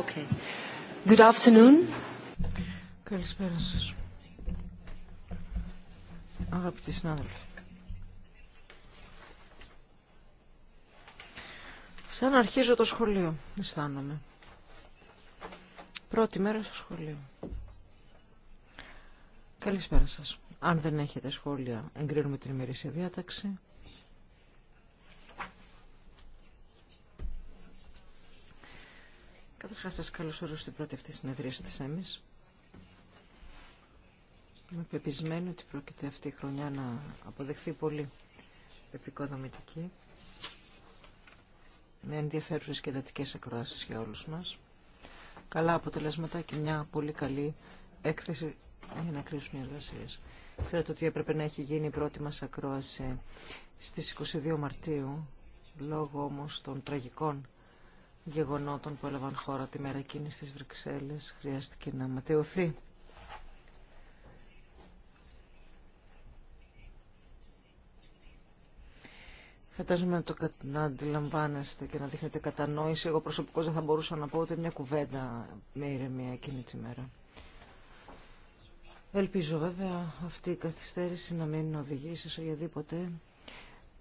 Καλησπέρα σα. Αγαπητοί συνάδελφοι. Σαν αρχίζω το σχολείο, αισθάνομαι. Πρώτη μέρα στο σχολείο. Καλησπέρα σας. Αν δεν έχετε σχόλια, εγκρίνουμε την ημερήσια διάταξη. Καταρχά, σα καλωσορίζω στην πρώτη αυτή συνεδρία τη ΕΜΗΣ. Είμαι πεπισμένη ότι πρόκειται αυτή η χρονιά να αποδεχθεί πολύ επικοδομητική, με ενδιαφέρουσε και εντατικέ ακρόασει για όλους μας. Καλά αποτελέσματα και μια πολύ καλή έκθεση για να κλείσουν οι εργασίε. Ξέρετε ότι έπρεπε να έχει γίνει η πρώτη μα ακρόαση στι 22 Μαρτίου, λόγω όμω των τραγικών γεγονότων που έλαβαν χώρα τη μέρα εκείνη στις Βρυξέλλες χρειάστηκε να ματαιωθεί. Φαντάζομαι να το να αντιλαμβάνεστε και να δείχνετε κατανόηση. Εγώ προσωπικώς δεν θα μπορούσα να πω ούτε μια κουβέντα με ηρεμία εκείνη τη μέρα. Ελπίζω βέβαια αυτή η καθυστέρηση να μην οδηγήσει σε οποιαδήποτε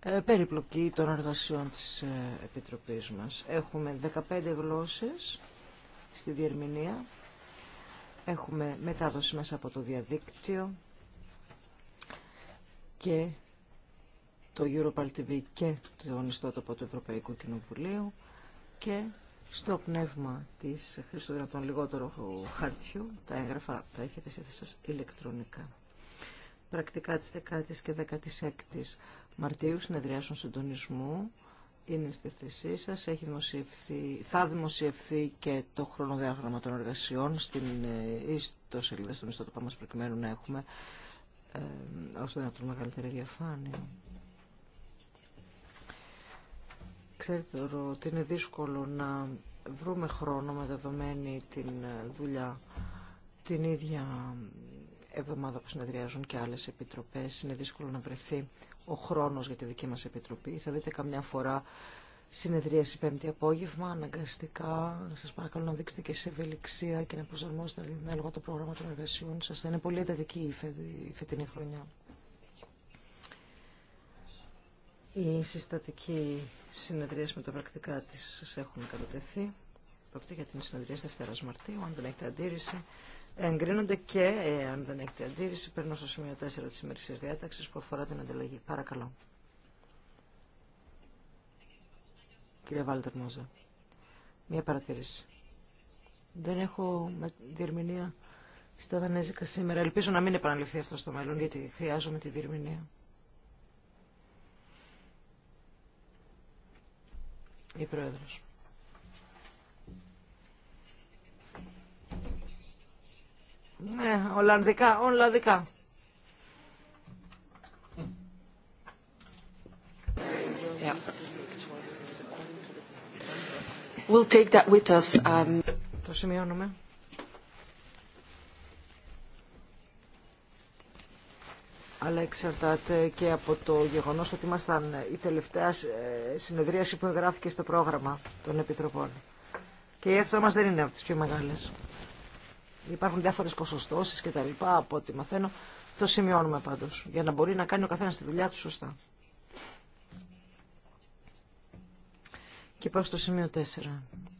ε, περίπλοκη των εργασιών της ε, Επιτροπής μας. Έχουμε 15 γλώσσες στη διερμηνία. Έχουμε μετάδοση μέσα από το διαδίκτυο και το Europal TV και το ιστότοπο του Ευρωπαϊκού Κοινοβουλίου και στο πνεύμα της των λιγότερο χαρτιού τα έγγραφα τα έχετε σε σας ηλεκτρονικά πρακτικά της 10ης και 16ης Μαρτίου συνεδριάσεων συντονισμού. Είναι στη θέσή σας. Έχει δημοσιευθεί, θα δημοσιευθεί και το χρονοδιάγραμμα των εργασιών στην ιστοσελίδα, ε, στον ιστότοπα μας προκειμένου να έχουμε ε, να το μεγαλύτερη διαφάνεια. Ξέρετε ότι είναι δύσκολο να βρούμε χρόνο με δεδομένη την ε, δουλειά την ίδια εβδομάδα που συνεδριάζουν και άλλες επιτροπές. Είναι δύσκολο να βρεθεί ο χρόνος για τη δική μας επιτροπή. Θα δείτε καμιά φορά συνεδρίαση πέμπτη απόγευμα, αναγκαστικά. Σας παρακαλώ να δείξετε και σε ευελιξία και να προσαρμόσετε ανάλογα το πρόγραμμα των εργασιών σας. Θα είναι πολύ εντατική η φετινή χρονιά. Οι συστατικοί συνεδρίες με τα πρακτικά της σας έχουν κατατεθεί. Πρόκειται για την συνεδρίαση Δευτέρα Μαρτίου, αν δεν έχετε αντίρρηση εγκρίνονται και, ε, αν δεν έχετε αντίρρηση, περνώ στο σημείο 4 της ημερησίας διάταξης που αφορά την ανταλλαγή. Παρακαλώ. Κυρία Βάλτερ Μόζα, μία παρατηρήση. Δεν έχω διερμηνία στα δανέζικα σήμερα. Ελπίζω να μην επαναληφθεί αυτό στο μέλλον, γιατί χρειάζομαι τη διερμηνία. Η Πρόεδρος. Ναι, Ολλανδικά, Ολλανδικά. We'll take that with us. Um, το σημειώνουμε. αλλά εξαρτάται και από το γεγονός ότι ήμασταν ε, η τελευταία ε, συνεδρίαση που εγγράφηκε στο πρόγραμμα των Επιτροπών. Και η αίθουσα μας δεν είναι από τις πιο μεγάλες υπάρχουν διάφορε ποσοστώσει και τα λοιπά από ό,τι μαθαίνω. Το σημειώνουμε πάντως, για να μπορεί να κάνει ο καθένα τη δουλειά του σωστά. Και πάω στο σημείο 4.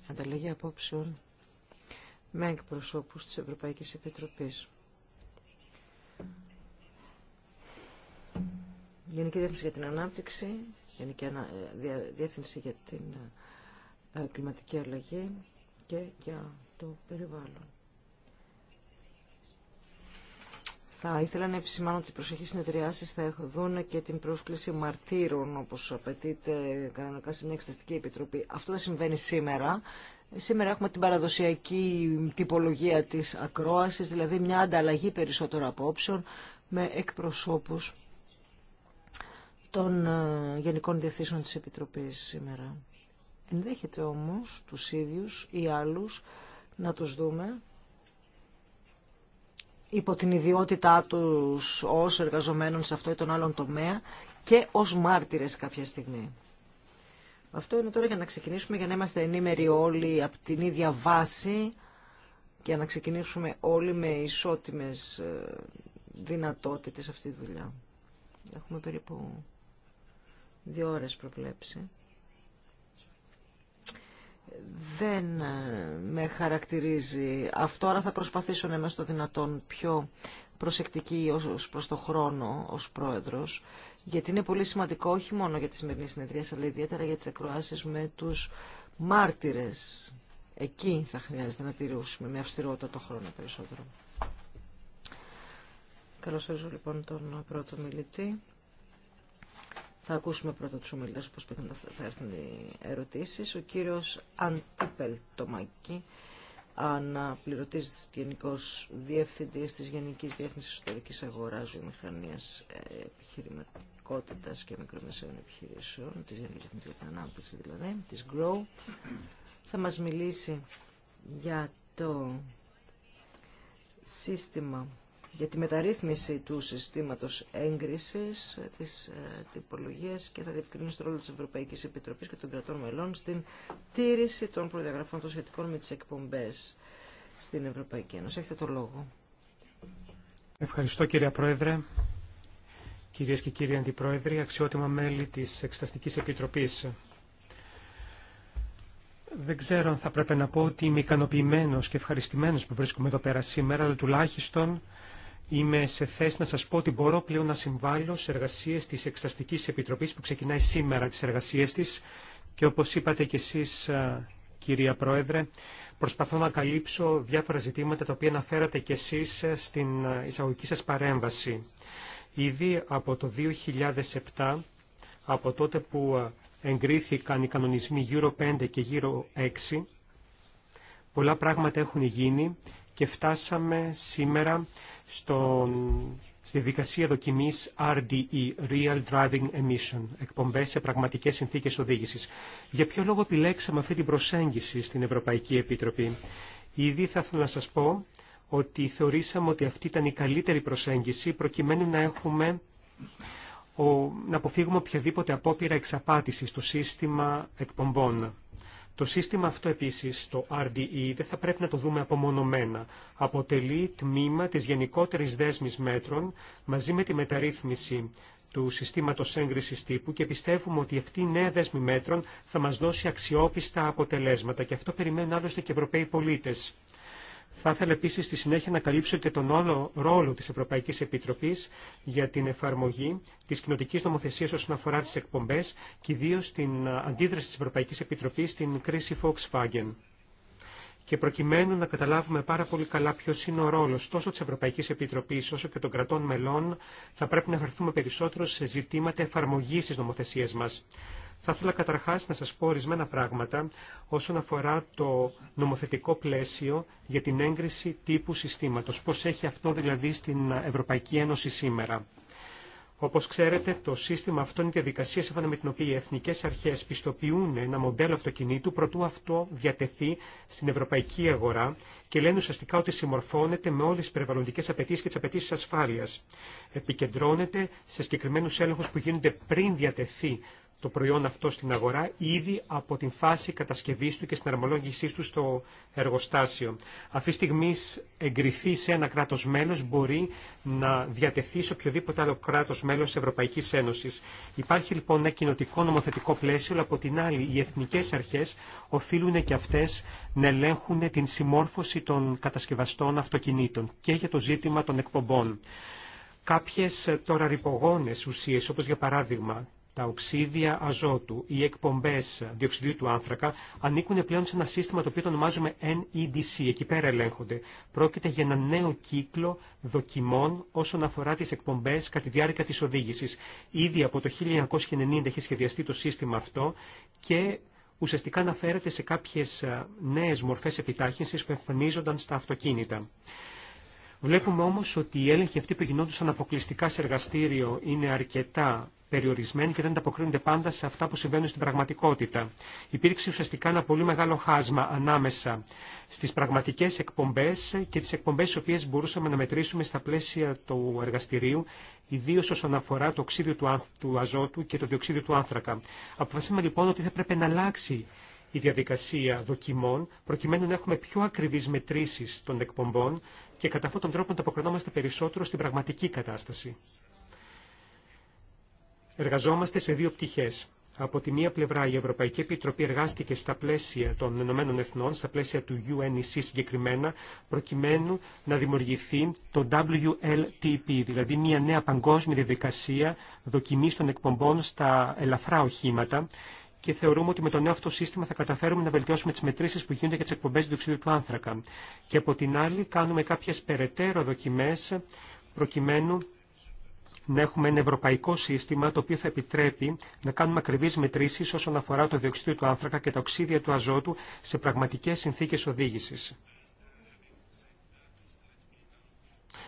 Ανταλλαγή απόψεων με εκπροσώπου τη Ευρωπαϊκή Επιτροπή. Γενική Διεύθυνση για την Ανάπτυξη, Γενική ε, Διεύθυνση για την ε, Κλιματική Αλλαγή και για το περιβάλλον. Θα ήθελα να επισημάνω ότι οι προσεχείς συνεδριάσεις θα δουν και την πρόσκληση μαρτύρων, όπως απαιτείται κανονικά σε μια εξεταστική επιτροπή. Αυτό δεν συμβαίνει σήμερα. Σήμερα έχουμε την παραδοσιακή τυπολογία της ακρόασης, δηλαδή μια ανταλλαγή περισσότερων απόψεων με εκπροσώπους των ε, Γενικών Διευθύνσεων της Επιτροπής σήμερα. Ενδέχεται όμως τους ίδιους ή άλλους να τους δούμε υπό την ιδιότητά τους ως εργαζομένων σε αυτό ή τον άλλον τομέα και ως μάρτυρες κάποια στιγμή. Αυτό είναι τώρα για να ξεκινήσουμε, για να είμαστε ενήμεροι όλοι από την ίδια βάση και να ξεκινήσουμε όλοι με ισότιμες ε, δυνατότητες αυτή τη δουλειά. Έχουμε περίπου δύο ώρες προβλέψει δεν ε, με χαρακτηρίζει αυτό, αλλά θα προσπαθήσω να είμαι στο δυνατόν πιο προσεκτική ως προς το χρόνο ως πρόεδρος, γιατί είναι πολύ σημαντικό όχι μόνο για τη σημερινή συνεδρία, αλλά ιδιαίτερα για τις ακροάσεις με τους μάρτυρες. Εκεί θα χρειάζεται να τηρούσουμε με αυστηρότητα το χρόνο περισσότερο. Καλώς ορίζω λοιπόν τον πρώτο μιλητή. Θα ακούσουμε πρώτα τους ομιλητές, πρέπει να θα έρθουν οι ερωτήσεις. Ο κύριος Αντίπελ Τομάκη, αναπληρωτής γενικός διευθυντής της Γενικής Διεύθυνσης Ιστορικής Αγοράς, Βιομηχανίας Επιχειρηματικότητας και Μικρομεσαίων Επιχειρήσεων, της Γενικής Διεύθυνσης για την Ανάπτυξη δηλαδή, της GROW. Θα μας μιλήσει για το σύστημα για τη μεταρρύθμιση του συστήματος έγκρισης της ε, τυπολογίας και θα διευκρινίσει το ρόλο της Ευρωπαϊκής Επιτροπής και των κρατών μελών στην τήρηση των προδιαγραφών των σχετικών με τις εκπομπές στην Ευρωπαϊκή Ένωση. Έχετε το λόγο. Ευχαριστώ κύριε Πρόεδρε. Κυρίες και κύριοι Αντιπρόεδροι, αξιότιμα μέλη της Εξεταστικής Επιτροπής. Δεν ξέρω αν θα πρέπει να πω ότι είμαι ικανοποιημένο και ευχαριστημένο που βρίσκομαι εδώ πέρα σήμερα, αλλά τουλάχιστον Είμαι σε θέση να σας πω ότι μπορώ πλέον να συμβάλλω σε εργασίες της Εξεταστικής Επιτροπής που ξεκινάει σήμερα τις εργασίες της και όπως είπατε κι εσείς κυρία Πρόεδρε, προσπαθώ να καλύψω διάφορα ζητήματα τα οποία αναφέρατε κι εσείς ε, στην εισαγωγική σας παρέμβαση. Ήδη από το 2007, από τότε που εγκρίθηκαν οι κανονισμοί γύρω 5 και γύρω 6, πολλά πράγματα έχουν γίνει και φτάσαμε σήμερα στον, στη δικασία δοκιμής RDE, Real Driving Emission, εκπομπές σε πραγματικές συνθήκες οδήγησης. Για ποιο λόγο επιλέξαμε αυτή την προσέγγιση στην Ευρωπαϊκή Επίτροπη. Ήδη θα ήθελα να σας πω ότι θεωρήσαμε ότι αυτή ήταν η καλύτερη προσέγγιση προκειμένου να έχουμε να αποφύγουμε οποιαδήποτε απόπειρα εξαπάτηση στο σύστημα εκπομπών. Το σύστημα αυτό επίσης, το RDE, δεν θα πρέπει να το δούμε απομονωμένα. Αποτελεί τμήμα της γενικότερης δέσμης μέτρων μαζί με τη μεταρρύθμιση του συστήματος έγκρισης τύπου και πιστεύουμε ότι αυτή η νέα δέσμη μέτρων θα μας δώσει αξιόπιστα αποτελέσματα και αυτό περιμένουν άλλωστε και Ευρωπαίοι πολίτες. Θα ήθελα επίσης στη συνέχεια να καλύψω και τον όλο ρόλο της Ευρωπαϊκής Επιτροπής για την εφαρμογή της κοινοτικής νομοθεσίας όσον αφορά τις εκπομπές και ιδίω την αντίδραση της Ευρωπαϊκής Επιτροπής στην κρίση Volkswagen. Και προκειμένου να καταλάβουμε πάρα πολύ καλά ποιο είναι ο ρόλο τόσο τη Ευρωπαϊκή Επιτροπή όσο και των κρατών μελών, θα πρέπει να βρεθούμε περισσότερο σε ζητήματα εφαρμογή τη νομοθεσία μα. Θα ήθελα καταρχάς να σας πω ορισμένα πράγματα όσον αφορά το νομοθετικό πλαίσιο για την έγκριση τύπου συστήματος, πώς έχει αυτό δηλαδή στην Ευρωπαϊκή Ένωση σήμερα. Όπω ξέρετε, το σύστημα αυτό είναι η διαδικασία σύμφωνα με την οποία οι εθνικέ αρχέ πιστοποιούν ένα μοντέλο αυτοκινήτου προτού αυτό διατεθεί στην ευρωπαϊκή αγορά και λένε ουσιαστικά ότι συμμορφώνεται με όλε τι περιβαλλοντικέ απαιτήσει και τι απαιτήσει ασφάλεια. Επικεντρώνεται σε συγκεκριμένου έλεγχου που γίνονται πριν διατεθεί το προϊόν αυτό στην αγορά ήδη από την φάση κατασκευής του και στην αρμολόγησή του στο εργοστάσιο. Αυτή τη στιγμή εγκριθεί σε ένα κράτος μέλος μπορεί να διατεθεί σε οποιοδήποτε άλλο κράτος μέλος της Ευρωπαϊκής Ένωσης. Υπάρχει λοιπόν ένα κοινοτικό νομοθετικό πλαίσιο, αλλά από την άλλη οι εθνικές αρχές οφείλουν και αυτές να ελέγχουν την συμμόρφωση των κατασκευαστών αυτοκινήτων και για το ζήτημα των εκπομπών. Κάποιες τώρα ρηπογόνες ουσίες, όπως για παράδειγμα τα οξύδια αζότου, οι εκπομπέ διοξιδίου του άνθρακα ανήκουν πλέον σε ένα σύστημα το οποίο το ονομάζουμε NEDC. Εκεί πέρα ελέγχονται. Πρόκειται για ένα νέο κύκλο δοκιμών όσον αφορά τι εκπομπέ κατά τη διάρκεια τη οδήγηση. Ήδη από το 1990 έχει σχεδιαστεί το σύστημα αυτό και ουσιαστικά αναφέρεται σε κάποιε νέε μορφέ επιτάχυνση που εμφανίζονταν στα αυτοκίνητα. Βλέπουμε όμως ότι οι έλεγχοι αυτοί που γινόντουσαν αποκλειστικά σε εργαστήριο είναι αρκετά περιορισμένοι και δεν ανταποκρίνονται πάντα σε αυτά που συμβαίνουν στην πραγματικότητα. Υπήρξε ουσιαστικά ένα πολύ μεγάλο χάσμα ανάμεσα στι πραγματικέ εκπομπέ και τι εκπομπέ τι οποίε μπορούσαμε να μετρήσουμε στα πλαίσια του εργαστηρίου, ιδίω όσον αφορά το οξύδιο του αζότου και το διοξίδιο του άνθρακα. Αποφασίσαμε λοιπόν ότι θα πρέπει να αλλάξει η διαδικασία δοκιμών, προκειμένου να έχουμε πιο ακριβείς μετρήσεις των εκπομπών και κατά αυτόν τον τρόπο να ανταποκρινόμαστε περισσότερο στην πραγματική κατάσταση εργαζόμαστε σε δύο πτυχές. Από τη μία πλευρά η Ευρωπαϊκή Επιτροπή εργάστηκε στα πλαίσια των Ηνωμένων Εθνών, στα πλαίσια του UNEC συγκεκριμένα, προκειμένου να δημιουργηθεί το WLTP, δηλαδή μια νέα παγκόσμια διαδικασία δοκιμής των εκπομπών στα ελαφρά οχήματα και θεωρούμε ότι με το νέο αυτό σύστημα θα καταφέρουμε να βελτιώσουμε τι μετρήσει που γίνονται για τι εκπομπέ διοξιδίου του άνθρακα. Και από την άλλη κάνουμε κάποιε περαιτέρω δοκιμέ προκειμένου να έχουμε ένα ευρωπαϊκό σύστημα το οποίο θα επιτρέπει να κάνουμε ακριβεί μετρήσει όσον αφορά το διοξείδιο του άνθρακα και τα οξύδια του αζότου σε πραγματικέ συνθήκε οδήγηση.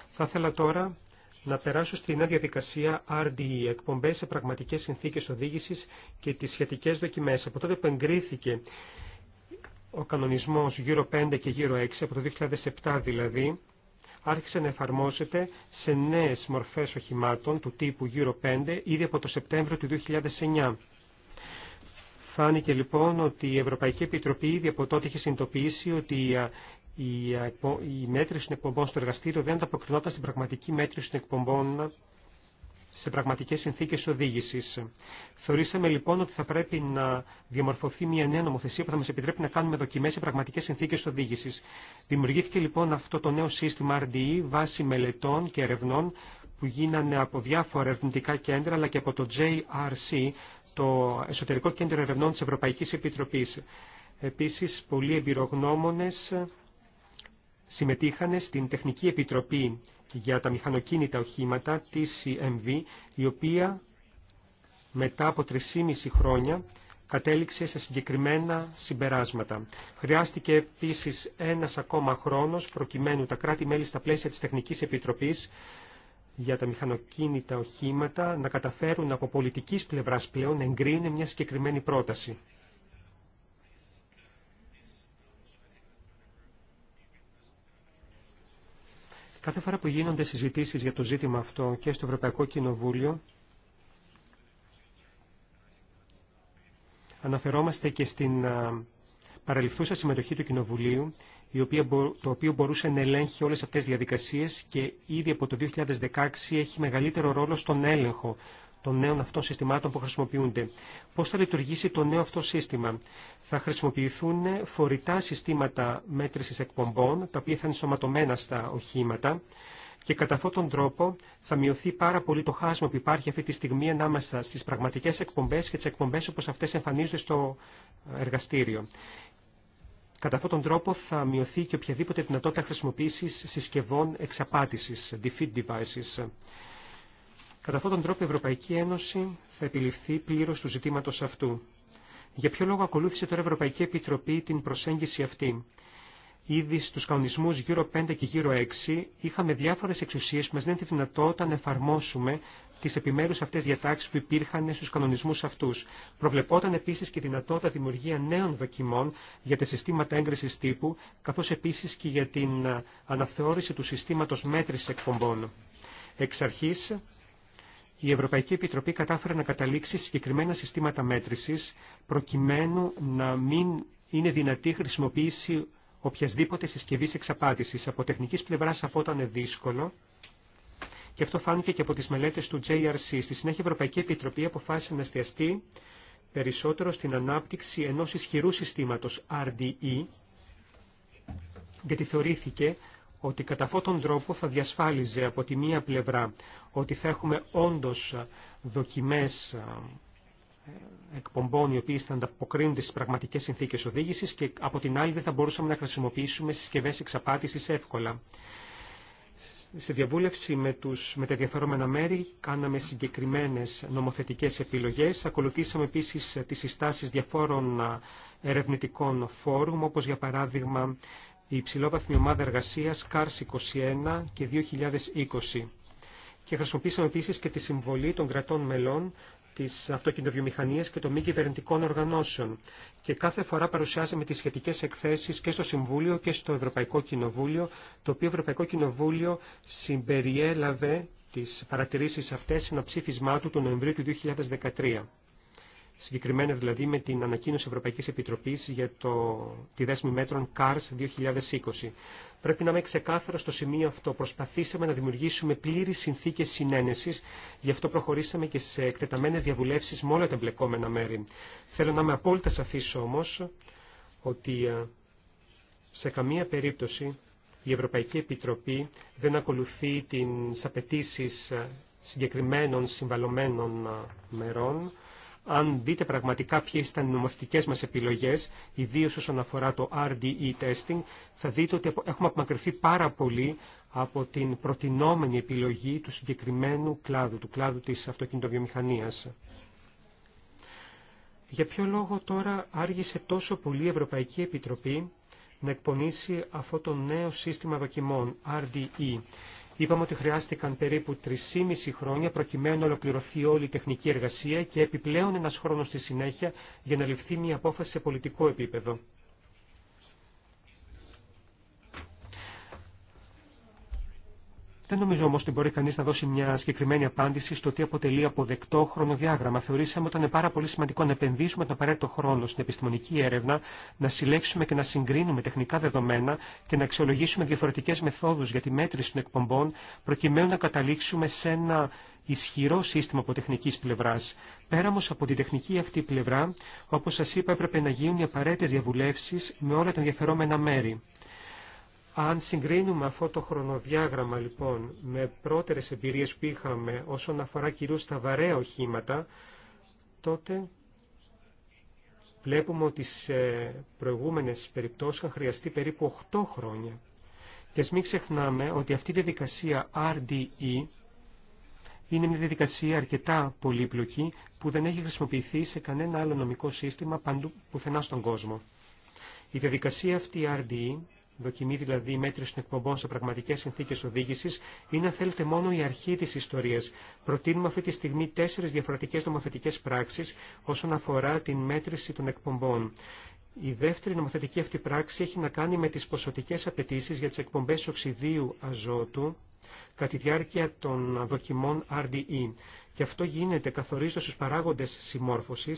Θα ήθελα τώρα να περάσω στην διαδικασία RDE, εκπομπέ σε πραγματικέ συνθήκε οδήγηση και τι σχετικέ δοκιμέ. Από τότε που εγκρίθηκε ο κανονισμός γύρω 5 και γύρω 6, από το 2007 δηλαδή, άρχισε να εφαρμόζεται σε νέες μορφές οχημάτων του τύπου Euro 5 ήδη από το Σεπτέμβριο του 2009. Φάνηκε λοιπόν ότι η Ευρωπαϊκή Επιτροπή ήδη από τότε είχε συνειδητοποιήσει ότι η μέτρηση των εκπομπών στο εργαστήριο δεν ανταποκρινόταν στην πραγματική μέτρηση των εκπομπών σε πραγματικές συνθήκες οδήγησης. Θεωρήσαμε λοιπόν ότι θα πρέπει να διαμορφωθεί μια νέα νομοθεσία που θα μας επιτρέπει να κάνουμε δοκιμές σε πραγματικές συνθήκες οδήγησης. Δημιουργήθηκε λοιπόν αυτό το νέο σύστημα RDE βάσει μελετών και ερευνών που γίνανε από διάφορα ερευνητικά κέντρα αλλά και από το JRC, το Εσωτερικό Κέντρο Ερευνών της Ευρωπαϊκής Επιτροπής. Επίσης, πολλοί εμπειρογνώμονες συμμετείχαν στην Τεχνική Επιτροπή για τα μηχανοκίνητα οχήματα TCMV, η οποία μετά από 3,5 χρόνια κατέληξε σε συγκεκριμένα συμπεράσματα. Χρειάστηκε επίσης ένας ακόμα χρόνος προκειμένου τα κράτη-μέλη στα πλαίσια της Τεχνικής Επιτροπής για τα μηχανοκίνητα οχήματα να καταφέρουν από πολιτικής πλευράς πλέον να μια συγκεκριμένη πρόταση. Κάθε φορά που γίνονται συζητήσεις για το ζήτημα αυτό και στο Ευρωπαϊκό Κοινοβούλιο, αναφερόμαστε και στην παραληφθούσα συμμετοχή του Κοινοβουλίου, το οποίο μπορούσε να ελέγχει όλες αυτές τις διαδικασίες και ήδη από το 2016 έχει μεγαλύτερο ρόλο στον έλεγχο των νέων αυτών συστημάτων που χρησιμοποιούνται. Πώς θα λειτουργήσει το νέο αυτό σύστημα θα χρησιμοποιηθούν φορητά συστήματα μέτρησης εκπομπών, τα οποία θα είναι σωματωμένα στα οχήματα και κατά αυτόν τον τρόπο θα μειωθεί πάρα πολύ το χάσμα που υπάρχει αυτή τη στιγμή ανάμεσα στις πραγματικές εκπομπές και τις εκπομπές όπως αυτές εμφανίζονται στο εργαστήριο. Κατά αυτόν τον τρόπο θα μειωθεί και οποιαδήποτε δυνατότητα χρησιμοποίησης συσκευών εξαπάτησης, defeat devices. Κατά αυτόν τον τρόπο η Ευρωπαϊκή Ένωση θα επιληφθεί πλήρως του ζητήματος αυτού. Για ποιο λόγο ακολούθησε τώρα η Ευρωπαϊκή Επιτροπή την προσέγγιση αυτή. Ήδη στου κανονισμούς γύρω 5 και γύρω 6 είχαμε διάφορες εξουσίες που μας δίνουν τη δυνατότητα να εφαρμόσουμε τις επιμέρους αυτές διατάξεις που υπήρχαν στους κανονισμούς αυτούς. Προβλεπόταν επίσης και η δυνατότητα δημιουργία νέων δοκιμών για τα συστήματα έγκριση τύπου, καθώ επίση και για την ε, αναθεώρηση του συστήματο μέτρηση εκπομπών. Εξ η Ευρωπαϊκή Επιτροπή κατάφερε να καταλήξει συγκεκριμένα συστήματα μέτρησης προκειμένου να μην είναι δυνατή χρησιμοποίηση οποιασδήποτε συσκευή εξαπάτησης. Από τεχνικής πλευράς αυτό ήταν δύσκολο και αυτό φάνηκε και από τις μελέτες του JRC. Στη συνέχεια η Ευρωπαϊκή Επιτροπή αποφάσισε να εστιαστεί περισσότερο στην ανάπτυξη ενός ισχυρού συστήματος RDE γιατί θεωρήθηκε ότι κατά αυτόν τον τρόπο θα διασφάλιζε από τη μία πλευρά ότι θα έχουμε όντως ε, δοκιμές ε, εκπομπών οι οποίε θα ανταποκρίνονται στις πραγματικέ συνθήκε οδήγηση και από την άλλη δεν θα μπορούσαμε να χρησιμοποιήσουμε συσκευές εξαπάτησης εύκολα. Σε διαβούλευση με, τους, με τα ενδιαφερόμενα μέρη κάναμε συγκεκριμένες νομοθετικές επιλογές. Ακολουθήσαμε επίσης τις συστάσεις διαφόρων ε, ερευνητικών φόρουμ, όπως για παράδειγμα η Υψηλόβαθμη ομάδα εργασίας CARS 21 και 2020. Και χρησιμοποίησαμε επίσης και τη συμβολή των κρατών μελών της αυτοκινητοβιομηχανίας και των μη κυβερνητικών οργανώσεων. Και κάθε φορά με τις σχετικές εκθέσεις και στο Συμβούλιο και στο Ευρωπαϊκό Κοινοβούλιο, το οποίο Ευρωπαϊκό Κοινοβούλιο συμπεριέλαβε τις παρατηρήσεις αυτές σε ένα ψήφισμά του τον Νοεμβρίου του 2013 συγκεκριμένα δηλαδή με την ανακοίνωση Ευρωπαϊκής Επιτροπής για το, τη δέσμη μέτρων CARS 2020. Πρέπει να είμαι ξεκάθαρο στο σημείο αυτό. Προσπαθήσαμε να δημιουργήσουμε πλήρες συνθήκες συνένεσης, γι' αυτό προχωρήσαμε και σε εκτεταμένες διαβουλεύσεις με όλα τα εμπλεκόμενα μέρη. Θέλω να είμαι απόλυτα σαφής όμως ότι ε, σε καμία περίπτωση η Ευρωπαϊκή Επιτροπή δεν ακολουθεί τις απαιτήσει ε, συγκεκριμένων συμβαλωμένων ε, μερών αν δείτε πραγματικά ποιε ήταν οι νομοθετικέ μας επιλογές, ιδίω όσον αφορά το RDE testing, θα δείτε ότι έχουμε απομακρυνθεί πάρα πολύ από την προτινόμενη επιλογή του συγκεκριμένου κλάδου, του κλάδου της αυτοκινητοβιομηχανίας. Για ποιο λόγο τώρα άργησε τόσο πολύ η Ευρωπαϊκή Επιτροπή να εκπονήσει αυτό το νέο σύστημα δοκιμών, RDE. Είπαμε ότι χρειάστηκαν περίπου 3,5 χρόνια προκειμένου να ολοκληρωθεί όλη η τεχνική εργασία και επιπλέον ένας χρόνος στη συνέχεια για να ληφθεί μια απόφαση σε πολιτικό επίπεδο. Δεν νομίζω όμω ότι μπορεί κανεί να δώσει μια συγκεκριμένη απάντηση στο τι αποτελεί αποδεκτό χρονοδιάγραμμα. Θεωρήσαμε ότι ήταν πάρα πολύ σημαντικό να επενδύσουμε τον απαραίτητο χρόνο στην επιστημονική έρευνα, να συλλέξουμε και να συγκρίνουμε τεχνικά δεδομένα και να αξιολογήσουμε διαφορετικέ μεθόδου για τη μέτρηση των εκπομπών, προκειμένου να καταλήξουμε σε ένα ισχυρό σύστημα από τεχνική πλευρά. Πέρα όμω από την τεχνική αυτή πλευρά, όπω σα είπα, έπρεπε να γίνουν οι απαραίτητε διαβουλεύσει με όλα τα ενδιαφερόμενα μέρη. Αν συγκρίνουμε αυτό το χρονοδιάγραμμα λοιπόν με πρώτερες εμπειρίες που είχαμε όσον αφορά κυρίως τα βαρέα οχήματα, τότε βλέπουμε ότι σε προηγούμενες περιπτώσεις είχαν χρειαστεί περίπου 8 χρόνια. Και ας μην ξεχνάμε ότι αυτή η διαδικασία RDE είναι μια διαδικασία αρκετά πολύπλοκη που δεν έχει χρησιμοποιηθεί σε κανένα άλλο νομικό σύστημα παντού, πουθενά στον κόσμο. Η διαδικασία αυτή RDE δοκιμή δηλαδή μέτρηση των εκπομπών σε πραγματικές συνθήκες οδήγηση, είναι αν θέλετε μόνο η αρχή της ιστορίας. Προτείνουμε αυτή τη στιγμή τέσσερι διαφορετικέ νομοθετικέ πράξεις όσον αφορά την μέτρηση των εκπομπών. Η δεύτερη νομοθετική αυτή πράξη έχει να κάνει με τις ποσοτικές απαιτήσει για τι εκπομπέ οξυδίου αζότου κατά τη διάρκεια των δοκιμών RDE. Και αυτό γίνεται καθορίζοντας του παράγοντε συμμόρφωση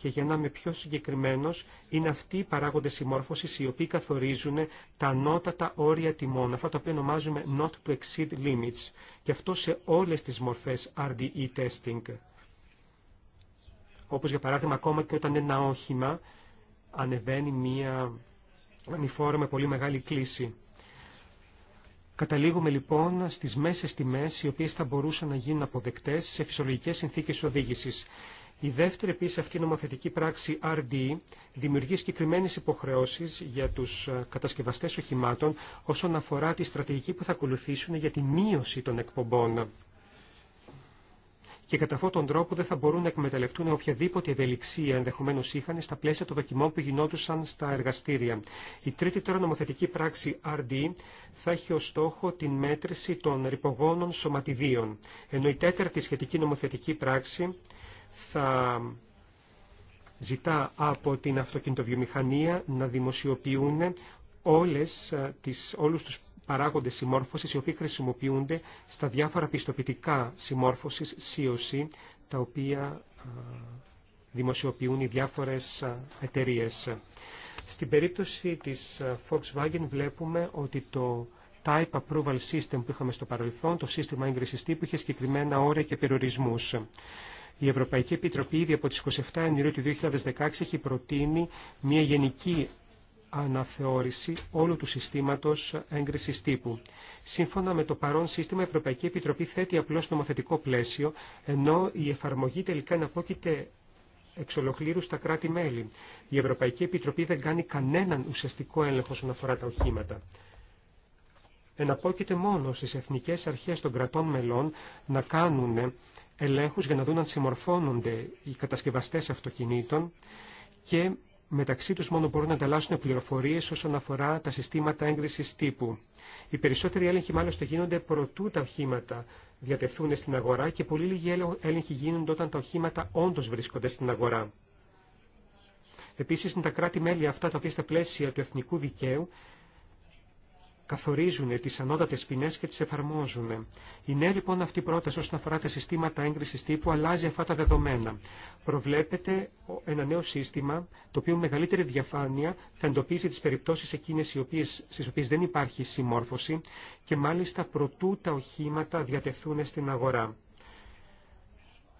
και για να είμαι πιο συγκεκριμένο, είναι αυτοί οι παράγοντε συμμόρφωση οι οποίοι καθορίζουν τα ανώτατα όρια τιμών, αυτά τα οποία ονομάζουμε not to exceed limits, και αυτό σε όλε τι μορφέ RDE testing. Όπω για παράδειγμα, ακόμα και όταν ένα όχημα ανεβαίνει μία ανηφόρα με πολύ μεγάλη κλίση. Καταλήγουμε λοιπόν στις μέσες τιμές οι οποίες θα μπορούσαν να γίνουν αποδεκτές σε φυσιολογικές συνθήκες οδήγησης. Η δεύτερη επίση αυτή νομοθετική πράξη RD δημιουργεί συγκεκριμένε υποχρεώσει για του ε, κατασκευαστέ οχημάτων όσον αφορά τη στρατηγική που θα ακολουθήσουν για τη μείωση των εκπομπών. Και κατά αυτόν τον τρόπο δεν θα μπορούν να εκμεταλλευτούν οποιαδήποτε ευελιξία ενδεχομένω είχαν στα πλαίσια των δοκιμών που γινόντουσαν στα εργαστήρια. Η τρίτη τώρα νομοθετική πράξη RD θα έχει ω στόχο την μέτρηση των ρηπογόνων σωματιδίων, ενώ η τέταρτη σχετική νομοθετική πράξη θα ζητά από την αυτοκινητοβιομηχανία να δημοσιοποιούν όλες ε, τις, όλους τους παράγοντες συμμόρφωσης οι οποίοι χρησιμοποιούνται στα διάφορα πιστοποιητικά συμμόρφωσης COC τα οποία ε, δημοσιοποιούν οι διάφορες ε, εταιρείες. Στην περίπτωση της Volkswagen βλέπουμε ότι το Type Approval System που είχαμε στο παρελθόν, το σύστημα έγκρισης τύπου, είχε συγκεκριμένα όρια και περιορισμούς. Η Ευρωπαϊκή Επιτροπή ήδη από τις 27 Ιανουαρίου του 2016 έχει προτείνει μια γενική αναθεώρηση όλου του συστήματος έγκρισης τύπου. Σύμφωνα με το παρόν σύστημα, η Ευρωπαϊκή Επιτροπή θέτει απλώς νομοθετικό πλαίσιο, ενώ η εφαρμογή τελικά εναπόκειται εξ ολοκλήρου στα κράτη-μέλη. Η Ευρωπαϊκή Επιτροπή δεν κάνει κανέναν ουσιαστικό έλεγχο όσον αφορά τα οχήματα. Εναπόκειται μόνο στις εθνικές αρχές των κρατών μελών να κάνουν ελέγχους για να δουν αν συμμορφώνονται οι κατασκευαστές αυτοκινήτων και μεταξύ τους μόνο μπορούν να ανταλλάσσουν πληροφορίες όσον αφορά τα συστήματα έγκρισης τύπου. Οι περισσότεροι έλεγχοι μάλιστα γίνονται προτού τα οχήματα διατεθούν στην αγορά και πολύ λίγοι έλεγχοι γίνονται όταν τα οχήματα όντως βρίσκονται στην αγορά. Επίσης είναι τα κράτη-μέλη αυτά τα οποία στα πλαίσια του εθνικού δικαίου καθορίζουν τις ανώτατες ποινέ και τις εφαρμόζουν. Η νέα λοιπόν αυτή πρόταση όσον αφορά τα συστήματα έγκριση τύπου αλλάζει αυτά τα δεδομένα. Προβλέπεται ένα νέο σύστημα το οποίο με μεγαλύτερη διαφάνεια θα εντοπίζει τις περιπτώσεις εκείνες οι οποίες, στις οποίες δεν υπάρχει συμμόρφωση και μάλιστα προτού τα οχήματα διατεθούν στην αγορά.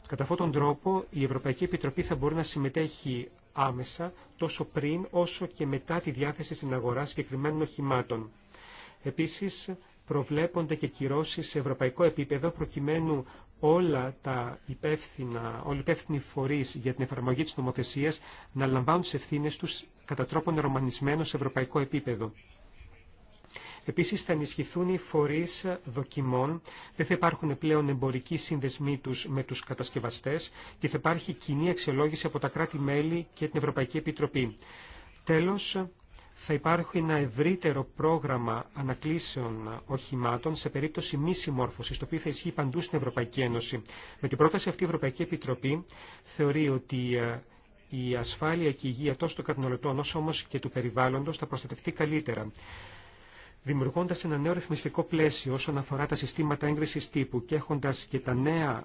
Κατά αυτόν τον τρόπο η Ευρωπαϊκή Επιτροπή θα μπορεί να συμμετέχει άμεσα τόσο πριν όσο και μετά τη διάθεση στην αγορά συγκεκριμένων οχημάτων. Επίσης, προβλέπονται και κυρώσεις σε ευρωπαϊκό επίπεδο προκειμένου όλα τα υπεύθυνα, όλοι οι υπεύθυνοι φορεί για την εφαρμογή τη νομοθεσία να λαμβάνουν τι ευθύνε του κατά τρόπον ρομανισμένο σε ευρωπαϊκό επίπεδο. Επίση, θα ενισχυθούν οι φορεί δοκιμών, δεν θα υπάρχουν πλέον εμπορικοί σύνδεσμοί του με του κατασκευαστέ και θα υπάρχει κοινή αξιολόγηση από τα κράτη-μέλη και την Ευρωπαϊκή Επιτροπή. Τέλος, θα υπάρχει ένα ευρύτερο πρόγραμμα ανακλήσεων οχημάτων σε περίπτωση μη συμμόρφωση, το οποίο θα ισχύει παντού στην Ευρωπαϊκή Ένωση. Με την πρόταση αυτή η Ευρωπαϊκή Επιτροπή θεωρεί ότι ε, η ασφάλεια και η υγεία τόσο των καταναλωτών όσο όμως και του περιβάλλοντος θα προστατευτεί καλύτερα. Δημιουργώντα ένα νέο ρυθμιστικό πλαίσιο όσον αφορά τα συστήματα έγκριση τύπου και έχοντα και τα νέα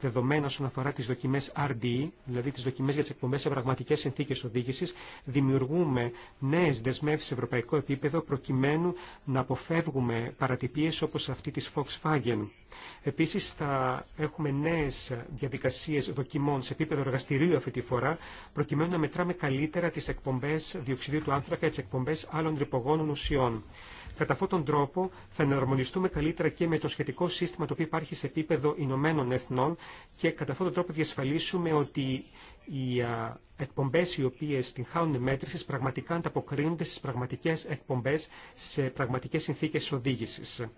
δεδομένα όσον αφορά τις δοκιμές RD, e, δηλαδή τις δοκιμές για τις εκπομπές σε πραγματικές συνθήκες οδήγησης, δημιουργούμε νέες δεσμεύσεις σε ευρωπαϊκό επίπεδο προκειμένου να αποφεύγουμε παρατυπίες όπως αυτή της Volkswagen. Επίσης θα έχουμε νέες διαδικασίες δοκιμών σε επίπεδο εργαστηρίου αυτή τη φορά, προκειμένου να μετράμε καλύτερα τις εκπομπές διοξιδίου του άνθρακα και τις εκπομπές άλλων τρυπογόνων ουσιών. Κατά αυτόν τον τρόπο θα εναρμονιστούμε καλύτερα και με το σχετικό σύστημα το οποίο υπάρχει σε επίπεδο Ηνωμένων Εθνών και κατά αυτόν τον τρόπο διασφαλίσουμε ότι οι εκπομπέ οι οποίε την χάνουν μέτρηση πραγματικά ανταποκρίνονται στι πραγματικέ εκπομπέ σε πραγματικέ συνθήκε οδήγηση.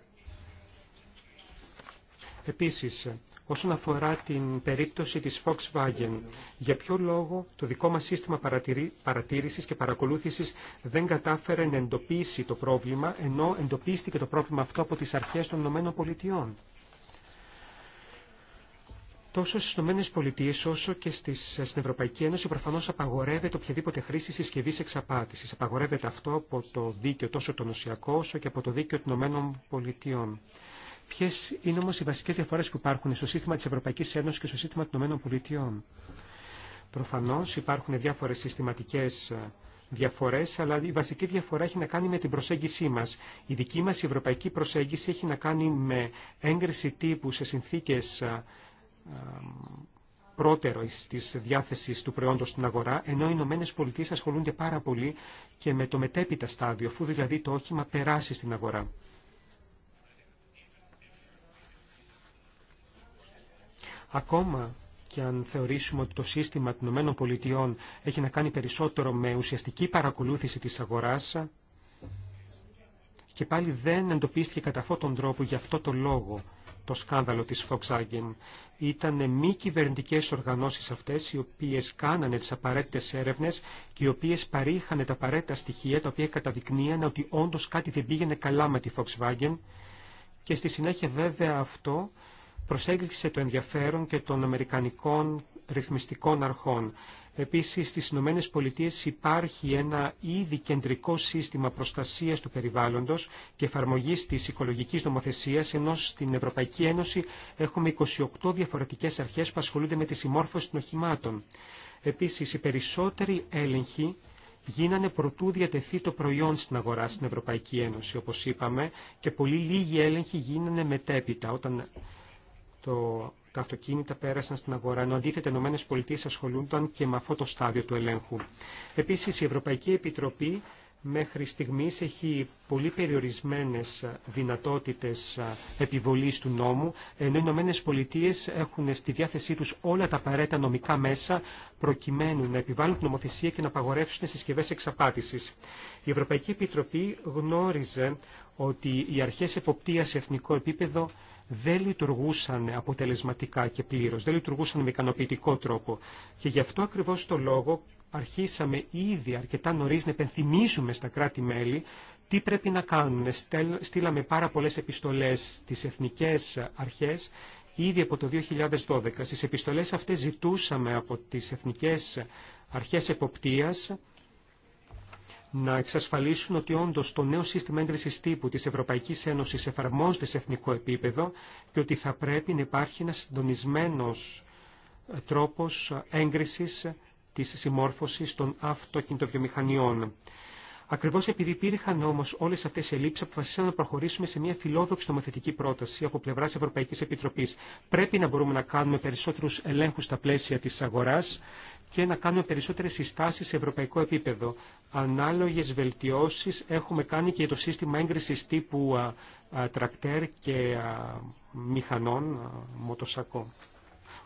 Επίσης, όσον αφορά την περίπτωση της Volkswagen. Για ποιο λόγο το δικό μας σύστημα παρατήρησης και παρακολούθησης δεν κατάφερε να εντοπίσει το πρόβλημα, ενώ εντοπίστηκε το πρόβλημα αυτό από τις αρχές των Πολιτειών. Τόσο στι Πολιτείε, όσο και στις, στην Ευρωπαϊκή Ένωση προφανώ απαγορεύεται οποιαδήποτε χρήση συσκευή εξαπάτηση. Απαγορεύεται αυτό από το δίκαιο τόσο το νοσιακό όσο και από το δίκαιο των Πολιτείων Ποιε είναι όμω οι βασικέ διαφορέ που υπάρχουν στο σύστημα τη Ευρωπαϊκή Ένωση και στο σύστημα των ΗΠΑ. Προφανώ υπάρχουν διάφορε συστηματικέ ε, διαφορέ, αλλά η βασική διαφορά έχει να κάνει με την προσέγγιση μα. Η δική μα ευρωπαϊκή προσέγγιση έχει να κάνει με έγκριση τύπου σε συνθήκε ε, ε, πρώτερο τη διάθεση του προϊόντος στην αγορά, ενώ οι Ηνωμένε Πολιτείε ασχολούνται πάρα πολύ και με το μετέπειτα στάδιο, αφού δηλαδή το όχημα περάσει στην αγορά. Ακόμα και αν θεωρήσουμε ότι το σύστημα των ΗΠΑ έχει να κάνει περισσότερο με ουσιαστική παρακολούθηση της αγοράς, και πάλι δεν εντοπίστηκε κατά αυτόν τον τρόπο για αυτό το λόγο το σκάνδαλο της Volkswagen. Ήταν μη κυβερνητικέ οργανώσεις αυτές οι οποίες κάνανε τις απαραίτητες έρευνες και οι οποίες παρήχανε τα απαραίτητα στοιχεία τα οποία καταδεικνύανε ότι όντως κάτι δεν πήγαινε καλά με τη Volkswagen και στη συνέχεια βέβαια αυτό προσέγγισε το ενδιαφέρον και των Αμερικανικών ρυθμιστικών αρχών. Επίσης, στις Ηνωμένε Πολιτείε υπάρχει ένα ήδη κεντρικό σύστημα προστασίας του περιβάλλοντος και εφαρμογής της οικολογικής νομοθεσίας, ενώ στην Ευρωπαϊκή Ένωση έχουμε 28 διαφορετικές αρχές που ασχολούνται με τη συμμόρφωση των οχημάτων. Επίσης, οι περισσότεροι έλεγχοι γίνανε προτού διατεθεί το προϊόν στην αγορά στην Ευρωπαϊκή Ένωση, όπως είπαμε, και πολύ λίγοι έλεγχοι γίνανε μετέπειτα, όταν το, τα αυτοκίνητα πέρασαν στην αγορά, ενώ αντίθετα οι ΗΠΑ ασχολούνταν και με αυτό το στάδιο του ελέγχου. Επίση, η Ευρωπαϊκή Επιτροπή μέχρι στιγμή έχει πολύ περιορισμένε δυνατότητε επιβολή του νόμου, ενώ οι ΗΠΑ έχουν στη διάθεσή του όλα τα απαραίτητα νομικά μέσα προκειμένου να επιβάλλουν την νομοθεσία και να απαγορεύσουν συσκευέ εξαπάτηση. Η Ευρωπαϊκή Επιτροπή γνώριζε ότι οι αρχές εποπτείας σε εθνικό επίπεδο δεν λειτουργούσαν αποτελεσματικά και πλήρως, δεν λειτουργούσαν με ικανοποιητικό τρόπο. Και γι' αυτό ακριβώς το λόγο αρχίσαμε ήδη αρκετά νωρί να επενθυμίζουμε στα κράτη-μέλη τι πρέπει να κάνουν. Στείλαμε πάρα πολλές επιστολές στις εθνικές αρχές ήδη από το 2012. Στις επιστολές αυτές ζητούσαμε από τις εθνικές αρχές εποπτείας να εξασφαλίσουν ότι όντω το νέο σύστημα έγκριση τύπου τη Ευρωπαϊκή Ένωση εφαρμόζεται σε εθνικό επίπεδο και ότι θα πρέπει να υπάρχει ένα συντονισμένο ε, τρόπο έγκριση τη συμμόρφωση των αυτοκινητοβιομηχανιών. Ακριβώ επειδή υπήρχαν όμω όλε αυτέ οι ελλείψει, αποφασίσαμε να προχωρήσουμε σε μια φιλόδοξη νομοθετική πρόταση από πλευρά Ευρωπαϊκή Επιτροπή. Πρέπει να μπορούμε να κάνουμε περισσότερου ελέγχου στα πλαίσια τη αγορά και να κάνουμε περισσότερες συστάσεις σε ευρωπαϊκό επίπεδο. Ανάλογες βελτιώσεις έχουμε κάνει και για το σύστημα έγκρισης τύπου α, τρακτέρ και μηχανών μοτοσακό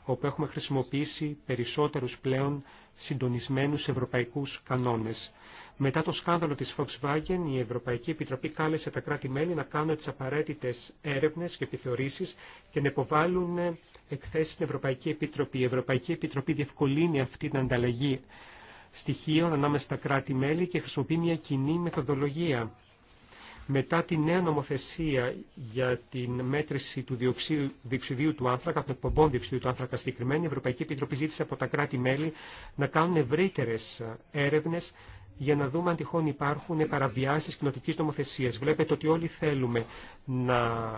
όπου έχουμε χρησιμοποιήσει περισσότερους πλέον συντονισμένους ευρωπαϊκούς κανόνες. Μετά το σκάνδαλο της Volkswagen, η Ευρωπαϊκή Επιτροπή κάλεσε τα κράτη-μέλη να κάνουν τις απαραίτητες έρευνες και επιθεωρήσεις και να υποβάλουν εκθέσει στην Ευρωπαϊκή Επιτροπή. Η Ευρωπαϊκή Επιτροπή διευκολύνει αυτή την ανταλλαγή στοιχείων ανάμεσα στα κράτη-μέλη και χρησιμοποιεί μια κοινή μεθοδολογία. Μετά τη νέα νομοθεσία για την μέτρηση του διοξιδίου του άνθρακα, των εκπομπών διοξιδίου του άνθρακα συγκεκριμένη, η Ευρωπαϊκή Επιτροπή ζήτησε από τα κράτη-μέλη να κάνουν ευρύτερε έρευνε για να δούμε αν τυχόν υπάρχουν παραβιάσεις κοινοτικής νομοθεσίας. Βλέπετε ότι όλοι θέλουμε να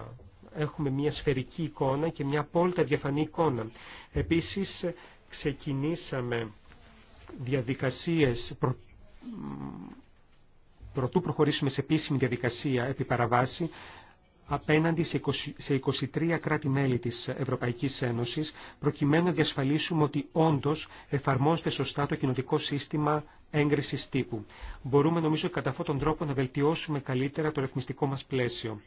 έχουμε μια σφαιρική εικόνα και μια απόλυτα διαφανή εικόνα. Επίσης, ξεκινήσαμε διαδικασίες προ... προτού προχωρήσουμε σε επίσημη διαδικασία επί παραβάση απέναντι σε, 23 κράτη-μέλη της Ευρωπαϊκής Ένωσης προκειμένου να διασφαλίσουμε ότι όντως εφαρμόζεται σωστά το κοινοτικό σύστημα έγκρισης τύπου. Μπορούμε νομίζω κατά αυτόν τον τρόπο να βελτιώσουμε καλύτερα το ρυθμιστικό μας πλαίσιο.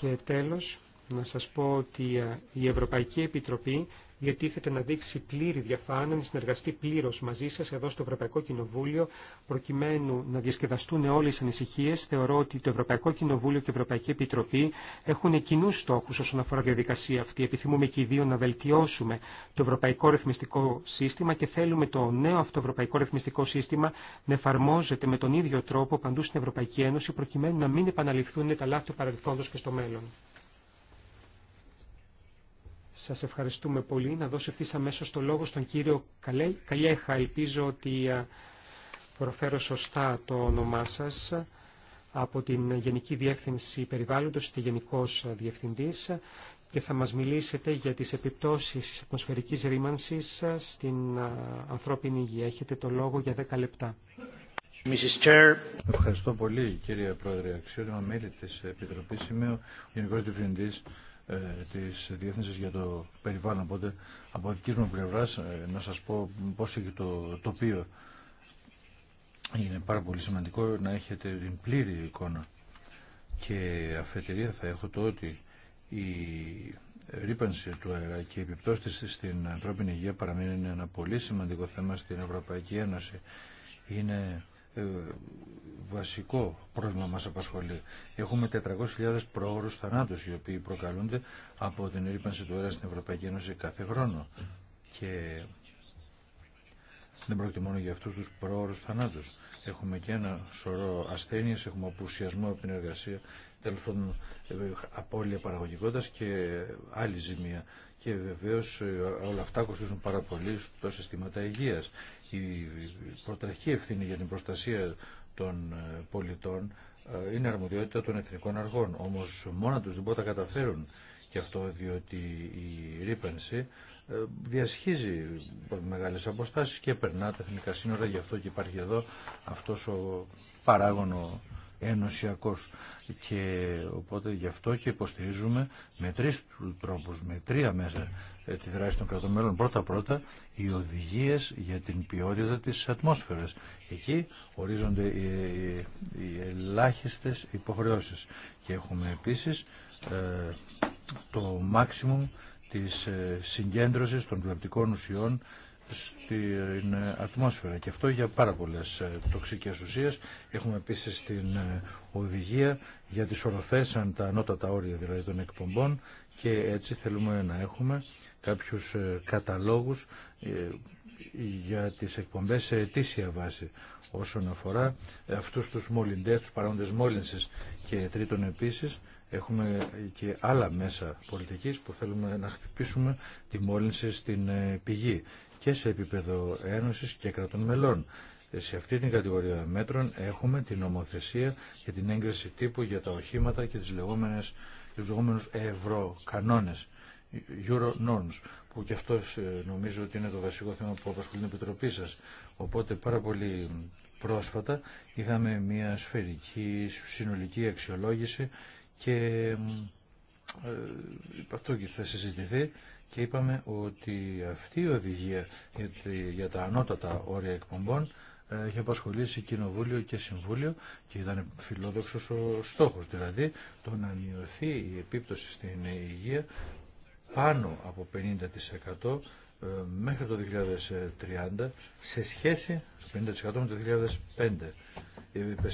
Και τέλος, να σας πω ότι ε, η Ευρωπαϊκή Επιτροπή γιατί διατίθεται να δείξει πλήρη διαφάνεια, να συνεργαστεί πλήρω μαζί σα εδώ στο Ευρωπαϊκό Κοινοβούλιο, προκειμένου να διασκεδαστούν όλε οι ανησυχίε. Θεωρώ ότι το Ευρωπαϊκό Κοινοβούλιο και η Ευρωπαϊκή Επιτροπή έχουν κοινού στόχου όσον αφορά τη διαδικασία αυτή. Επιθυμούμε και οι δύο να βελτιώσουμε το ευρωπαϊκό ρυθμιστικό σύστημα και θέλουμε το νέο αυτό ευρωπαϊκό ρυθμιστικό σύστημα να εφαρμόζεται με τον ίδιο τρόπο παντού στην Ευρωπαϊκή Ένωση, προκειμένου να μην επαναληφθούν τα λάθη του παρελθόντο και στο μέλλον. Σας ευχαριστούμε πολύ. Να δώσω ευθύ αμέσω το λόγο στον κύριο Καλιέχα. Ελπίζω ότι ε, προφέρω σωστά το όνομά σας από την Γενική Διεύθυνση Περιβάλλοντος, τη Γενικός Διευθυντής και θα μας μιλήσετε για τις επιπτώσεις της ατμοσφαιρικής ρήμανσης στην ε, ανθρώπινη υγεία. Έχετε το λόγο για 10 λεπτά. Ευχαριστώ πολύ κύριε Πρόεδρε. Αξιότιμα μέλη της Επιτροπής. Είμαι ο Γενικός Διευθυντής ε, της για το περιβάλλον. Οπότε από δική μου πλευρά ε, να σας πω πώς έχει το τοπίο. Είναι πάρα πολύ σημαντικό να έχετε την πλήρη εικόνα. Και αφετηρία θα έχω το ότι η ρήπανση του αέρα και η επιπτώση στην ανθρώπινη υγεία παραμένει ένα πολύ σημαντικό θέμα στην Ευρωπαϊκή Ένωση. Είναι ε, βασικό πρόβλημα μας απασχολεί. Έχουμε 400.000 πρόωρους θανάτους οι οποίοι προκαλούνται από την ρήπανση του αέρα στην Ευρωπαϊκή Ένωση κάθε χρόνο. Και δεν πρόκειται μόνο για αυτούς τους πρόωρους θανάτους. Έχουμε και ένα σωρό ασθένειες, έχουμε απουσιασμό από την εργασία, τέλος πάντων ε, απώλεια παραγωγικότητας και άλλη ζημία και βεβαίω ε, όλα αυτά κοστίζουν πάρα πολύ στο συστήματα υγεία. Η πρωταρχή ευθύνη για την προστασία των ε, πολιτών ε, είναι αρμοδιότητα των εθνικών αργών. Όμως μόνα του δεν μπορούν να καταφέρουν και αυτό διότι η ρήπανση διασχίζει μεγάλες αποστάσεις και περνά τα εθνικά σύνορα. Γι' αυτό και υπάρχει εδώ αυτός ο παράγωνο ενωσιακός και οπότε γι' αυτό και υποστηρίζουμε με τρεις τρόπους, με τρία μέσα ε, τη δράση των κρατομέλων. Πρώτα-πρώτα οι οδηγίες για την ποιότητα της ατμόσφαιρας. Εκεί ορίζονται οι, οι, ελάχιστες υποχρεώσεις και έχουμε επίσης ε, το maximum της ε, συγκέντρωσης των βλαπτικών ουσιών στην ατμόσφαιρα και αυτό για πάρα πολλές ε, τοξικές ουσίες. Έχουμε επίσης την ε, οδηγία για τις οροφές, αν τα ανώτατα όρια δηλαδή των εκπομπών και έτσι θέλουμε να έχουμε κάποιους ε, καταλόγους για τις εκπομπές σε αιτήσια βάση όσον αφορά αυτούς τους μολυντές, τους παράγοντες μόλυνσης και τρίτον επίσης έχουμε και άλλα μέσα πολιτικής που θέλουμε να χτυπήσουμε τη μόλυνση στην πηγή και σε επίπεδο Ένωσης και κρατών μελών. Σε αυτή την κατηγορία μέτρων έχουμε την νομοθεσία και την έγκριση τύπου για τα οχήματα και τις λεγόμενες, τους λεγόμενους ευρωκανόνες, Euro Norms, που και αυτό ε, νομίζω ότι είναι το βασικό θέμα που απασχολεί την Επιτροπή σας. Οπότε πάρα πολύ πρόσφατα είχαμε μια σφαιρική συνολική αξιολόγηση και ε, αυτό και θα συζητηθεί και είπαμε ότι αυτή η οδηγία για τα ανώτατα όρια εκπομπών ε, έχει απασχολήσει Κοινοβούλιο και Συμβούλιο και ήταν φιλόδοξος ο στόχος, δηλαδή το να μειωθεί η επίπτωση στην υγεία πάνω από 50% ε, μέχρι το 2030 σε σχέση 50% με το 2005. Είπε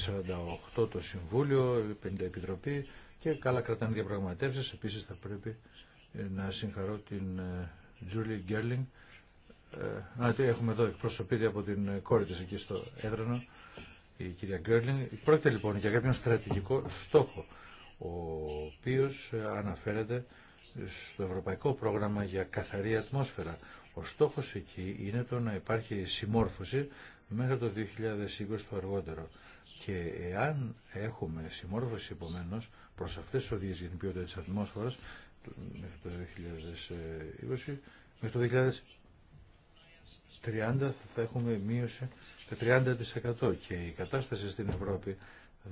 48 το Συμβούλιο, 50 Επιτροπή και καλά κρατάνε διαπραγματεύσεις. Επίσης θα πρέπει να συγχαρώ την Τζούλι Γκέρλινγκ. Να τι έχουμε εδώ εκπροσωπήτη από την κόρη της εκεί στο έδρανο, η κυρία Γκέρλινγκ. Πρόκειται λοιπόν για κάποιον στρατηγικό στόχο, ο οποίος ε, αναφέρεται στο Ευρωπαϊκό Πρόγραμμα για Καθαρή Ατμόσφαιρα. Ο στόχος εκεί είναι το να υπάρχει συμμόρφωση μέχρι το 2020 το αργότερο. Και εάν έχουμε συμμόρφωση επομένω προς αυτές τις οδηγίες για την ποιότητα της ατμόσφαιρας, μέχρι το 2020, μέχρι το 2030 θα έχουμε μείωση στο 30% και η κατάσταση στην Ευρώπη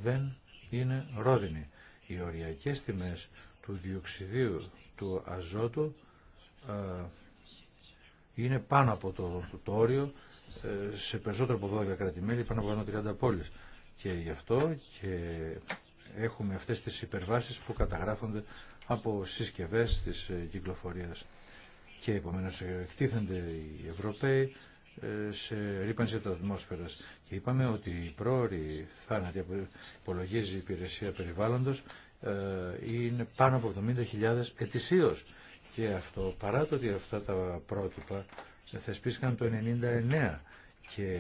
δεν είναι ρόδινη. Οι οριακές τιμές του διοξιδίου του αζότου α, είναι πάνω από το, το, όριο ε, σε περισσότερο από 12 κρατημέλη, πάνω από 30 πόλεις. Και γι' αυτό και έχουμε αυτές τις υπερβάσεις που καταγράφονται από συσκευές της ε, κυκλοφορίας. Και επομένως ε, εκτίθενται οι Ευρωπαίοι ε, σε ρήπανση της ατμόσφαιρας. Και είπαμε ότι η πρόορη θάνατη που υπολογίζει η υπηρεσία περιβάλλοντος είναι πάνω από 70.000 ετησίως. Και αυτό παρά το ότι αυτά τα πρότυπα θεσπίστηκαν το 1999 και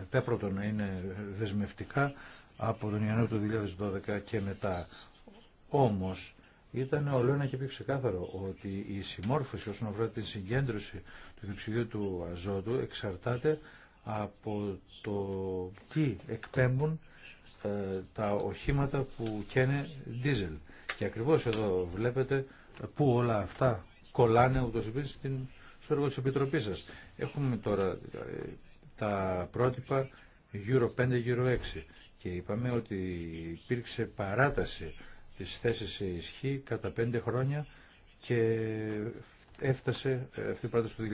επέπρωτο να είναι δεσμευτικά από τον Ιανουάριο του 2012 και μετά. Όμως ήταν όλο ένα και πιο ξεκάθαρο ότι η συμμόρφωση όσον αφορά την συγκέντρωση του διοξιδίου του αζότου εξαρτάται από το τι εκπέμπουν ε, τα οχήματα που καίνε δίζελ. Και ακριβώς εδώ βλέπετε πού όλα αυτά κολλάνε ούτως ή στην στο έργο της Επιτροπής σας. Έχουμε τώρα ε, τα πρότυπα Euro 5, Euro 6 και είπαμε ότι υπήρξε παράταση τις θέσεις σε ισχύ κατά πέντε χρόνια και έφτασε ε, αυτή η πρόταση του 2014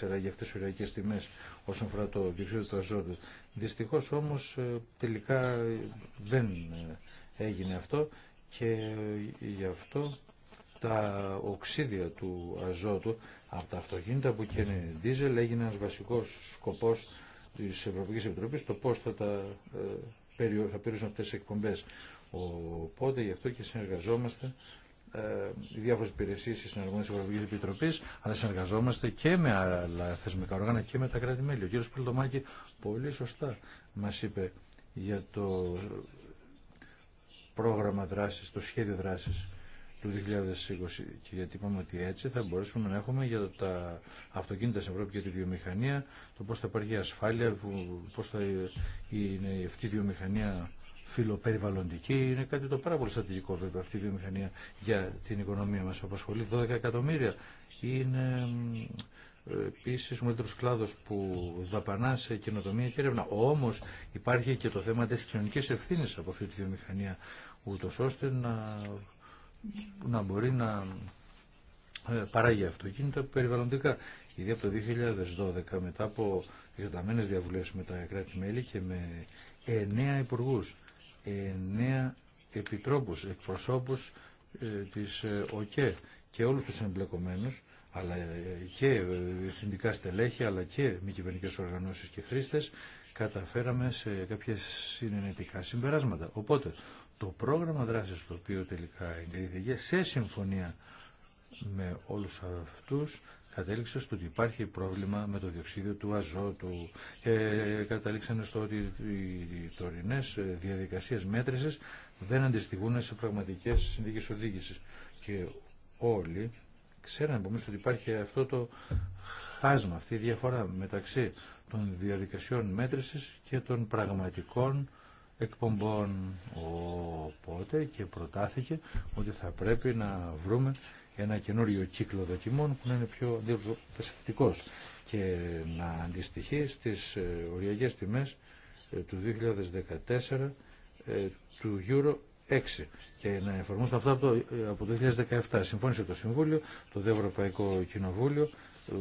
για αυτές τις οριακές τιμές όσον αφορά το διοξείδιο του αζότου. Δυστυχώς όμως ε, τελικά ε, δεν έγινε αυτό και γι' αυτό τα οξύδια του αζότου από τα αυτοκίνητα που και είναι δίζελ έγινε ένας βασικός σκοπός της Ευρωπαϊκής Επιτροπής το πώς θα τα θα περιορίσουν αυτές τις εκπομπές. Οπότε γι' αυτό και συνεργαζόμαστε ε, οι διάφορε υπηρεσίε και συνεργασίε τη Ευρωπαϊκή Επιτροπή, αλλά συνεργαζόμαστε και με άλλα θεσμικά όργανα και με τα κράτη-μέλη. Ο κ. πολύ σωστά μα είπε για το πρόγραμμα δράση, το σχέδιο δράση του 2020 και γιατί είπαμε ότι έτσι θα μπορέσουμε να έχουμε για τα αυτοκίνητα στην Ευρώπη και τη βιομηχανία το πώς θα υπάρχει ασφάλεια, πώς θα είναι αυτή η βιομηχανία φιλοπεριβαλλοντική. Είναι κάτι το πάρα πολύ στρατηγικό βέβαια αυτή η βιομηχανία για την οικονομία μας. Απασχολεί 12 εκατομμύρια. Είναι επίση ο μεγαλύτερο κλάδο που δαπανά σε καινοτομία και έρευνα. Όμω υπάρχει και το θέμα τη κοινωνική ευθύνη από αυτή τη βιομηχανία, ούτω ώστε να, να μπορεί να ε, παράγει αυτοκίνητα περιβαλλοντικά. Ήδη από το 2012, μετά από εκτεταμένε διαβουλεύσει με τα κράτη-μέλη και με εννέα υπουργού εννέα επιτρόπους, εκπροσώπους ε, της ε, ΟΚΕ και όλους τους εμπλεκομένους αλλά ε, και συνδικά στελέχη αλλά και μη κυβερνικές οργανώσεις και χρήστες καταφέραμε σε κάποια συνενετικά συμπεράσματα. Οπότε το πρόγραμμα δράσης το οποίο τελικά εγκρίθηκε σε συμφωνία με όλους αυτούς κατέληξε στο ότι υπάρχει πρόβλημα με το διοξίδιο του αζότου και καταλήξανε στο ότι οι τωρινέ ε, διαδικασίες μέτρησης δεν αντιστοιχούν σε πραγματικές συνθήκες οδήγησης. Και όλοι ξέραν επομένως ότι υπάρχει αυτό το χάσμα, αυτή η διαφορά μεταξύ των διαδικασιών μέτρησης και των πραγματικών εκπομπών. Οπότε και προτάθηκε ότι θα πρέπει να βρούμε ένα καινούριο κύκλο δοκιμών που να είναι πιο αντιπροσωπευτικός και να αντιστοιχεί στις ε, οριακές τιμές ε, του 2014 ε, του Euro 6 και να εφαρμόσουν αυτά από το, από το 2017. Συμφώνησε το Συμβούλιο, το Δευρωπαϊκό Κοινοβούλιο που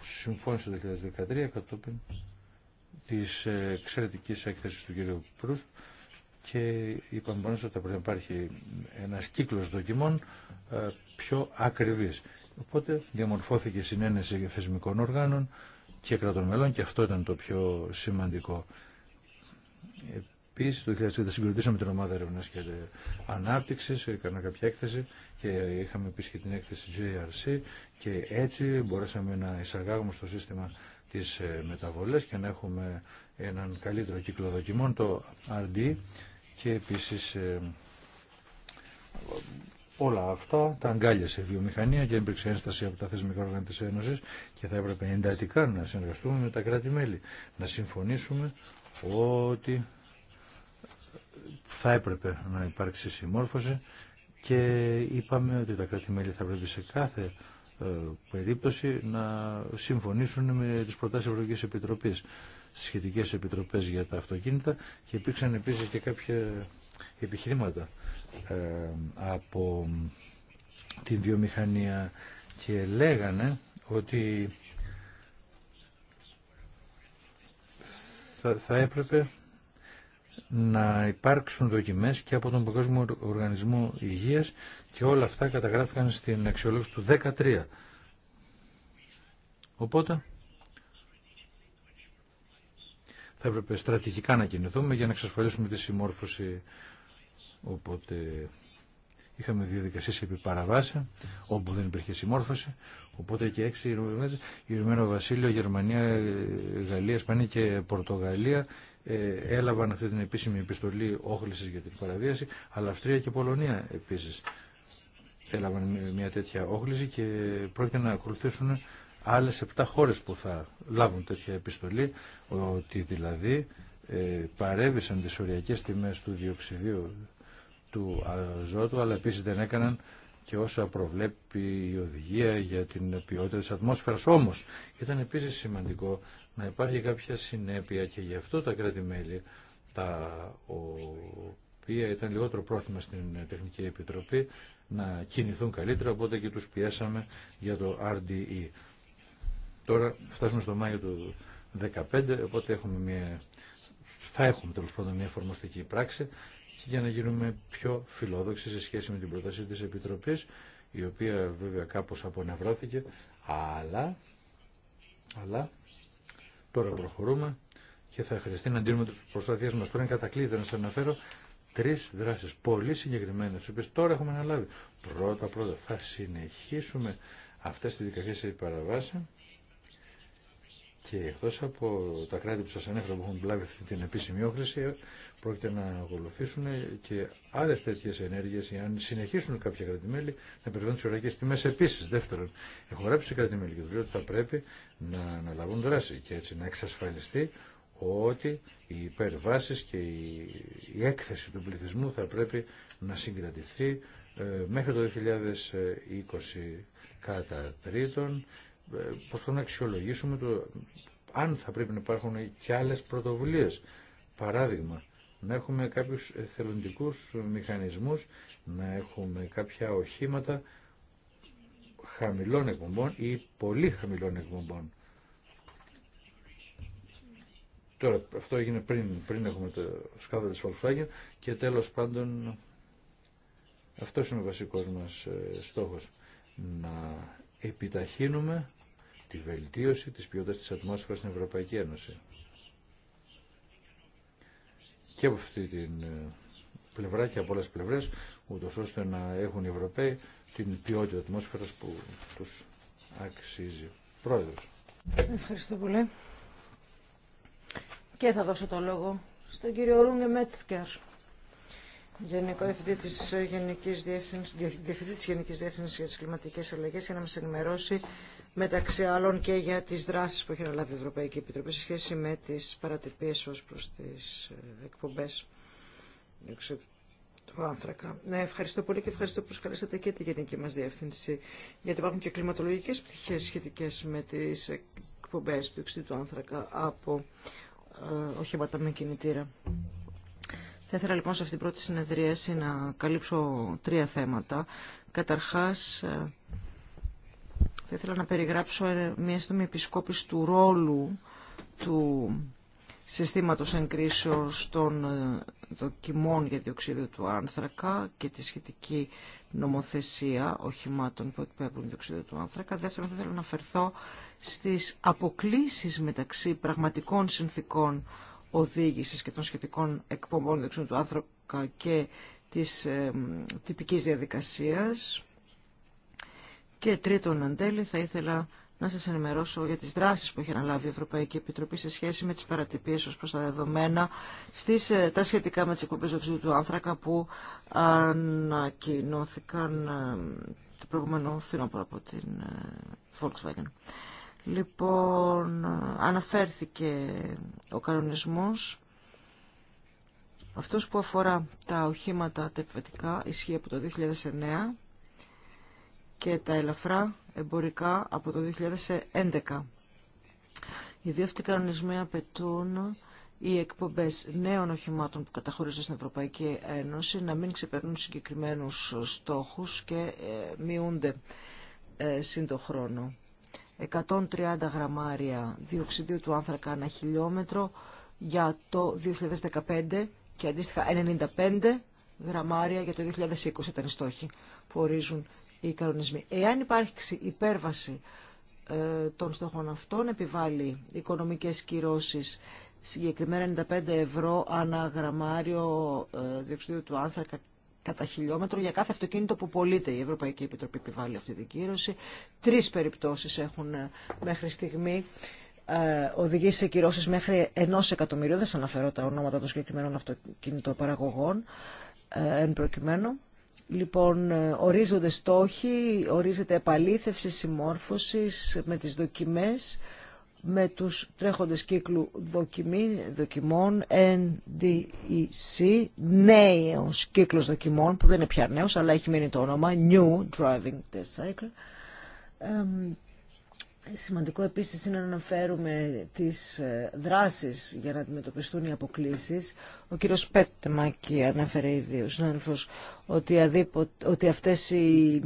συμφώνησε το 2013 κατόπιν της εξαιρετικής έκθεσης του κ. Προύστ και είπαμε μόνος ότι πρέπει να υπάρχει ένας κύκλος δοκιμών ε, πιο ακριβής. Οπότε διαμορφώθηκε συνένεση θεσμικών οργάνων και κρατών μελών και αυτό ήταν το πιο σημαντικό. Επίση, το 2010 συγκροτήσαμε την ομάδα έρευνα και ανάπτυξη, έκανα κάποια έκθεση και είχαμε επίση και την έκθεση JRC και έτσι μπορέσαμε να εισαγάγουμε στο σύστημα τι ε, μεταβολέ και να έχουμε έναν καλύτερο κύκλο δοκιμών, το RD και επίσης ε, όλα αυτά τα αγκάλιασε η βιομηχανία και υπήρξε ένσταση από τα θεσμικά όργανα της Ένωσης και θα έπρεπε εντατικά να συνεργαστούμε με τα κράτη-μέλη, να συμφωνήσουμε ότι θα έπρεπε να υπάρξει συμμόρφωση και είπαμε ότι τα κράτη-μέλη θα πρέπει σε κάθε ε, περίπτωση να συμφωνήσουν με τις προτάσεις Ευρωπαϊκής Επιτροπής σχετικές επιτροπές για τα αυτοκίνητα και υπήρξαν επίσης και κάποια επιχειρήματα ε, από την βιομηχανία και λέγανε ότι θα, έπρεπε να υπάρξουν δοκιμές και από τον Παγκόσμιο Οργανισμό Υγείας και όλα αυτά καταγράφηκαν στην αξιολόγηση του 13. Οπότε θα έπρεπε στρατηγικά να κινηθούμε για να εξασφαλίσουμε τη συμμόρφωση. Οπότε είχαμε διαδικασίε επί παραβάση, όπου δεν υπήρχε συμμόρφωση. Οπότε και έξι Ηνωμένο Βασίλειο, Γερμανία, Γαλλία, Ισπανία και Πορτογαλία ε, έλαβαν αυτή την επίσημη επιστολή όχληση για την παραβίαση, αλλά Αυστρία και Πολωνία επίση έλαβαν μια τέτοια όχληση και πρόκειται να ακολουθήσουν άλλες 7 χώρες που θα λάβουν τέτοια επιστολή, ότι δηλαδή ε, παρέβησαν τις οριακές τιμές του διοξιδίου του αζότου, αλλά επίσης δεν έκαναν και όσα προβλέπει η οδηγία για την ποιότητα της ατμόσφαιρας. Όμως ήταν επίσης σημαντικό να υπάρχει κάποια συνέπεια και γι' αυτό τα κράτη-μέλη τα οποία ήταν λιγότερο πρόθυμα στην Τεχνική Επιτροπή να κινηθούν καλύτερα, οπότε και τους πιέσαμε για το RDE. Τώρα φτάσουμε στο Μάιο του 2015, οπότε έχουμε μια, θα έχουμε τέλο πάντων μια εφαρμοστική πράξη για να γίνουμε πιο φιλόδοξοι σε σχέση με την πρόταση της Επιτροπής, η οποία βέβαια κάπως απονευρώθηκε, αλλά, αλλά τώρα προχωρούμε και θα χρειαστεί να δίνουμε τις προσπάθειές μας. Τώρα είναι να σας αναφέρω τρεις δράσεις πολύ συγκεκριμένες, τις οποίες τώρα έχουμε αναλάβει. Πρώτα πρώτα θα συνεχίσουμε αυτές τις δικασίε σε παραβάση και εκτό από τα κράτη που σα ανέφερα που έχουν λάβει αυτή την επίσημη όχληση, πρόκειται να ακολουθήσουν και άλλε τέτοιε ενέργειε, αν συνεχίσουν κάποια κρατημέλη, να περιβάλλουν τι ωρακέ τιμέ επίση. Δεύτερον, έχω γράψει σε κρατημέλη και του λέω ότι θα πρέπει να αναλάβουν δράση και έτσι να εξασφαλιστεί ότι οι υπερβάσει και η έκθεση του πληθυσμού θα πρέπει να συγκρατηθεί ε, μέχρι το 2020 κατά τρίτον ε, πώς θα να αξιολογήσουμε το, αν θα πρέπει να υπάρχουν και άλλες πρωτοβουλίες. Παράδειγμα, να έχουμε κάποιους θελοντικούς μηχανισμούς, να έχουμε κάποια οχήματα χαμηλών εκπομπών ή πολύ χαμηλών εκπομπών. Τώρα, αυτό έγινε πριν, πριν έχουμε το σκάδο της Volkswagen και τέλος πάντων αυτός είναι ο βασικός μας ε, στόχος. Να επιταχύνουμε τη βελτίωση της ποιότητας της ατμόσφαιρας στην Ευρωπαϊκή Ένωση. Και από αυτή την ε, πλευρά και από όλες τις πλευρές, ούτως ώστε να έχουν οι Ευρωπαίοι την ποιότητα ατμόσφαιρας που τους αξίζει. Πρόεδρος. Ευχαριστώ πολύ. Και θα δώσω το λόγο στον κύριο Ρούνε Μέτσκερ. Γενικό Διευθυντή τη Γενική Διεύθυνση για τι Κλιματικέ Αλλαγέ για να μα ενημερώσει μεταξύ άλλων και για τις δράσεις που έχει αναλάβει η Ευρωπαϊκή Επιτροπή σε σχέση με τις παρατυπίες ως προς τις ε, εκπομπές του άνθρακα. Ναι, ευχαριστώ πολύ και ευχαριστώ που προσκαλέσατε και τη Γενική μας Διεύθυνση, γιατί υπάρχουν και κλιματολογικές πτυχές σχετικές με τις εκπομπές του άνθρακα από ε, οχήματα με κινητήρα. Θα ήθελα λοιπόν σε αυτήν την πρώτη συνεδρίαση να καλύψω τρία θέματα. Καταρχάς, ε, θα ήθελα να περιγράψω ε, μια στιγμή επισκόπηση του ρόλου του συστήματος εγκρίσεως των ε, δοκιμών για διοξείδιο του άνθρακα και τη σχετική νομοθεσία οχημάτων που εκπέμπουν διοξείδιο του άνθρακα. Δεύτερον, θα ήθελα να αφαιρθώ στις αποκλίσεις μεταξύ πραγματικών συνθήκων οδήγησης και των σχετικών εκπομπών διοξείδιου του άνθρακα και της ε, τυπικής διαδικασίας και τρίτον, εν τέλει, θα ήθελα να σας ενημερώσω για τις δράσεις που έχει αναλάβει η Ευρωπαϊκή Επιτροπή σε σχέση με τις παρατυπίες ως προς τα δεδομένα στις, ε, τα σχετικά με τις εκπομπές οξύδου του άνθρακα που ανακοινώθηκαν το προηγούμενο φθινόπωρο από την ε, Volkswagen. Λοιπόν, αναφέρθηκε ο κανονισμός αυτός που αφορά τα οχήματα τα ισχύει από το 2009 και τα ελαφρά εμπορικά από το 2011. Οι δύο αυτοί κανονισμοί απαιτούν οι εκπομπές νέων οχημάτων που καταχωρίζονται στην Ευρωπαϊκή Ένωση να μην ξεπερνούν συγκεκριμένους στόχους και ε, μειούνται ε, σύντο χρόνο. 130 γραμμάρια διοξιδίου του άνθρακα ανά χιλιόμετρο για το 2015 και αντίστοιχα 95 γραμμάρια για το 2020 ήταν οι στόχοι που ορίζουν οι κανονισμοί. Εάν υπάρχει υπέρβαση ε, των στόχων αυτών, επιβάλλει οικονομικές κυρώσεις συγκεκριμένα 95 ευρώ ανά γραμμάριο ε, διοξιδίου του άνθρακα κατά χιλιόμετρο για κάθε αυτοκίνητο που πωλείται. Η Ευρωπαϊκή Επιτροπή επιβάλλει αυτή την κύρωση. Τρεις περιπτώσεις έχουν ε, μέχρι στιγμή οδηγήσει σε κυρώσεις μέχρι ενό εκατομμυρίου, δεν σας αναφέρω τα ονόματα των συγκεκριμένων αυτοκινητοπαραγωγών. Ε, εν προκειμένου. Λοιπόν, ε, ορίζονται στόχοι, ορίζεται επαλήθευση συμμόρφωσης με τις δοκιμές, με τους τρέχοντες κύκλου δοκιμή, δοκιμών, NDEC, νέος κύκλος δοκιμών, που δεν είναι πια νέος, αλλά έχει μείνει το όνομα, New Driving Test Cycle, Σημαντικό επίσης είναι να αναφέρουμε τις ε, δράσεις για να αντιμετωπιστούν οι αποκλήσεις. Ο κύριος Πέτμακη αναφέρει ήδη ο ότι, αδίπο, ότι αυτές οι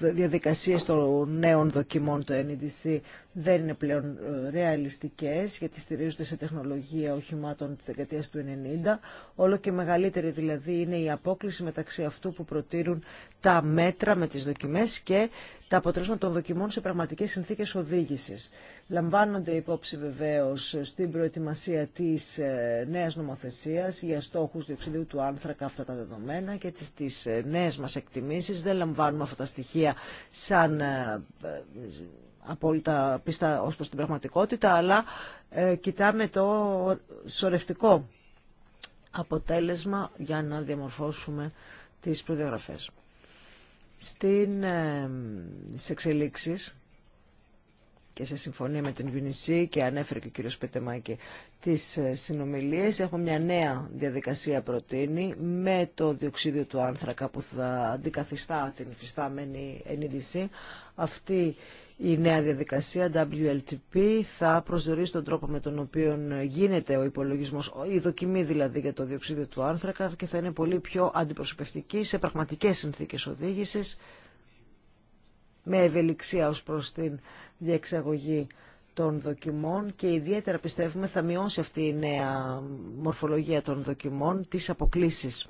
διαδικασίες των νέων δοκιμών του NDC e δεν είναι πλέον ε, ρεαλιστικές γιατί στηρίζονται σε τεχνολογία οχημάτων της δεκαετίας του 90. Όλο και μεγαλύτερη δηλαδή είναι η απόκληση μεταξύ αυτού που προτείνουν τα μέτρα με τις δοκιμές και τα αποτελέσματα των δοκιμών σε πραγματικές συνθήκες οδήγησης. Λαμβάνονται υπόψη βεβαίως στην προετοιμασία της ε, νέας νομοθεσίας για στόχους διοξιδίου του άνθρακα αυτά τα δεδομένα και στις νέε νέες μας εκτιμήσεις. Δεν λαμβάνουμε αυτά τα στοιχεία σαν ε, ε, απόλυτα πίστα ως προς την πραγματικότητα, αλλά ε, κοιτάμε το σωρευτικό αποτέλεσμα για να διαμορφώσουμε τις προδιαγραφές. Στην, ε, και σε συμφωνία με τον UNICE και ανέφερε και ο κύριος Πετεμάκη τις ε, συνομιλίες. Έχουμε μια νέα διαδικασία προτείνει με το διοξίδιο του άνθρακα που θα αντικαθιστά την υφιστάμενη ενίδηση. Αυτή η νέα διαδικασία WLTP θα προσδιορίσει τον τρόπο με τον οποίο γίνεται ο υπολογισμός, η δοκιμή δηλαδή για το διοξίδιο του άνθρακα και θα είναι πολύ πιο αντιπροσωπευτική σε πραγματικές συνθήκες οδήγησης με ευελιξία ως προς την διεξαγωγή των δοκιμών και ιδιαίτερα πιστεύουμε θα μειώσει αυτή η νέα μορφολογία των δοκιμών τις αποκλήσεις.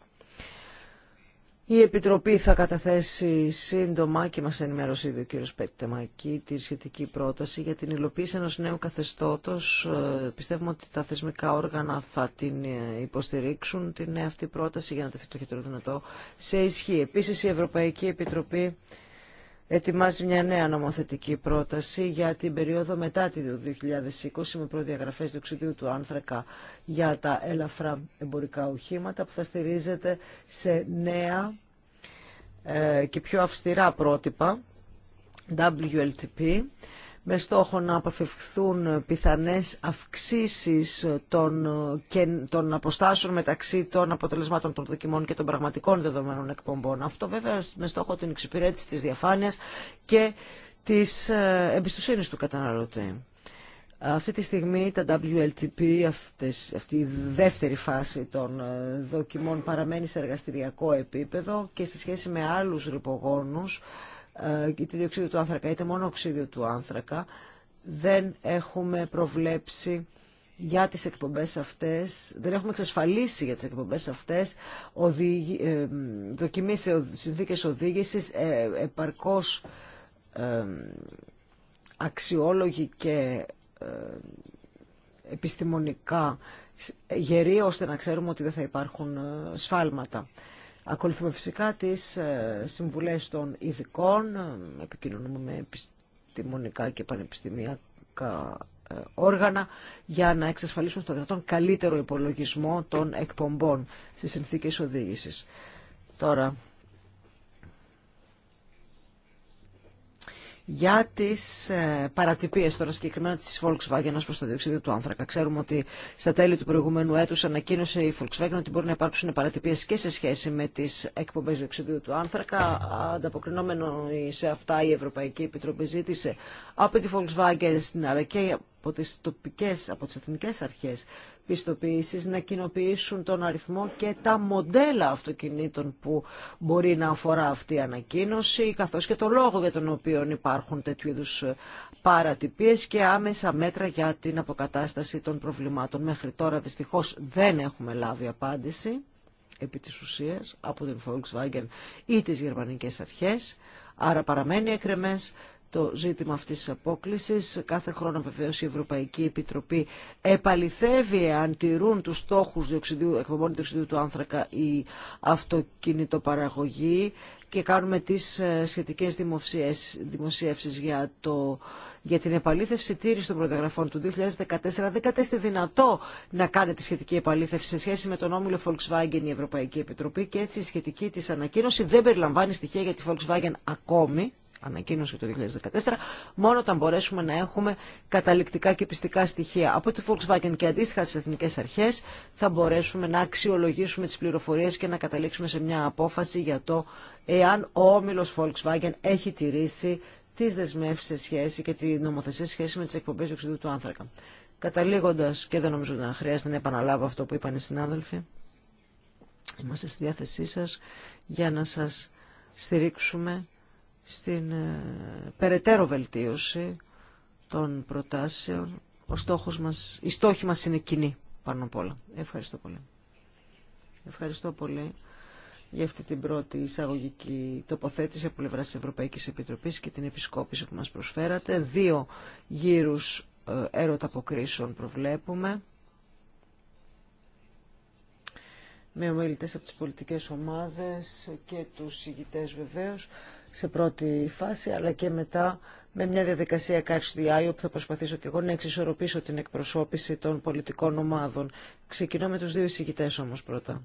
Η Επιτροπή θα καταθέσει σύντομα και μας ενημερώσει ήδη ο κύριος Πέττεμακή τη σχετική πρόταση για την υλοποίηση ενός νέου καθεστώτος. Ε, πιστεύουμε ότι τα θεσμικά όργανα θα την ε, υποστηρίξουν την νέα αυτή πρόταση για να τεθεί το χειτροδυνατό σε ισχύ. Επίσης η Ευρωπαϊκή Επιτροπή ετοιμάζει μια νέα νομοθετική πρόταση για την περίοδο μετά τη 2020 με προδιαγραφές διοξιδίου του άνθρακα για τα ελαφρά εμπορικά οχήματα που θα στηρίζεται σε νέα ε, και πιο αυστηρά πρότυπα WLTP με στόχο να αποφευχθούν πιθανές αυξήσεις των, και των αποστάσεων μεταξύ των αποτελεσμάτων των δοκιμών και των πραγματικών δεδομένων εκπομπών. Αυτό βέβαια με στόχο την εξυπηρέτηση της διαφάνειας και της ε, εμπιστοσύνης του καταναλωτή. Αυτή τη στιγμή τα WLTP, αυτές, αυτή η δεύτερη φάση των ε, δοκιμών παραμένει σε εργαστηριακό επίπεδο και σε σχέση με άλλους ρυπογόνους, ε, είτε διοξίδιο του άνθρακα είτε μόνο οξείδιο του άνθρακα, δεν έχουμε προβλέψει για τις εκπομπές αυτές, δεν έχουμε εξασφαλίσει για τις εκπομπές αυτές ε, δοκιμή σε συνθήκες οδήγησης ε, επαρκώς και επιστημονικά γερή ώστε να ξέρουμε ότι δεν θα υπάρχουν σφάλματα. Ακολουθούμε φυσικά τις ε, συμβουλές των ειδικών, ε, επικοινωνούμε με επιστημονικά και πανεπιστημιακά ε, όργανα για να εξασφαλίσουμε στο δυνατόν καλύτερο υπολογισμό των εκπομπών στις συνθήκες οδήγησης. Τώρα, για τις ε, παρατυπίε τώρα συγκεκριμένα τη Volkswagen ω προ το διοξείδιο του άνθρακα. Ξέρουμε ότι στα τέλη του προηγούμενου έτου ανακοίνωσε η Volkswagen ότι μπορεί να υπάρξουν παρατυπίε και σε σχέση με τις εκπομπές διοξείδιου του άνθρακα. Ανταποκρινόμενο σε αυτά η Ευρωπαϊκή Επιτροπή ζήτησε από τη Volkswagen στην αλλά και από τι τοπικέ, από τι εθνικέ αρχέ πιστοποίησης να κοινοποιήσουν τον αριθμό και τα μοντέλα αυτοκινήτων που μπορεί να αφορά αυτή η ανακοίνωση, καθώς και το λόγο για τον οποίο υπάρχουν τέτοιου είδου παρατυπίες και άμεσα μέτρα για την αποκατάσταση των προβλημάτων. Μέχρι τώρα δυστυχώς δεν έχουμε λάβει απάντηση επί της ουσίας από την Volkswagen ή τις γερμανικές αρχές, άρα παραμένει εκρεμές το ζήτημα αυτής της απόκλησης. Κάθε χρόνο βεβαίως η Ευρωπαϊκή Επιτροπή επαληθεύει αν τηρούν τους στόχους διοξιδίου, εκπομπών διοξιδίου του άνθρακα η αυτοκινητοπαραγωγή και κάνουμε τις ε, σχετικές δημοσίευσεις για, το, για την επαλήθευση τήρηση των πρωτογραφών του 2014. Δεν κατέστη δυνατό να κάνει τη σχετική επαλήθευση σε σχέση με τον όμιλο Volkswagen η Ευρωπαϊκή Επιτροπή και έτσι η σχετική της ανακοίνωση δεν περιλαμβάνει στοιχεία για τη Volkswagen ακόμη ανακοίνωση το 2014, μόνο όταν μπορέσουμε να έχουμε καταληκτικά και πιστικά στοιχεία από τη Volkswagen και αντίστοιχα στι εθνικέ αρχέ, θα μπορέσουμε να αξιολογήσουμε τι πληροφορίε και να καταλήξουμε σε μια απόφαση για το εάν ο όμιλο Volkswagen έχει τηρήσει τι δεσμεύσει σε σχέση και τη νομοθεσία σε σχέση με τι εκπομπέ διοξιδίου του άνθρακα. Καταλήγοντα, και δεν νομίζω να χρειάζεται να επαναλάβω αυτό που είπαν οι συνάδελφοι, είμαστε στη διάθεσή σα για να σα στηρίξουμε στην ε, περαιτέρω βελτίωση των προτάσεων. Ο στόχος μας, η στόχη μας είναι κοινή πάνω απ' όλα. Ευχαριστώ πολύ. Ευχαριστώ πολύ για αυτή την πρώτη εισαγωγική τοποθέτηση από πλευρά της Ευρωπαϊκής Επιτροπής και την επισκόπηση που μας προσφέρατε. Δύο γύρους ε, έρωτα αποκρίσεων προβλέπουμε. Με ομιλητές από τις πολιτικές ομάδες και τους ηγητές βεβαίως σε πρώτη φάση, αλλά και μετά με μια διαδικασία catch the eye, όπου θα προσπαθήσω και εγώ να εξισορροπήσω την εκπροσώπηση των πολιτικών ομάδων. Ξεκινώ με τους δύο εισηγητέ όμως πρώτα.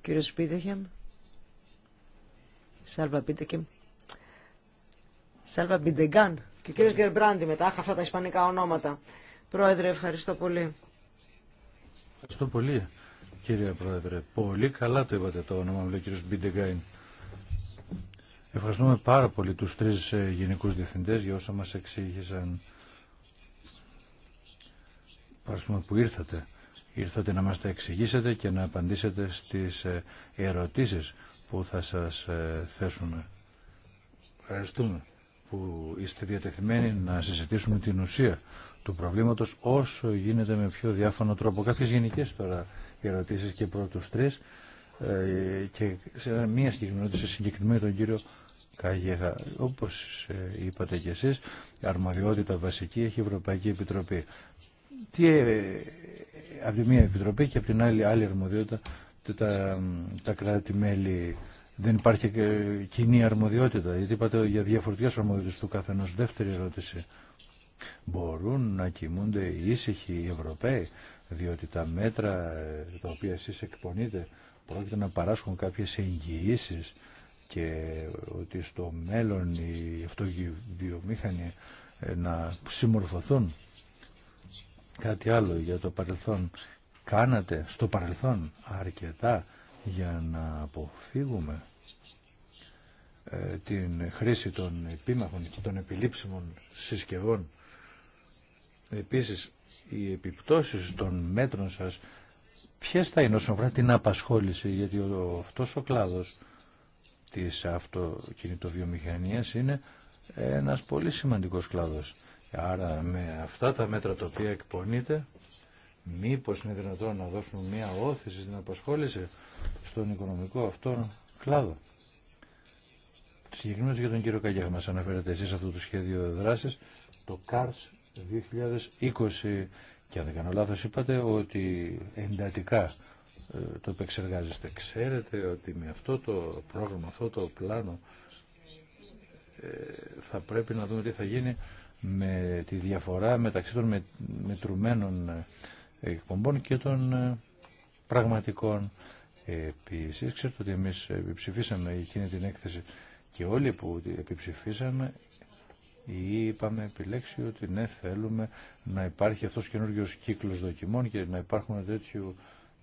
Κύριο Σπίτεχεμ, Σάλβα Μπίντεκεμ, Σάλβα Μπιντεγκάν και ο κύριος Γκερμπράντι μετά, αχ αυτά τα ισπανικά ονόματα. Πρόεδρε, ευχαριστώ πολύ. Ευχαριστώ πολύ, κύριε Πρόεδρε. Πολύ καλά το είπατε το όνομα μου, λέει ο κύριο Μπιντεγκάιν. Ευχαριστούμε πάρα πολύ τους τρεις ε, γενικούς διευθυντές για όσα μας εξήγησαν. Ευχαριστούμε που ήρθατε. Ήρθατε να μας τα εξηγήσετε και να απαντήσετε στις ε, ερωτήσεις που θα σας ε, θέσουμε. Ευχαριστούμε που είστε διατεθειμένοι να συζητήσουμε την ουσία του προβλήματος όσο γίνεται με πιο διάφανο τρόπο. Κάποιες γενικές τώρα ερωτήσεις και πρώτους τρεις και σε μία συγκεκριμένη ερώτηση συγκεκριμένη τον κύριο Κάγεγα, όπως ε, είπατε κι εσείς, αρμοδιότητα βασική έχει η Ευρωπαϊκή Επιτροπή. Τι, ε, από τη μία Επιτροπή και από την άλλη, άλλη αρμοδιότητα τα, τα κράτη-μέλη δεν υπάρχει ε, κοινή αρμοδιότητα. Γιατί είπατε για διαφορετικές αρμοδιότητες του καθενός. Δεύτερη ερώτηση. Μπορούν να κοιμούνται οι ήσυχοι οι Ευρωπαίοι, διότι τα μέτρα τα οποία εσείς εκπονείτε πρόκειται να παράσχουν κάποιες εγγυήσεις και ότι στο μέλλον οι αυτοβιομήχανοι ε, να συμμορφωθούν κάτι άλλο για το παρελθόν κάνατε στο παρελθόν αρκετά για να αποφύγουμε ε, την χρήση των επίμαχων και των επιλήψιμων συσκευών. Επίσης, οι επιπτώσεις των μέτρων σας, ποιες θα είναι όσον αφορά την απασχόληση, γιατί ο, αυτός ο κλάδος της αυτοκινητοβιομηχανίας είναι ένας πολύ σημαντικός κλάδος. Άρα με αυτά τα μέτρα τα οποία εκπονείται, μήπως είναι δυνατόν να δώσουν μια όθηση στην απασχόληση στον οικονομικό αυτόν κλάδο. Συγκεκριμένως για τον κύριο Καγιάχ μας αναφέρετε εσείς αυτό το σχέδιο δράσης, το CARS 2020. Και αν δεν κάνω λάθος είπατε ότι εντατικά ε, το επεξεργάζεστε. Ξέρετε ότι με αυτό το πρόγραμμα, αυτό το πλάνο ε, θα πρέπει να δούμε τι θα γίνει με τη διαφορά μεταξύ των μετρουμένων ε, εκπομπών και των πραγματικών. Επίσης, ξέρετε ότι εμείς επιψηφίσαμε εκείνη την έκθεση και όλοι που επιψηφίσαμε είπαμε επιλέξει ότι ναι θέλουμε να υπάρχει αυτός καινούργιος κύκλος δοκιμών και να υπάρχουν τέτοιου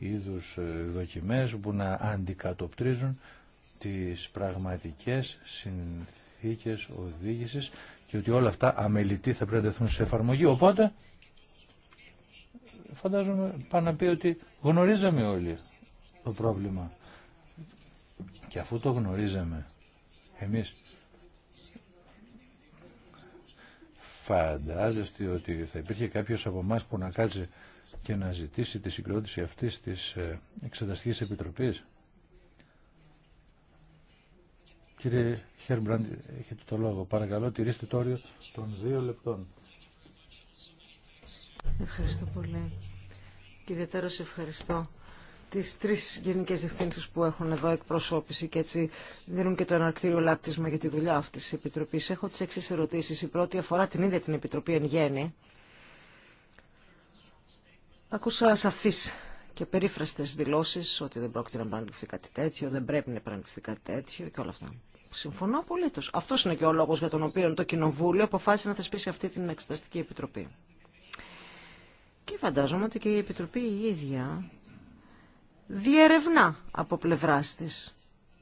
είδους ε, δοκιμές που να αντικατοπτρίζουν τις πραγματικές συνθήκες οδήγησης και ότι όλα αυτά αμελητή θα πρέπει να τεθούν σε εφαρμογή. Οπότε, φαντάζομαι πάνω να πει ότι γνωρίζαμε όλοι το πρόβλημα. Και αφού το γνωρίζαμε εμείς, φαντάζεστε ότι θα υπήρχε κάποιος από εμά που να κάτσει και να ζητήσει τη συγκρότηση αυτής της ε, Εξεταστικής Επιτροπής. Κύριε Χέρμπραντ, έχετε το λόγο. Παρακαλώ, τηρήστε το όριο των δύο λεπτών. Ευχαριστώ πολύ. Και ιδιαίτερα σε ευχαριστώ τις τρεις γενικές διευθύνσεις που έχουν εδώ εκπροσώπηση και έτσι δίνουν και το αναρκτήριο λάπτισμα για τη δουλειά αυτής της Επιτροπής. Έχω τις έξι ερωτήσεις. Η πρώτη αφορά την ίδια την Επιτροπή εν γέννη Ακούσα σαφείς και περίφραστες δηλώσεις ότι δεν πρόκειται να επαναληφθεί κάτι τέτοιο, δεν πρέπει να επαναληφθεί κάτι τέτοιο και όλα αυτά. Συμφωνώ απολύτω. Αυτό είναι και ο λόγο για τον οποίο το Κοινοβούλιο αποφάσισε να θεσπίσει αυτή την Εξεταστική Επιτροπή. Και φαντάζομαι ότι και η Επιτροπή η ίδια διερευνά από πλευρά τη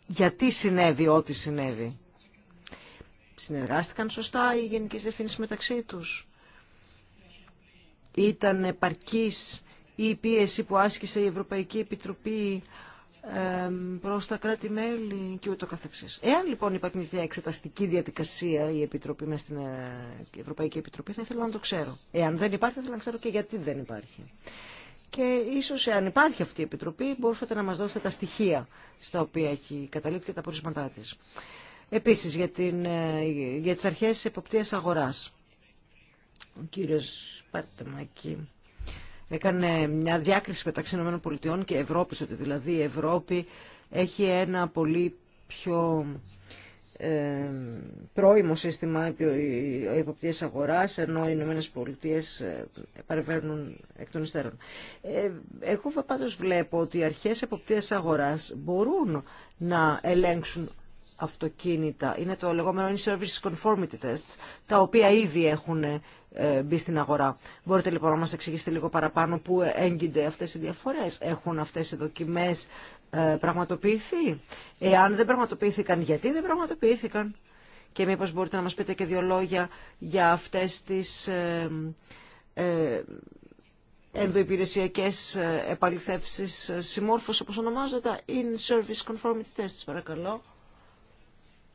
γιατί συνέβη ό,τι συνέβη. Συνεργάστηκαν σωστά οι γενικέ διευθύνσει μεταξύ του ήταν επαρκής η πίεση που άσκησε η Ευρωπαϊκή Επιτροπή προς τα κράτη-μέλη και ούτω καθεξής. Εάν λοιπόν υπάρχει μια εξεταστική διαδικασία η Επιτροπή μες στην ε, Ευρωπαϊκή Επιτροπή θα ήθελα να το ξέρω. Εάν δεν υπάρχει θα ήθελα να ξέρω και γιατί δεν υπάρχει. Και ίσως εάν υπάρχει αυτή η Επιτροπή μπορούσατε να μας δώσετε τα στοιχεία στα οποία έχει καταλήξει και τα πορίσματά της. Επίσης για, την, ε, για τις αρχές εποπτείας αγοράς ο κύριος Πατμακή έκανε μια διάκριση μεταξύ ΗΠΑ και Ευρώπης, ότι δηλαδή η Ευρώπη έχει ένα πολύ πιο ε, πρόημο σύστημα υποπτήρες αγοράς, ενώ οι ΗΠΑ Πολιτείες ε, παρεμβαίνουν εκ των υστέρων. Ε, εγώ πάντως βλέπω ότι οι αρχές υποπτήρες αγοράς μπορούν να ελέγξουν αυτοκίνητα. Είναι το λεγόμενο in-service conformity tests, τα οποία ήδη έχουν ε, ε, μπει στην αγορά. Μπορείτε λοιπόν να μας εξηγήσετε λίγο παραπάνω πού έγκυνται αυτές οι διαφορές. Έχουν αυτές οι δοκιμές ε, πραγματοποιηθεί. Εάν δεν πραγματοποιήθηκαν, γιατί δεν πραγματοποιήθηκαν. Και μήπως μπορείτε να μας πείτε και δύο λόγια για αυτές τις ε, ενδοϊπηρεσιακές επαληθεύσεις συμμόρφωση όπως ονομάζονται in service conformity tests παρακαλώ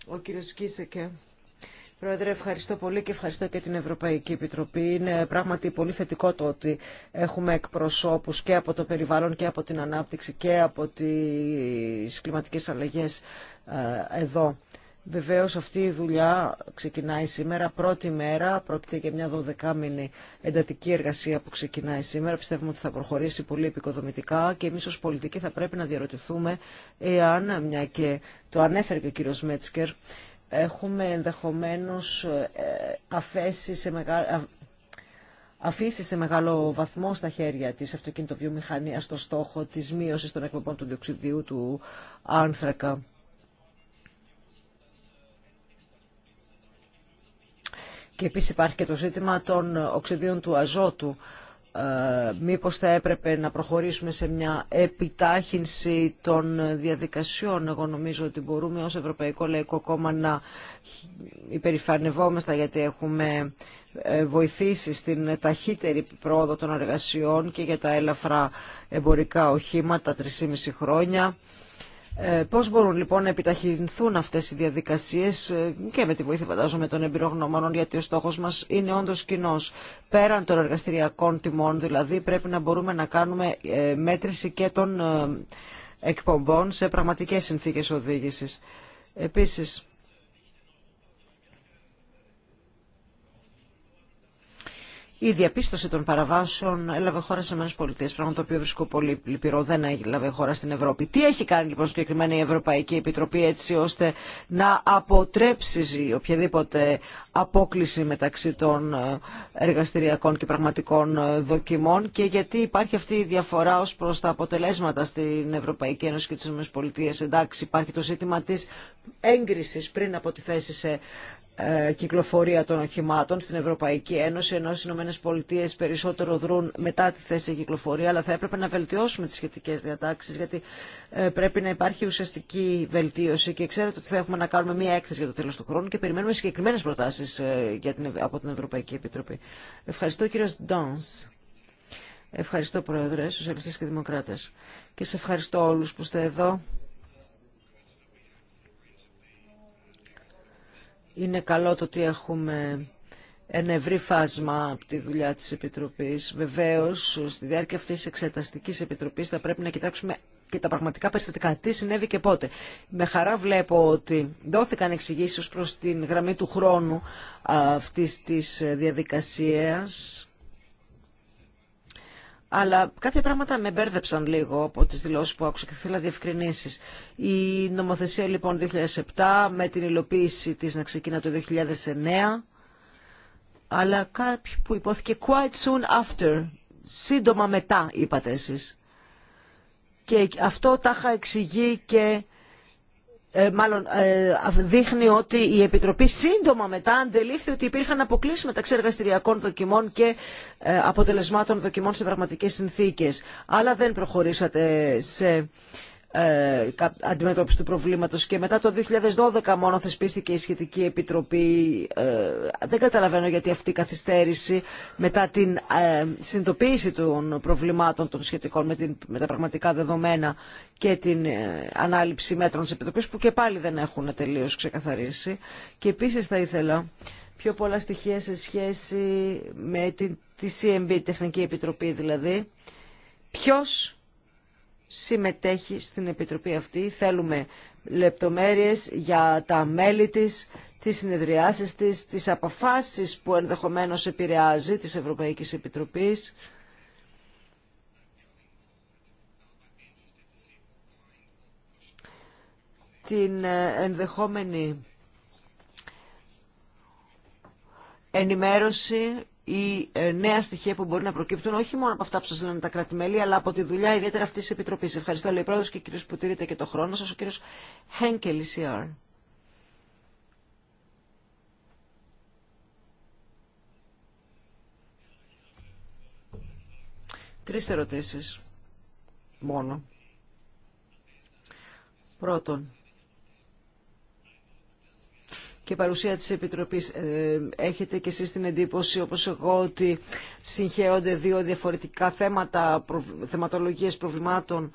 ο κύριος Κίσεκε Πρόεδρε, ευχαριστώ πολύ και ευχαριστώ και την Ευρωπαϊκή Επιτροπή. Είναι πράγματι πολύ θετικό το ότι έχουμε εκπροσώπους και από το περιβάλλον και από την ανάπτυξη και από τις κλιματικές αλλαγές ε, εδώ. Βεβαίως αυτή η δουλειά ξεκινάει σήμερα, πρώτη μέρα, πρόκειται για μια δωδεκάμινη εντατική εργασία που ξεκινάει σήμερα. Πιστεύουμε ότι θα προχωρήσει πολύ επικοδομητικά και εμείς ως πολιτικοί θα πρέπει να διαρωτηθούμε εάν, μια και το ανέφερε και ο κύριος Μέτσκερ, έχουμε ενδεχομένως ε, αφήσει σε μεγάλο, βαθμό στα χέρια της αυτοκινητοβιομηχανίας το στόχο της μείωσης των εκπομπών του διοξιδίου του άνθρακα. Και επίσης υπάρχει και το ζήτημα των οξυδίων του αζότου ε, μήπως θα έπρεπε να προχωρήσουμε σε μια επιτάχυνση των διαδικασιών. Εγώ νομίζω ότι μπορούμε ως Ευρωπαϊκό Λαϊκό Κόμμα να υπερηφανευόμαστε γιατί έχουμε ε, βοηθήσει στην ταχύτερη πρόοδο των εργασιών και για τα έλαφρα εμπορικά οχήματα 3,5 χρόνια. Ε, πώς μπορούν λοιπόν να επιταχυνθούν αυτές οι διαδικασίες ε, και με τη βοήθεια φαντάζομαι των εμπειρογνωμόνων γιατί ο στόχος μας είναι όντως κοινό. Πέραν των εργαστηριακών τιμών δηλαδή πρέπει να μπορούμε να κάνουμε ε, μέτρηση και των εκπομπών σε πραγματικές συνθήκες οδήγησης. Επίσης, η διαπίστωση των παραβάσεων έλαβε χώρα σε στι ΗΠΑ, πράγμα το οποίο βρίσκω πολύ λυπηρό, δεν έλαβε χώρα στην Ευρώπη. Τι έχει κάνει λοιπόν συγκεκριμένα η Ευρωπαϊκή Επιτροπή έτσι ώστε να αποτρέψει οποιαδήποτε απόκληση μεταξύ των ε, εργαστηριακών και πραγματικών ε, δοκιμών και γιατί υπάρχει αυτή η διαφορά ω προ τα αποτελέσματα στην Ευρωπαϊκή Ένωση και τι ΗΠΑ. Εντάξει, υπάρχει το ζήτημα τη έγκριση πριν από τη θέση σε ε, κυκλοφορία των οχημάτων στην Ευρωπαϊκή Ένωση, ενώ οι Ηνωμένε Πολιτείε περισσότερο δρούν μετά τη θέση κυκλοφορία, αλλά θα έπρεπε να βελτιώσουμε τι σχετικέ διατάξει, γιατί ε, πρέπει να υπάρχει ουσιαστική βελτίωση. Και ξέρετε ότι θα έχουμε να κάνουμε μία έκθεση για το τέλο του χρόνου και περιμένουμε συγκεκριμένε προτάσει ε, από την Ευρωπαϊκή Επιτροπή. Ευχαριστώ, κύριο Ντόνς Ευχαριστώ, Πρόεδρε, Σοσιαλιστέ και Δημοκράτε. Και σε ευχαριστώ όλου που είστε εδώ. Είναι καλό το ότι έχουμε ένα ευρύ φάσμα από τη δουλειά της Επιτροπής. Βεβαίως, στη διάρκεια αυτής της εξεταστικής Επιτροπής θα πρέπει να κοιτάξουμε και τα πραγματικά περιστατικά. Τι συνέβη και πότε. Με χαρά βλέπω ότι δόθηκαν εξηγήσει προς την γραμμή του χρόνου αυτής της ε, διαδικασίας αλλά κάποια πράγματα με μπέρδεψαν λίγο από τις δηλώσεις που άκουσα και θέλω διευκρινήσει. Η νομοθεσία λοιπόν 2007 με την υλοποίηση της να ξεκινά το 2009 αλλά κάποιοι που υπόθηκε quite soon after, σύντομα μετά είπατε εσείς. Και αυτό τα είχα εξηγεί και ε, μάλλον ε, δείχνει ότι η Επιτροπή σύντομα μετά αντελήφθη ότι υπήρχαν αποκλήσεις μεταξύ εργαστηριακών δοκιμών και ε, αποτελεσμάτων δοκιμών σε πραγματικές συνθήκες. Αλλά δεν προχωρήσατε σε ε, αντιμετώπιση του προβλήματος και μετά το 2012 μόνο θεσπίστηκε η σχετική επιτροπή. Ε, δεν καταλαβαίνω γιατί αυτή η καθυστέρηση μετά την ε, συνειδητοποίηση των προβλημάτων των σχετικών με, την, με τα πραγματικά δεδομένα και την ανάληψη μέτρων της επιτροπής που και πάλι δεν έχουν τελείως ξεκαθαρίσει. Και επίσης θα ήθελα πιο πολλά στοιχεία σε σχέση με την, τη CMB, Τεχνική Επιτροπή δηλαδή. Ποιος συμμετέχει στην Επιτροπή αυτή. Θέλουμε λεπτομέρειες για τα μέλη της, τις συνεδριάσεις της, τις αποφάσεις που ενδεχομένως επηρεάζει της Ευρωπαϊκής Επιτροπής. την ε, ενδεχόμενη ενημέρωση ή ε, νέα στοιχεία που μπορεί να προκύπτουν όχι μόνο από αυτά που σα λένε τα κρατη αλλά από τη δουλειά ιδιαίτερα αυτή τη Επιτροπή. Ευχαριστώ, λέει πρόεδρο και κύριο που τηρείτε και το χρόνο σα, ο κύριο Χένκελ, CR. Τρεις ερωτήσεις μόνο. Πρώτον, και παρουσία της Επιτροπής. Ε, έχετε και εσείς την εντύπωση, όπως εγώ, ότι συγχέονται δύο διαφορετικά θέματα, θεματολογίες προβλημάτων.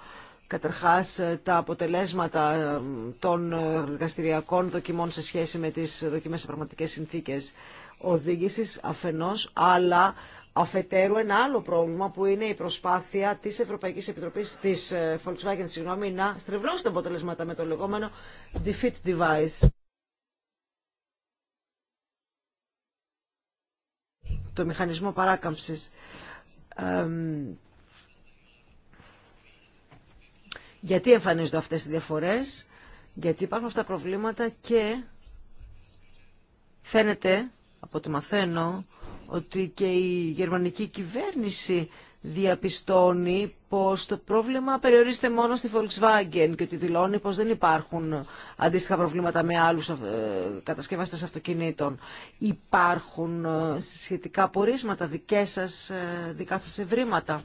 Καταρχάς, ε, τα αποτελέσματα ε, των εργαστηριακών δοκιμών σε σχέση με τις δοκιμές σε πραγματικές συνθήκες οδήγησης αφενός, αλλά αφετέρου ένα άλλο πρόβλημα που είναι η προσπάθεια της Ευρωπαϊκής Επιτροπής της Volkswagen συγγνώμη, να στρεβλώσει τα αποτελέσματα με το λεγόμενο defeat device. το μηχανισμό παράκαμψης γιατί εμφανίζονται αυτές οι διαφορές, γιατί υπάρχουν αυτά τα προβλήματα και φαίνεται από το μαθαίνω ότι και η γερμανική κυβέρνηση διαπιστώνει πως το πρόβλημα περιορίζεται μόνο στη Volkswagen και ότι δηλώνει πως δεν υπάρχουν αντίστοιχα προβλήματα με άλλους ε, κατασκευάστες αυτοκινήτων. Υπάρχουν ε, σχετικά πορίσματα, δικές σας, ε, δικά σας ευρήματα.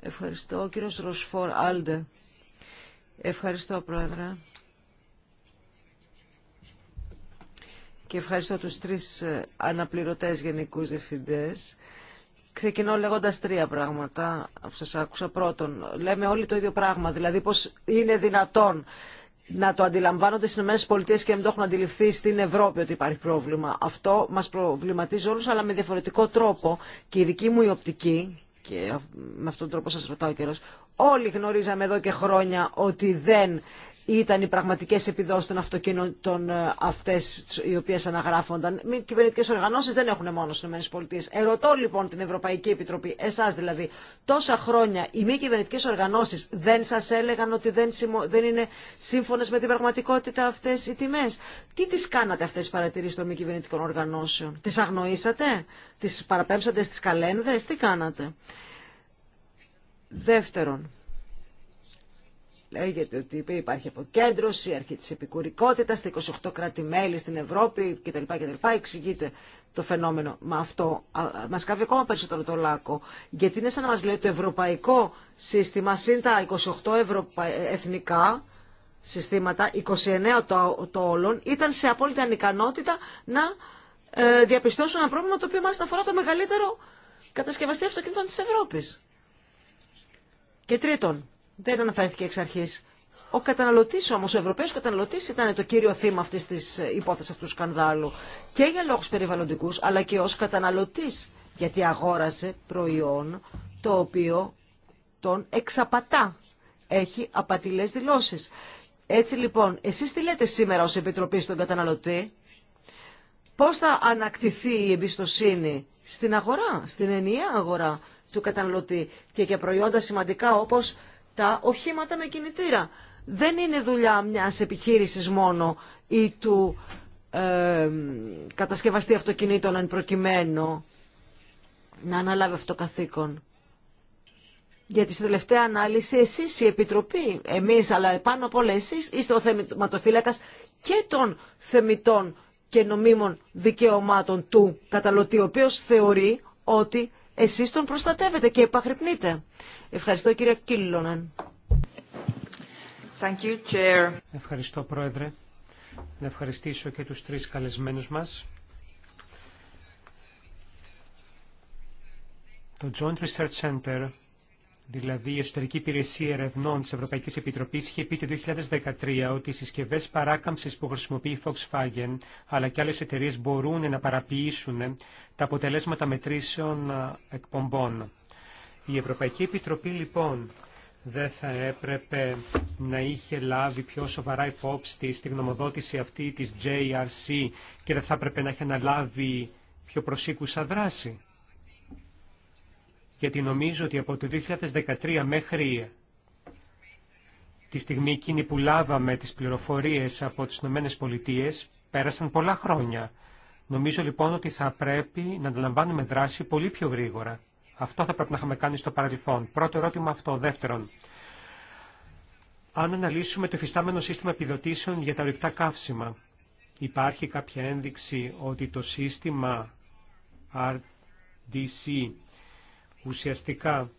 Ευχαριστώ. Κύριος Ροσφόρ Άλντε. Ευχαριστώ, Πρόεδρε. Και ευχαριστώ τους τρεις αναπληρωτές γενικούς διευθυντές. Ξεκινώ λέγοντα τρία πράγματα Σα σας άκουσα. Πρώτον, λέμε όλοι το ίδιο πράγμα, δηλαδή πώ είναι δυνατόν να το αντιλαμβάνονται στι ΗΠΑ και να μην το έχουν αντιληφθεί στην Ευρώπη ότι υπάρχει πρόβλημα. Αυτό μα προβληματίζει όλου, αλλά με διαφορετικό τρόπο. Και η δική μου η οπτική, και με αυτόν τον τρόπο σα ρωτάω καιρό. όλοι γνωρίζαμε εδώ και χρόνια ότι δεν ήταν οι πραγματικές επιδόσεις των αυτοκινήτων ε, αυτές οι οποίες αναγράφονταν. Μη κυβερνητικέ οργανώσεις δεν έχουν μόνο στις ΗΠΑ. Ερωτώ λοιπόν την Ευρωπαϊκή Επιτροπή, εσάς δηλαδή, τόσα χρόνια οι μη κυβερνητικέ οργανώσεις δεν σας έλεγαν ότι δεν, δεν είναι σύμφωνες με την πραγματικότητα αυτές οι τιμές. Τι τις κάνατε αυτές τι παρατηρήσεις των μη κυβερνητικών οργανώσεων. Τις αγνοήσατε, τις παραπέμψατε στις καλένδες, τι κάνατε. Δεύτερον, Λέγεται ότι υπάρχει αποκέντρωση, αρχή της επικουρικότητας, στα 28 κράτη-μέλη στην Ευρώπη κτλ. κτλ. Εξηγείται το φαινόμενο. Μα αυτό μας κάβει ακόμα περισσότερο το λάκκο. Γιατί είναι σαν να μας λέει το ευρωπαϊκό σύστημα, σύν τα 28 ε, εθνικά συστήματα, 29 το, το όλων, ήταν σε απόλυτη ανικανότητα να ε, διαπιστώσουν ένα πρόβλημα το οποίο μας αφορά το μεγαλύτερο κατασκευαστή αυτοκινήτων της Ευρώπη Και τρίτον, δεν αναφέρθηκε εξ αρχή. Ο καταναλωτή όμω, ο Ευρωπαίο καταναλωτή ήταν το κύριο θύμα αυτή τη ε, υπόθεση αυτού του σκανδάλου. Και για λόγου περιβαλλοντικού, αλλά και ω καταναλωτή. Γιατί αγόρασε προϊόν το οποίο τον εξαπατά. Έχει απατηλέ δηλώσει. Έτσι λοιπόν, εσεί τι λέτε σήμερα ω Επιτροπή στον καταναλωτή, πώ θα ανακτηθεί η εμπιστοσύνη στην αγορά, στην ενιαία αγορά του καταναλωτή και για προϊόντα σημαντικά όπως τα οχήματα με κινητήρα. Δεν είναι δουλειά μιας επιχείρησης μόνο ή του ε, κατασκευαστή αυτοκινήτων αν προκειμένου να αναλάβει αυτό το καθήκον. Γιατί στη τελευταία ανάλυση εσείς η Επιτροπή, εμείς αλλά πάνω απ' όλα εσείς είστε ο θεματοφύλακας και των θεμητών και νομίμων δικαιωμάτων του καταλωτή, ο οποίος θεωρεί ότι εσείς τον προστατεύετε και επαχρυπνείτε. Ευχαριστώ κύριε Κίλλονεν. Thank you, Chair. Ευχαριστώ Πρόεδρε. Να ευχαριστήσω και τους τρεις καλεσμένους μας. Το Joint Research Center Δηλαδή, η Εσωτερική Υπηρεσία Ερευνών τη ευρωπαϊκή επιτροπή είχε πει το 2013 ότι οι συσκευέ παράκαμψη που χρησιμοποιεί Volkswagen αλλά και άλλε εταιρείε μπορούν να παραποιήσουν τα αποτελέσματα μετρήσεων εκπομπών. Η Ευρωπαϊκή Επιτροπή, λοιπόν, δεν θα έπρεπε να είχε λάβει πιο σοβαρά υπόψη στη γνωμοδότηση αυτή της JRC και δεν θα έπρεπε να είχε αναλάβει πιο προσήκουσα δράση γιατί νομίζω ότι από το 2013 μέχρι τη στιγμή εκείνη που λάβαμε τις πληροφορίες από τις Ηνωμένες Πολιτείες πέρασαν πολλά χρόνια. Νομίζω λοιπόν ότι θα πρέπει να αντιλαμβάνουμε δράση πολύ πιο γρήγορα. Αυτό θα πρέπει να είχαμε κάνει στο παρελθόν. Πρώτο ερώτημα αυτό. Δεύτερον, αν αναλύσουμε το εφιστάμενο σύστημα επιδοτήσεων για τα ορυκτά καύσιμα, υπάρχει κάποια ένδειξη ότι το σύστημα RDC ουσιαστικά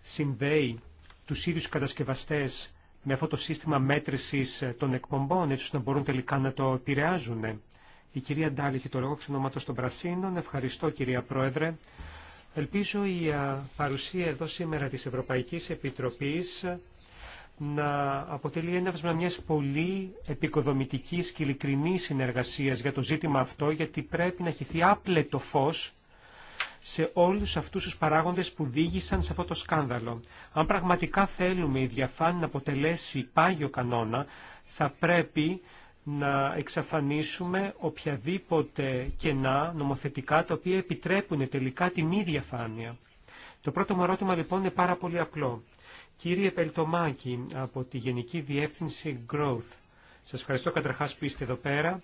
συνδέει τους ίδιους κατασκευαστές με αυτό το σύστημα μέτρησης των εκπομπών, έτσι να μπορούν τελικά να το επηρεάζουν. Η κυρία Ντάλη και το λόγο ξενόματος των Πρασίνων. Ευχαριστώ κυρία Πρόεδρε. Ελπίζω η παρουσία εδώ σήμερα της Ευρωπαϊκής Επιτροπής να αποτελεί ένα μιας πολύ επικοδομητικής και ειλικρινής συνεργασίας για το ζήτημα αυτό, γιατί πρέπει να χυθεί άπλετο φως σε όλους αυτούς τους παράγοντες που δίγησαν σε αυτό το σκάνδαλο. Αν πραγματικά θέλουμε η διαφάνεια να αποτελέσει πάγιο κανόνα, θα πρέπει να εξαφανίσουμε οποιαδήποτε κενά νομοθετικά τα οποία επιτρέπουν τελικά τη μη διαφάνεια. Το πρώτο μου ερώτημα λοιπόν είναι πάρα πολύ απλό. Κύριε Πελτομάκη από τη Γενική Διεύθυνση Growth, σας ευχαριστώ καταρχάς που είστε εδώ πέρα.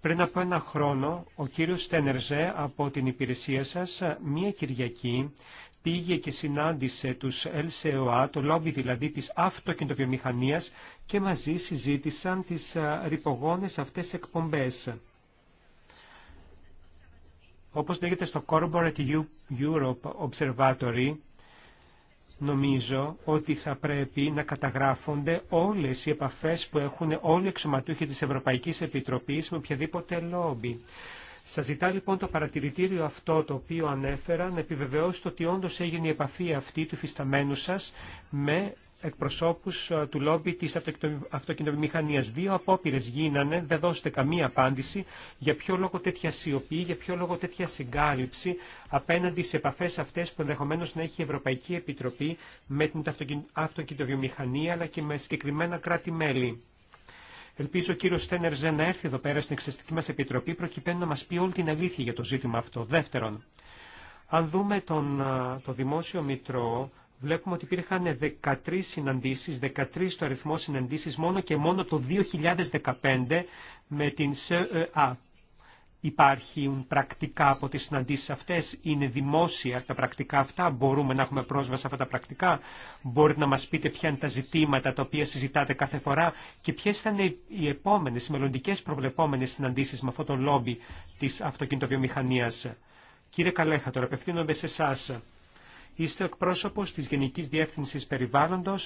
Πριν από ένα χρόνο, ο κύριος Στένερζε από την υπηρεσία σας, μία Κυριακή, πήγε και συνάντησε τους LCOA, το λόμπι δηλαδή της αυτοκινητοβιομηχανίας, και μαζί συζήτησαν τις ρηπογόνες αυτές εκπομπές. Όπως λέγεται στο Corporate Europe Observatory, νομίζω ότι θα πρέπει να καταγράφονται όλες οι επαφές που έχουν όλοι οι εξωματούχοι της Ευρωπαϊκής Επιτροπής με οποιαδήποτε λόμπι. Σας ζητά λοιπόν το παρατηρητήριο αυτό το οποίο ανέφερα να επιβεβαιώσετε ότι όντως έγινε η επαφή αυτή του φυσταμένου σας με εκπροσώπου ε, του λόμπι τη αυτοκινητοβιομηχανία. Δύο απόπειρε γίνανε, δεν δώσετε καμία απάντηση για ποιο λόγο τέτοια σιωπή, για ποιο λόγο τέτοια συγκάλυψη απέναντι σε επαφέ αυτέ που ενδεχομένω να έχει η Ευρωπαϊκή Επιτροπή με την αυτοκινητοβιομηχανία αλλά και με συγκεκριμένα κράτη-μέλη. Ελπίζω ο κύριο Στένερζε να έρθει εδώ πέρα στην εξαιρετική μα επιτροπή προκειμένου να μα πει όλη την αλήθεια για το ζήτημα αυτό. Δεύτερον, αν δούμε τον, ε, το δημόσιο μητρό βλέπουμε ότι υπήρχαν 13 συναντήσεις, 13 το αριθμό συναντήσεις μόνο και μόνο το 2015 με την ΣΕΑ. Ε, υπάρχουν πρακτικά από τις συναντήσεις αυτές, είναι δημόσια τα πρακτικά αυτά, μπορούμε να έχουμε πρόσβαση σε αυτά τα πρακτικά, μπορείτε να μας πείτε ποια είναι τα ζητήματα τα οποία συζητάτε κάθε φορά και ποιες θα οι επόμενες, οι μελλοντικές προβλεπόμενες συναντήσεις με αυτό το λόμπι της αυτοκινητοβιομηχανίας. Κύριε Καλέχα, τώρα απευθύνομαι σε εσά. Είστε ο εκπρόσωπο τη Γενική Διεύθυνση Περιβάλλοντο.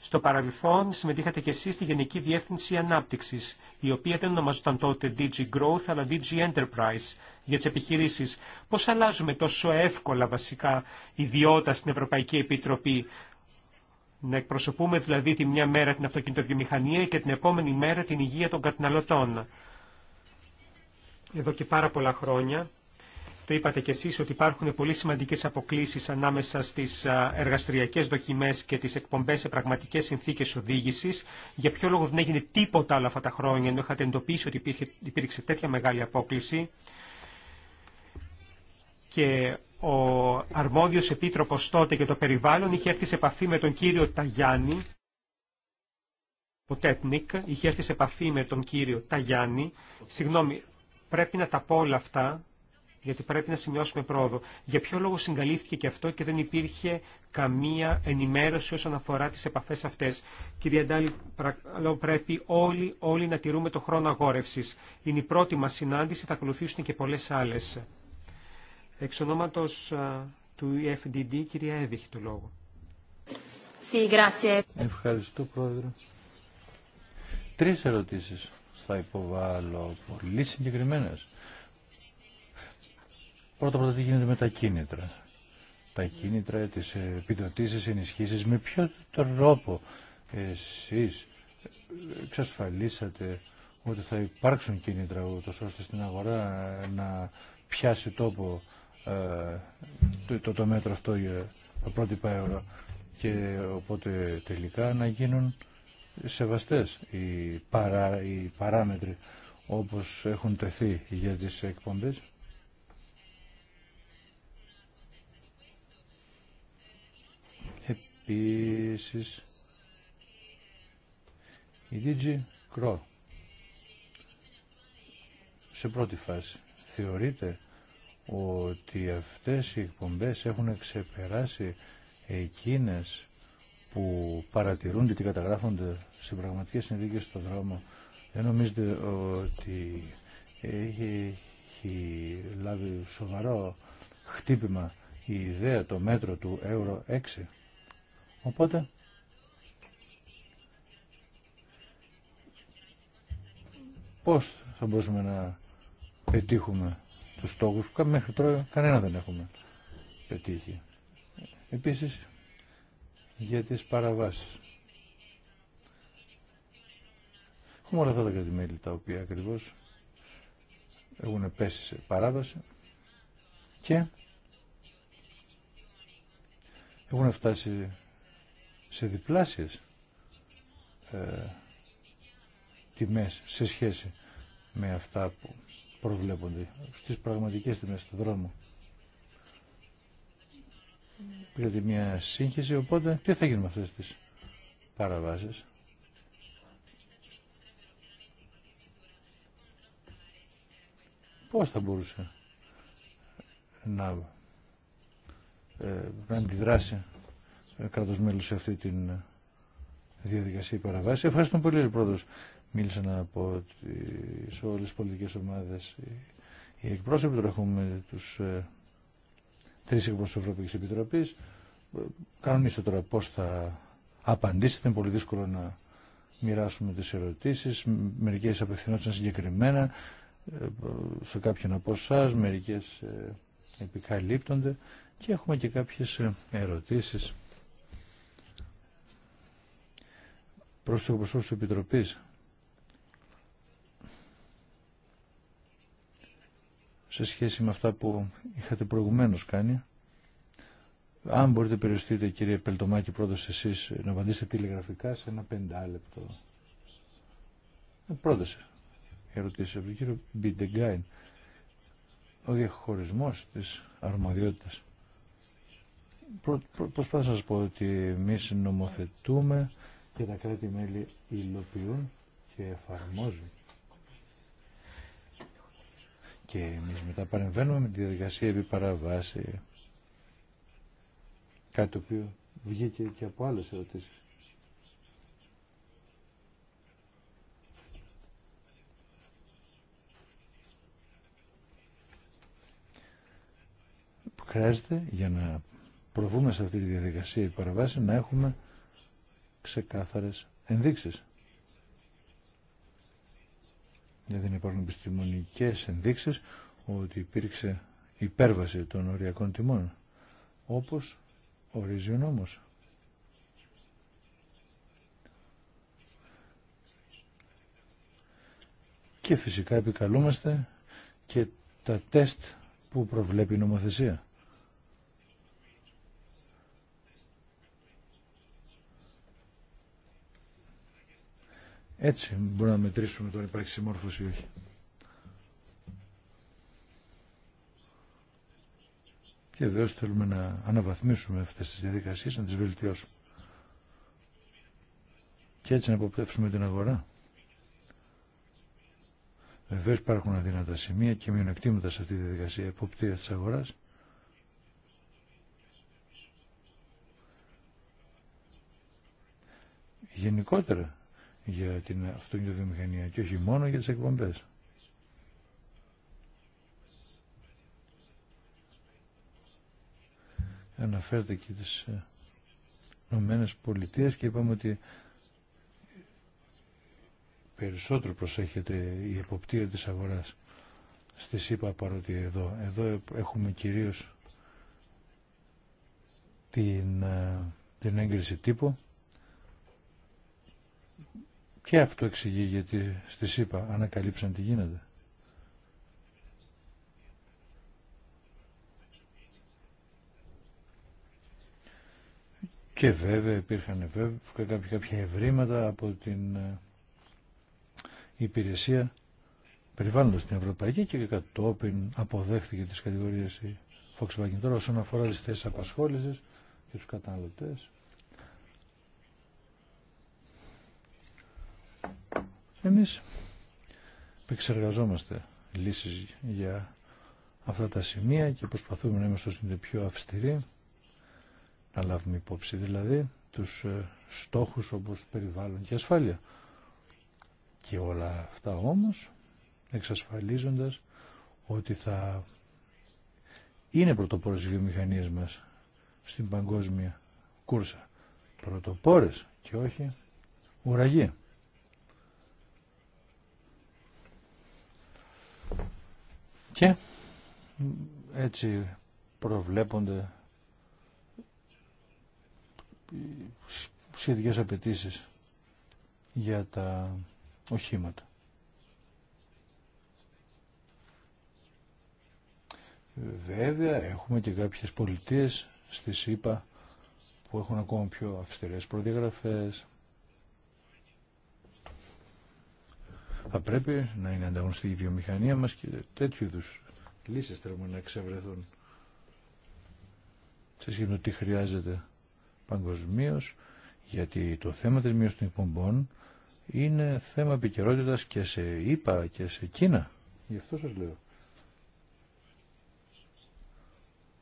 Στο παρελθόν συμμετείχατε και εσεί στη Γενική Διεύθυνση Ανάπτυξη, η οποία δεν ονομαζόταν τότε DG Growth αλλά DG Enterprise για τι επιχειρήσει. Πώ αλλάζουμε τόσο εύκολα βασικά ιδιότητα στην Ευρωπαϊκή Επιτροπή. Να εκπροσωπούμε δηλαδή τη μια μέρα την αυτοκινητοβιομηχανία και την επόμενη μέρα την υγεία των καταναλωτών. Εδώ και πάρα πολλά χρόνια το είπατε κι εσείς ότι υπάρχουν πολύ σημαντικές αποκλήσεις ανάμεσα στις εργαστηριακές δοκιμές και τις εκπομπές σε πραγματικές συνθήκες οδήγησης. Για ποιο λόγο δεν έγινε τίποτα άλλα αυτά τα χρόνια, ενώ είχατε εντοπίσει ότι υπήρχε, υπήρξε τέτοια μεγάλη απόκληση. Και ο αρμόδιος επίτροπος τότε για το περιβάλλον είχε έρθει σε επαφή με τον κύριο Ταγιάννη, ο Τέτνικ, είχε έρθει σε επαφή με τον κύριο Ταγιάννη. Συγγνώμη, πρέπει να τα πω όλα αυτά, γιατί πρέπει να σημειώσουμε πρόοδο. Για ποιο λόγο συγκαλύφθηκε και αυτό και δεν υπήρχε καμία ενημέρωση όσον αφορά τις επαφές αυτές. Κυρία Ντάλη, πρέπει όλοι, όλοι να τηρούμε το χρόνο αγόρευσης. Είναι η πρώτη μας συνάντηση, θα ακολουθήσουν και πολλές άλλες. Εξ ονόματος του EFDD, κυρία Εύη, έχει το λόγο. Ευχαριστώ, Πρόεδρε. Τρεις ερωτήσεις θα υποβάλω, πολύ συγκεκριμένες. Πρώτα πρώτα τι γίνεται με τα κίνητρα. Τα κίνητρα, τις επιδοτήσεις, ενισχύσεις. Με ποιο τρόπο εσείς εξασφαλίσατε ότι θα υπάρξουν κίνητρα ούτως ώστε στην αγορά να πιάσει τόπο ε, το, το, το μέτρο αυτό για τα πρότυπα ευρώ και οπότε τελικά να γίνουν σεβαστές οι, παρά, οι παράμετροι όπως έχουν τεθεί για τις εκπομπές. Επίσης, η DG Crow σε πρώτη φάση θεωρείτε ότι αυτές οι εκπομπές έχουν ξεπεράσει εκείνες που παρατηρούνται και καταγράφονται σε πραγματικές συνθήκες στον δρόμο. Δεν νομίζετε ότι έχει, έχει λάβει σοβαρό χτύπημα η ιδέα το μέτρο του Euro 6. Οπότε πώς θα μπορούσαμε να πετύχουμε τους στόχους που μέχρι τώρα κανένα δεν έχουμε πετύχει. Επίσης για τις παραβάσεις. Έχουμε όλα αυτά τα κρατημέλη τα οποία ακριβώς έχουν πέσει σε παράβαση και έχουν φτάσει σε διπλάσιες ε, τιμές σε σχέση με αυτά που προβλέπονται στις πραγματικές τιμές του δρόμου. γιατί μια σύγχυση, οπότε τι θα γίνει με αυτές τις παραβάσεις. Πώς θα μπορούσε να, ε, να αντιδράσει ε, Κρατό μέλος σε αυτή τη ε, διαδικασία παραβάση. Ευχαριστώ πολύ, πρώτος. Μίλησαν από σε όλες τι πολιτικές ομάδες. Ε, οι εκπρόσωποι τώρα έχουμε τους ε, τρεις τη της Ευρωπαϊκής Επιτροπής. Κανονίστε τώρα πώ θα απαντήσετε. Είναι πολύ δύσκολο να μοιράσουμε τι ερωτήσεις. Μερικές απευθυνόταν συγκεκριμένα σε κάποιον από εσά, μερικές επικαλύπτονται και έχουμε και κάποιες ερωτήσεις προς το της Επιτροπής σε σχέση με αυτά που είχατε προηγουμένως κάνει. Αν μπορείτε περιοριστείτε κύριε Πελτομάκη πρώτος εσείς να απαντήσετε τηλεγραφικά σε ένα πεντάλεπτο. Ε, Πρόταση. Ερωτήσει από τον κύριο Μπιντεγκάιν. Ο διαχωρισμός της αρμοδιότητας. Προ, προ, να σας πω ότι εμείς νομοθετούμε και τα κράτη-μέλη υλοποιούν και εφαρμόζουν. Και εμείς μετά παρεμβαίνουμε με τη διαδικασία επί παραβάση. Κάτι το οποίο βγήκε και από άλλες ερωτήσεις. Χρειάζεται για να προβούμε σε αυτή τη διαδικασία η παραβάση να έχουμε ξεκάθαρες ενδείξεις. Δηλαδή δεν υπάρχουν επιστημονικές ενδείξεις ότι υπήρξε υπέρβαση των οριακών τιμών, όπως ορίζει ο νόμος. Και φυσικά επικαλούμαστε και τα τεστ που προβλέπει η νομοθεσία. Έτσι μπορούμε να μετρήσουμε το αν υπάρχει συμμόρφωση ή όχι. Και βεβαίω θέλουμε να αναβαθμίσουμε αυτές τις διαδικασίες, να τις βελτιώσουμε. Και έτσι να αποπτεύσουμε την αγορά. Βεβαίω υπάρχουν αδύνατα σημεία και μειονεκτήματα σε αυτή τη διαδικασία εποπτεία τη αγορά. Γενικότερα για την αυτοκινητοβιομηχανία και όχι μόνο για τις εκπομπές. Αναφέρεται και τις ε, νομένες Πολιτείες και είπαμε ότι περισσότερο προσέχεται η εποπτεία της αγοράς στη ΣΥΠΑ παρότι εδώ. Εδώ έχουμε κυρίως την, ε, την έγκριση τύπου και αυτό εξηγεί γιατί στη ΣΥΠΑ ανακαλύψαν τι γίνεται. Και βέβαια υπήρχαν βέβαια κάποια ευρήματα από την ε, υπηρεσία περιβάλλοντος την Ευρωπαϊκή και κατόπιν αποδέχθηκε τις κατηγορίες η Volkswagen. Τώρα όσον αφορά τις θέσεις απασχόλησης και τους καταναλωτές. Εμείς επεξεργαζόμαστε λύσεις για αυτά τα σημεία και προσπαθούμε να είμαστε όσο πιο αυστηροί, να λάβουμε υπόψη δηλαδή τους ε, στόχους όπως περιβάλλον και ασφάλεια. Και όλα αυτά όμως εξασφαλίζοντας ότι θα είναι πρωτοπόρες οι βιομηχανίες μας στην παγκόσμια κούρσα. Πρωτοπόρες και όχι ουραγή. Και έτσι προβλέπονται σχετικές απαιτήσει για τα οχήματα. Βέβαια έχουμε και κάποιες πολιτείες στη ΣΥΠΑ που έχουν ακόμα πιο αυστηρές προδιαγραφές Θα πρέπει να είναι ανταγωνιστική η βιομηχανία μας και τέτοιου είδου λύσεις θέλουμε να εξευρεθούν σε σχέση με τι χρειάζεται παγκοσμίω, γιατί το θέμα της μείωσης των εκπομπών είναι θέμα επικαιρότητα και σε ΙΠΑ και σε Κίνα. Γι' αυτό σας λέω.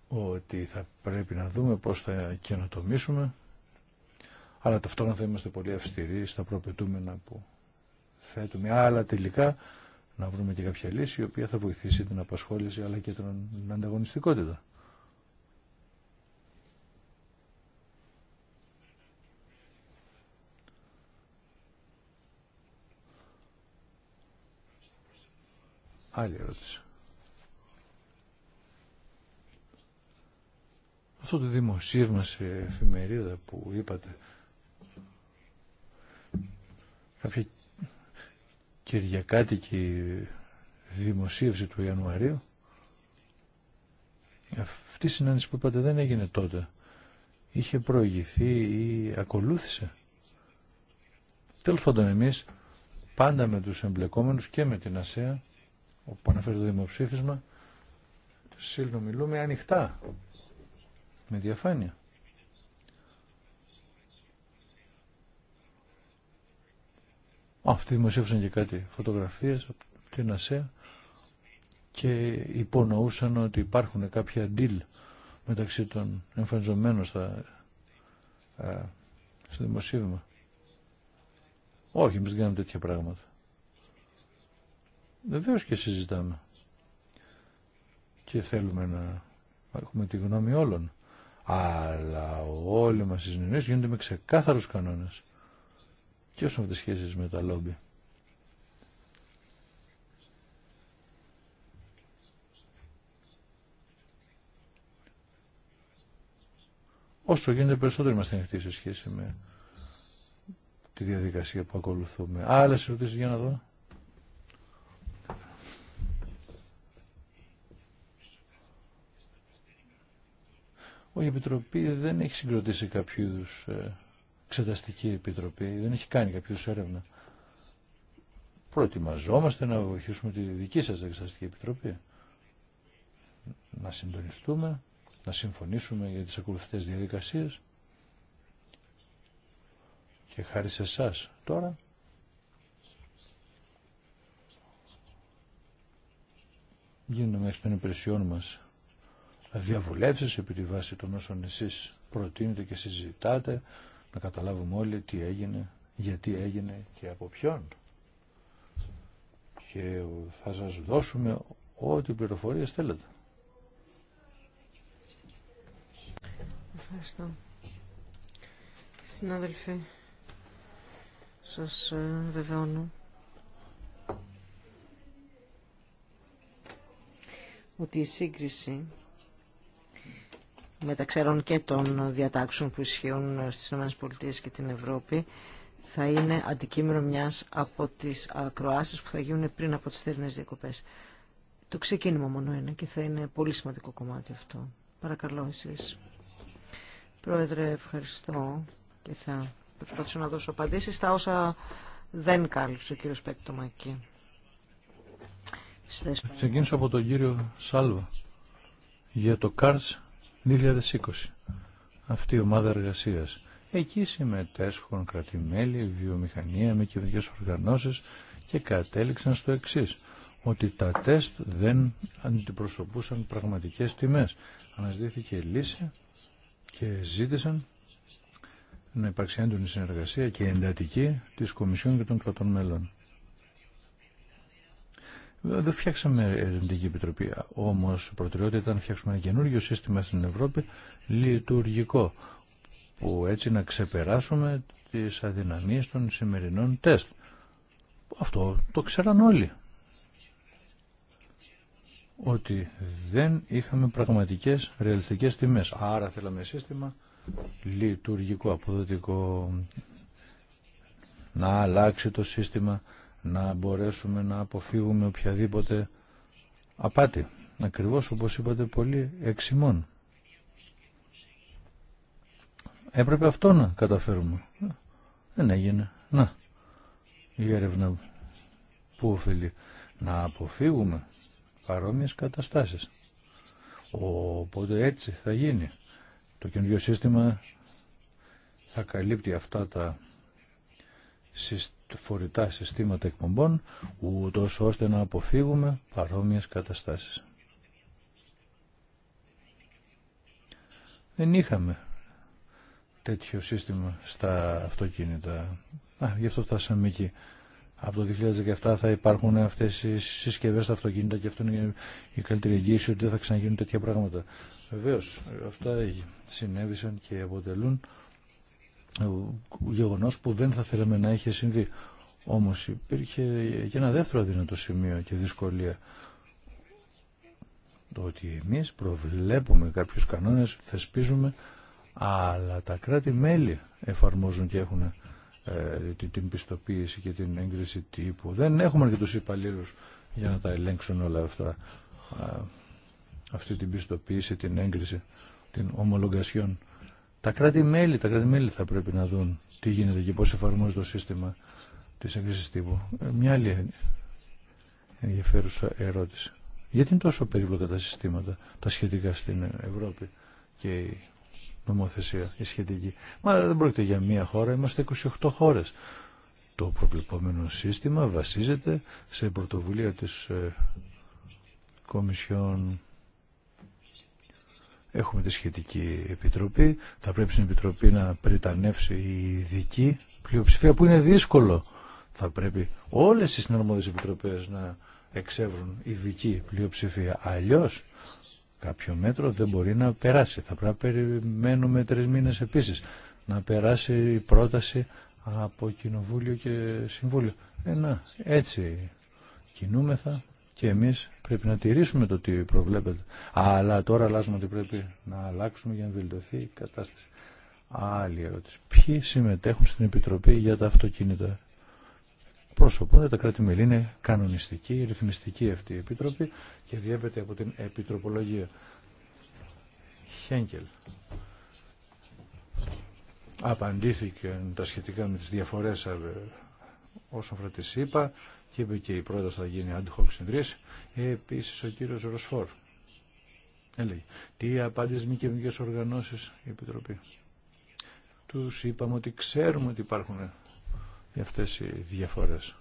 Ότι θα πρέπει να δούμε πώς θα καινοτομήσουμε, αλλά ταυτόχρονα θα είμαστε πολύ αυστηροί στα προπετούμενα που θέτουμε, αλλά τελικά να βρούμε και κάποια λύση η οποία θα βοηθήσει την απασχόληση αλλά και την ανταγωνιστικότητα. Άλλη ερώτηση. Αυτό το δημοσίευμα σε εφημερίδα που είπατε κάποια κυριακάτικη δημοσίευση του Ιανουαρίου αυτή η συνάντηση που είπατε δεν έγινε τότε είχε προηγηθεί ή ακολούθησε τέλος πάντων εμείς πάντα με τους εμπλεκόμενους και με την ΑΣΕΑ όπου αναφέρει το δημοψήφισμα συλλομιλούμε ανοιχτά με διαφάνεια Αυτοί δημοσίευσαν και κάτι φωτογραφίες από την ΑΣΕΑ και υπονοούσαν ότι υπάρχουν κάποια deal μεταξύ των εμφανιζομένων ε, στο δημοσίευμα. Όχι, εμείς δεν κάνουμε τέτοια πράγματα. Βεβαίως και συζητάμε. Και θέλουμε να έχουμε τη γνώμη όλων. Αλλά όλοι μας οι συνεννοήσεις γίνονται με ξεκάθαρους κανόνες και όσο αυτές τις σχέσεις με τα λόμπι. Όσο γίνεται περισσότερο είμαστε ανοιχτοί σε σχέση με τη διαδικασία που ακολουθούμε. Άλλε ερωτήσεις για να δω. Ο Επιτροπή δεν έχει συγκροτήσει κάποιο είδου ε, εξεταστική επιτροπή δεν έχει κάνει κάποιο έρευνα. Προετοιμαζόμαστε να βοηθήσουμε τη δική σας εξεταστική επιτροπή. Να συντονιστούμε, να συμφωνήσουμε για τις ακολουθητές διαδικασίες και χάρη σε εσά τώρα γίνονται μέχρι των υπηρεσιών μας διαβουλεύσεις επί τη βάση των όσων εσείς προτείνετε και συζητάτε να καταλάβουμε όλοι τι έγινε, γιατί έγινε και από ποιον. Και θα σας δώσουμε ό,τι πληροφορίες θέλετε. Ευχαριστώ. Συνάδελφοι, σας ε, βεβαιώνω ότι η σύγκριση τα ξέρων και των διατάξεων που ισχύουν στις ΗΠΑ και την Ευρώπη θα είναι αντικείμενο μιας από τις ακροάσεις που θα γίνουν πριν από τις θερινές διακοπές. Το ξεκίνημα μόνο είναι και θα είναι πολύ σημαντικό κομμάτι αυτό. Παρακαλώ εσείς. Πρόεδρε, ευχαριστώ και θα προσπαθήσω να δώσω απαντήσεις στα όσα δεν κάλυψε ο κύριος Πέκτομακή. Ξεκίνησα από τον κύριο Σάλβα για το ΚΑΡΣ 2020. Αυτή η ομάδα εργασία. Εκεί συμμετέσχουν κρατημέλη, βιομηχανία, με κυβερνικέ οργανώσεις και κατέληξαν στο εξή ότι τα τεστ δεν αντιπροσωπούσαν πραγματικές τιμές. Αναζητήθηκε λύση και ζήτησαν να υπάρξει έντονη συνεργασία και εντατική της Κομισιόν και των κρατών μέλων. Δεν φτιάξαμε ερευνητική επιτροπή, όμως προτεραιότητα ήταν να φτιάξουμε ένα καινούργιο σύστημα στην Ευρώπη λειτουργικό, που έτσι να ξεπεράσουμε τις αδυναμίες των σημερινών τεστ. Αυτό το ξέραν όλοι. Ότι δεν είχαμε πραγματικές ρεαλιστικές τιμέ. Άρα θέλαμε σύστημα λειτουργικό, αποδοτικό, να αλλάξει το σύστημα να μπορέσουμε να αποφύγουμε οποιαδήποτε απάτη. Ακριβώς όπως είπατε πολύ εξημών. Έπρεπε αυτό να καταφέρουμε. Δεν έγινε. Να, η έρευνα που οφείλει να αποφύγουμε παρόμοιες καταστάσεις. Οπότε έτσι θα γίνει. Το καινούργιο σύστημα θα καλύπτει αυτά τα συστήματα φορητά συστήματα εκπομπών, ούτως ώστε να αποφύγουμε παρόμοιες καταστάσεις. Δεν είχαμε τέτοιο σύστημα στα αυτοκίνητα. Α, γι' αυτό φτάσαμε εκεί. Από το 2017 θα υπάρχουν αυτές οι συσκευές στα αυτοκίνητα και αυτό είναι η καλύτερη εγγύηση ότι δεν θα ξαναγίνουν τέτοια πράγματα. Βεβαίως, αυτά συνέβησαν και αποτελούν γεγονός που δεν θα θέλαμε να είχε συμβεί. Όμως υπήρχε και ένα δεύτερο αδύνατο σημείο και δυσκολία. Το ότι εμείς προβλέπουμε κάποιους κανόνες, θεσπίζουμε, αλλά τα κράτη-μέλη εφαρμόζουν και έχουν ε, την πιστοποίηση και την έγκριση τύπου. Δεν έχουμε αρκετούς υπαλλήλου για να τα ελέγξουν όλα αυτά. αυτή την πιστοποίηση, την έγκριση, την ομολογκασιόν τα κράτη-μέλη, τα κράτη-μέλη θα πρέπει να δουν τι γίνεται και πώς εφαρμόζεται το σύστημα της εγκρίσης τύπου. Ε, μια άλλη ενδιαφέρουσα ερώτηση. Γιατί είναι τόσο περίπλοκα τα συστήματα, τα σχετικά στην Ευρώπη και η νομοθεσία, η σχετική. Μα δεν πρόκειται για μία χώρα, είμαστε 28 χώρες. Το προβλεπόμενο σύστημα βασίζεται σε πρωτοβουλία της ε, Κομισιόν Έχουμε τη σχετική επιτροπή. Θα πρέπει στην επιτροπή να πριτανεύσει η ειδική πλειοψηφία που είναι δύσκολο. Θα πρέπει όλες οι συναρμόδιες επιτροπές να εξεύρουν ειδική πλειοψηφία. Αλλιώς κάποιο μέτρο δεν μπορεί να περάσει. Θα πρέπει να περιμένουμε τρεις μήνες επίσης να περάσει η πρόταση από Κοινοβούλιο και Συμβούλιο. Ε, έτσι κινούμεθα και εμείς πρέπει να τηρήσουμε το τι προβλέπεται. Αλλά τώρα αλλάζουμε ότι πρέπει να αλλάξουμε για να βελτιωθεί η κατάσταση. Άλλη ερώτηση. Ποιοι συμμετέχουν στην Επιτροπή για τα αυτοκίνητα. Πρόσωπο, τα κράτη-μέλη είναι κανονιστική, ρυθμιστική αυτή η Επιτροπή και διέπεται από την Επιτροπολογία. Χένκελ. Απαντήθηκε τα σχετικά με τις διαφορές ε, όσον αφορά και είπε και η πρόταση θα γίνει ad hoc ε, Επίσης ο κύριος Ροσφόρ έλεγε τι απάντησε μη κυβερνικές οργανώσεις η Επιτροπή. Τους είπαμε ότι ξέρουμε ότι υπάρχουν αυτές οι διαφορές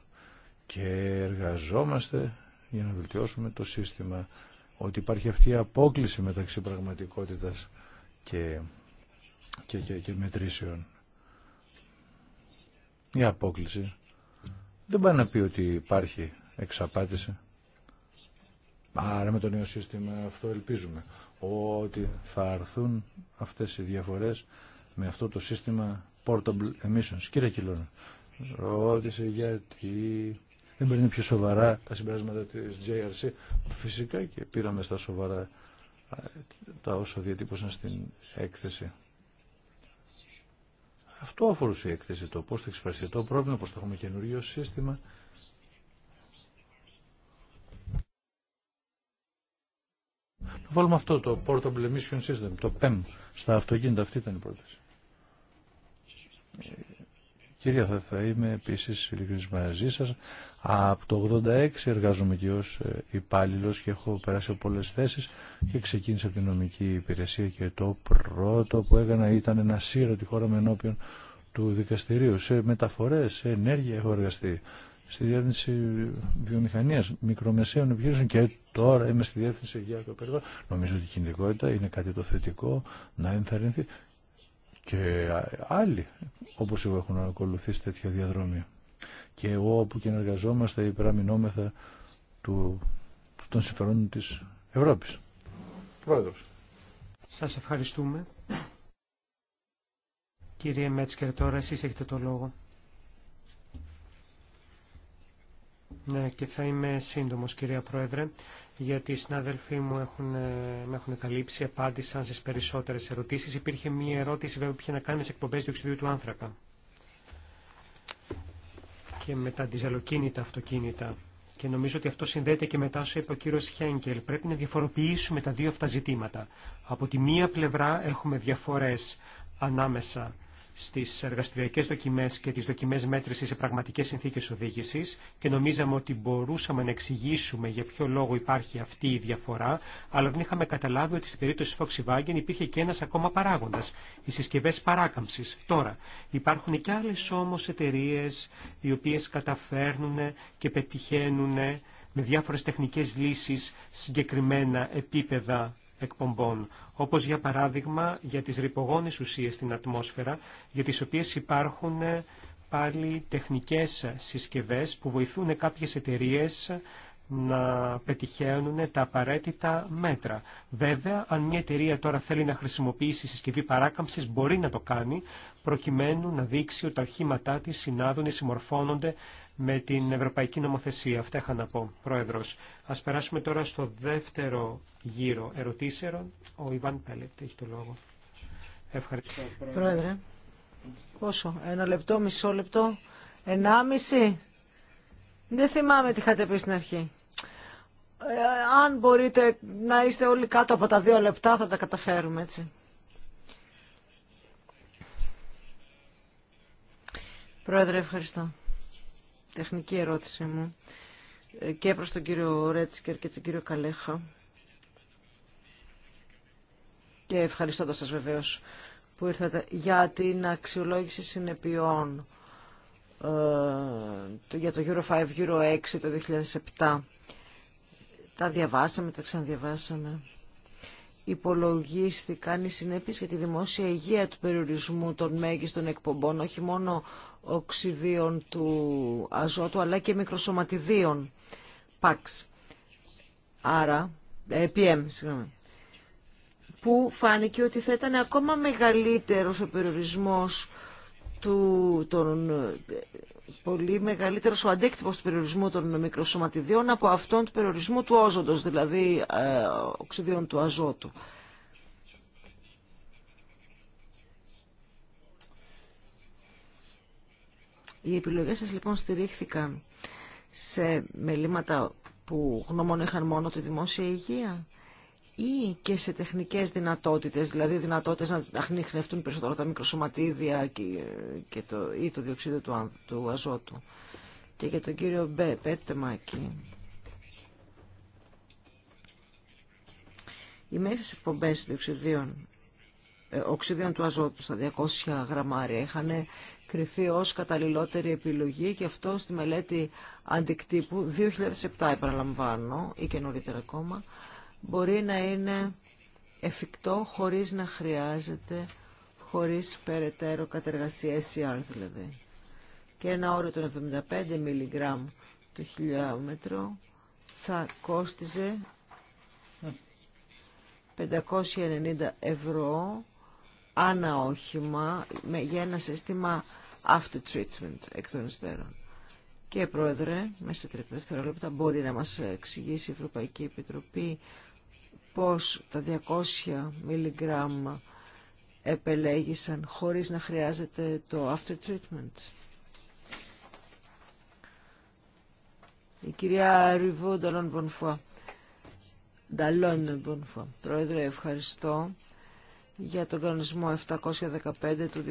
και εργαζόμαστε για να βελτιώσουμε το σύστημα ότι υπάρχει αυτή η απόκληση μεταξύ πραγματικότητας και, και, και μετρήσεων. Η απόκληση δεν πάει να πει ότι υπάρχει εξαπάτηση. Άρα με το νέο σύστημα αυτό ελπίζουμε ότι θα έρθουν αυτές οι διαφορές με αυτό το σύστημα portable emissions. Κύριε Κιλώνα, ρώτησε γιατί δεν παίρνει πιο σοβαρά τα συμπεράσματα της JRC. Φυσικά και πήραμε στα σοβαρά τα όσα διατύπωσαν στην έκθεση. Αυτό αφορούσε η έκθεση, το πώς θα εξυπηρεστεί το πρόβλημα, πώς θα έχουμε καινούριο σύστημα. Να βάλουμε αυτό το Portable Emission System, το PEM, στα αυτοκίνητα. Αυτή ήταν η πρόταση. Κύριε, θα, θα είμαι επίση ειλικρινή μαζί σα, Από το 1986 εργάζομαι και ω ε, υπάλληλο και έχω περάσει από πολλές θέσεις και ξεκίνησα από την νομική υπηρεσία και το πρώτο που έκανα ήταν να σύρω τη χώρα με ενώπιον του δικαστηρίου. Σε μεταφορέ, σε ενέργεια έχω εργαστεί. Στη διεύθυνση βιομηχανία, μικρομεσαίων επιχειρήσεων και τώρα είμαι στη διεύθυνση για το περιβάλλον. Νομίζω ότι η κινητικότητα είναι κάτι το θετικό να ενθαρρυνθεί και άλλοι όπως εγώ έχουν ακολουθήσει τέτοια διαδρόμια. Και εγώ όπου και εργαζόμαστε υπεραμεινόμεθα του, των συμφερόντων της Ευρώπης. Πρόεδρος. Σας ευχαριστούμε. Κύριε Μέτσκερ, τώρα εσείς έχετε το λόγο. Ναι, και θα είμαι σύντομος, κυρία Πρόεδρε γιατί οι συνάδελφοί μου έχουν, ε, με έχουν καλύψει, απάντησαν στι περισσότερες ερωτήσεις. Υπήρχε μία ερώτηση βέβαια που είχε να κάνει με εκπομπέ του διοξιδίου του άνθρακα και με τα αντιζαλοκίνητα αυτοκίνητα. Και νομίζω ότι αυτό συνδέεται και μετά όσο είπε ο κύριο Χένκελ. Πρέπει να διαφοροποιήσουμε τα δύο αυτά ζητήματα. Από τη μία πλευρά έχουμε διαφορέ ανάμεσα στις εργαστηριακές δοκιμές και τις δοκιμές μέτρησης σε πραγματικές συνθήκες οδήγησης και νομίζαμε ότι μπορούσαμε να εξηγήσουμε για ποιο λόγο υπάρχει αυτή η διαφορά, αλλά δεν είχαμε καταλάβει ότι στην περίπτωση Volkswagen υπήρχε και ένας ακόμα παράγοντας, οι συσκευές παράκαμψης. Τώρα, υπάρχουν και άλλες όμως εταιρείε οι οποίες καταφέρνουν και πετυχαίνουν με διάφορες τεχνικές λύσεις συγκεκριμένα επίπεδα εκπομπών, όπως για παράδειγμα για τις ρηπογόνες ουσίες στην ατμόσφαιρα, για τις οποίες υπάρχουν πάλι τεχνικές συσκευές που βοηθούν κάποιες εταιρείες να πετυχαίνουν τα απαραίτητα μέτρα. Βέβαια, αν μια εταιρεία τώρα θέλει να χρησιμοποιήσει συσκευή παράκαμψης, μπορεί να το κάνει, προκειμένου να δείξει ότι τα οχήματά της συνάδουν συμμορφώνονται με την Ευρωπαϊκή Νομοθεσία. Αυτά είχα να πω, Πρόεδρος. Ας περάσουμε τώρα στο δεύτερο γύρο ερωτήσεων. Ο Ιβάν Πέλετ έχει το λόγο. Ευχαριστώ. Πρόεδρε. πόσο, ένα λεπτό, μισό λεπτό, ενάμιση. Δεν θυμάμαι τι είχατε πει στην αρχή. Ε, αν μπορείτε να είστε όλοι κάτω από τα δύο λεπτά θα τα καταφέρουμε έτσι. Πρόεδρε, ευχαριστώ τεχνική ερώτησή μου ε, και προς τον κύριο Ρέτσικερ και τον κύριο Καλέχα και ευχαριστώ σας βεβαίως που ήρθατε για την αξιολόγηση συνεπειών ε, για το Euro 5, Euro 6 το 2007. Τα διαβάσαμε, τα ξαναδιαβάσαμε υπολογίστηκαν οι συνέπειες για τη δημόσια υγεία του περιορισμού των μέγιστων εκπομπών, όχι μόνο οξυδίων του αζότου, αλλά και μικροσωματιδίων Pax. Άρα, ε, PM, που φάνηκε ότι θα ήταν ακόμα μεγαλύτερος ο περιορισμός του, των πολύ μεγαλύτερο ο αντίκτυπος του περιορισμού των μικροσωματιδιών από αυτόν του περιορισμού του όζοντος, δηλαδή ε, οξυδίων του αζότου. Οι επιλογές σας λοιπόν στηρίχθηκαν σε μελήματα που γνώμονα είχαν μόνο τη δημόσια υγεία ή και σε τεχνικές δυνατότητες, δηλαδή δυνατότητες να αχνίχνευτούν περισσότερο τα μικροσωματίδια και, το, ή το διοξείδιο του, του αζότου. Και για τον κύριο Μπέ, πέτε μάκι. Οι μέγιστες εκπομπές διοξιδίων ε, οξυδίων του αζότου στα 200 γραμμάρια είχαν κριθεί ως καταλληλότερη επιλογή και αυτό στη μελέτη αντικτύπου 2007 επαναλαμβάνω ή και νωρίτερα ακόμα μπορεί να είναι εφικτό χωρίς να χρειάζεται, χωρίς περαιτέρω κατεργασία SCR δηλαδή. Και ένα όριο των 75 mg το χιλιόμετρο θα κόστιζε 590 ευρώ ανά όχημα για ένα σύστημα after treatment εκ των υστέρων. Και Πρόεδρε, μέσα σε 30 δευτερόλεπτα μπορεί να μας εξηγήσει η Ευρωπαϊκή Επιτροπή πως τα 200 μιλιγκράμμα επελέγησαν χωρίς να χρειάζεται το after treatment. Η κυρία Ριβού Νταλόν Μπονφουά. Νταλόν Μπονφουά. Πρόεδρε, ευχαριστώ για τον κανονισμό 715 του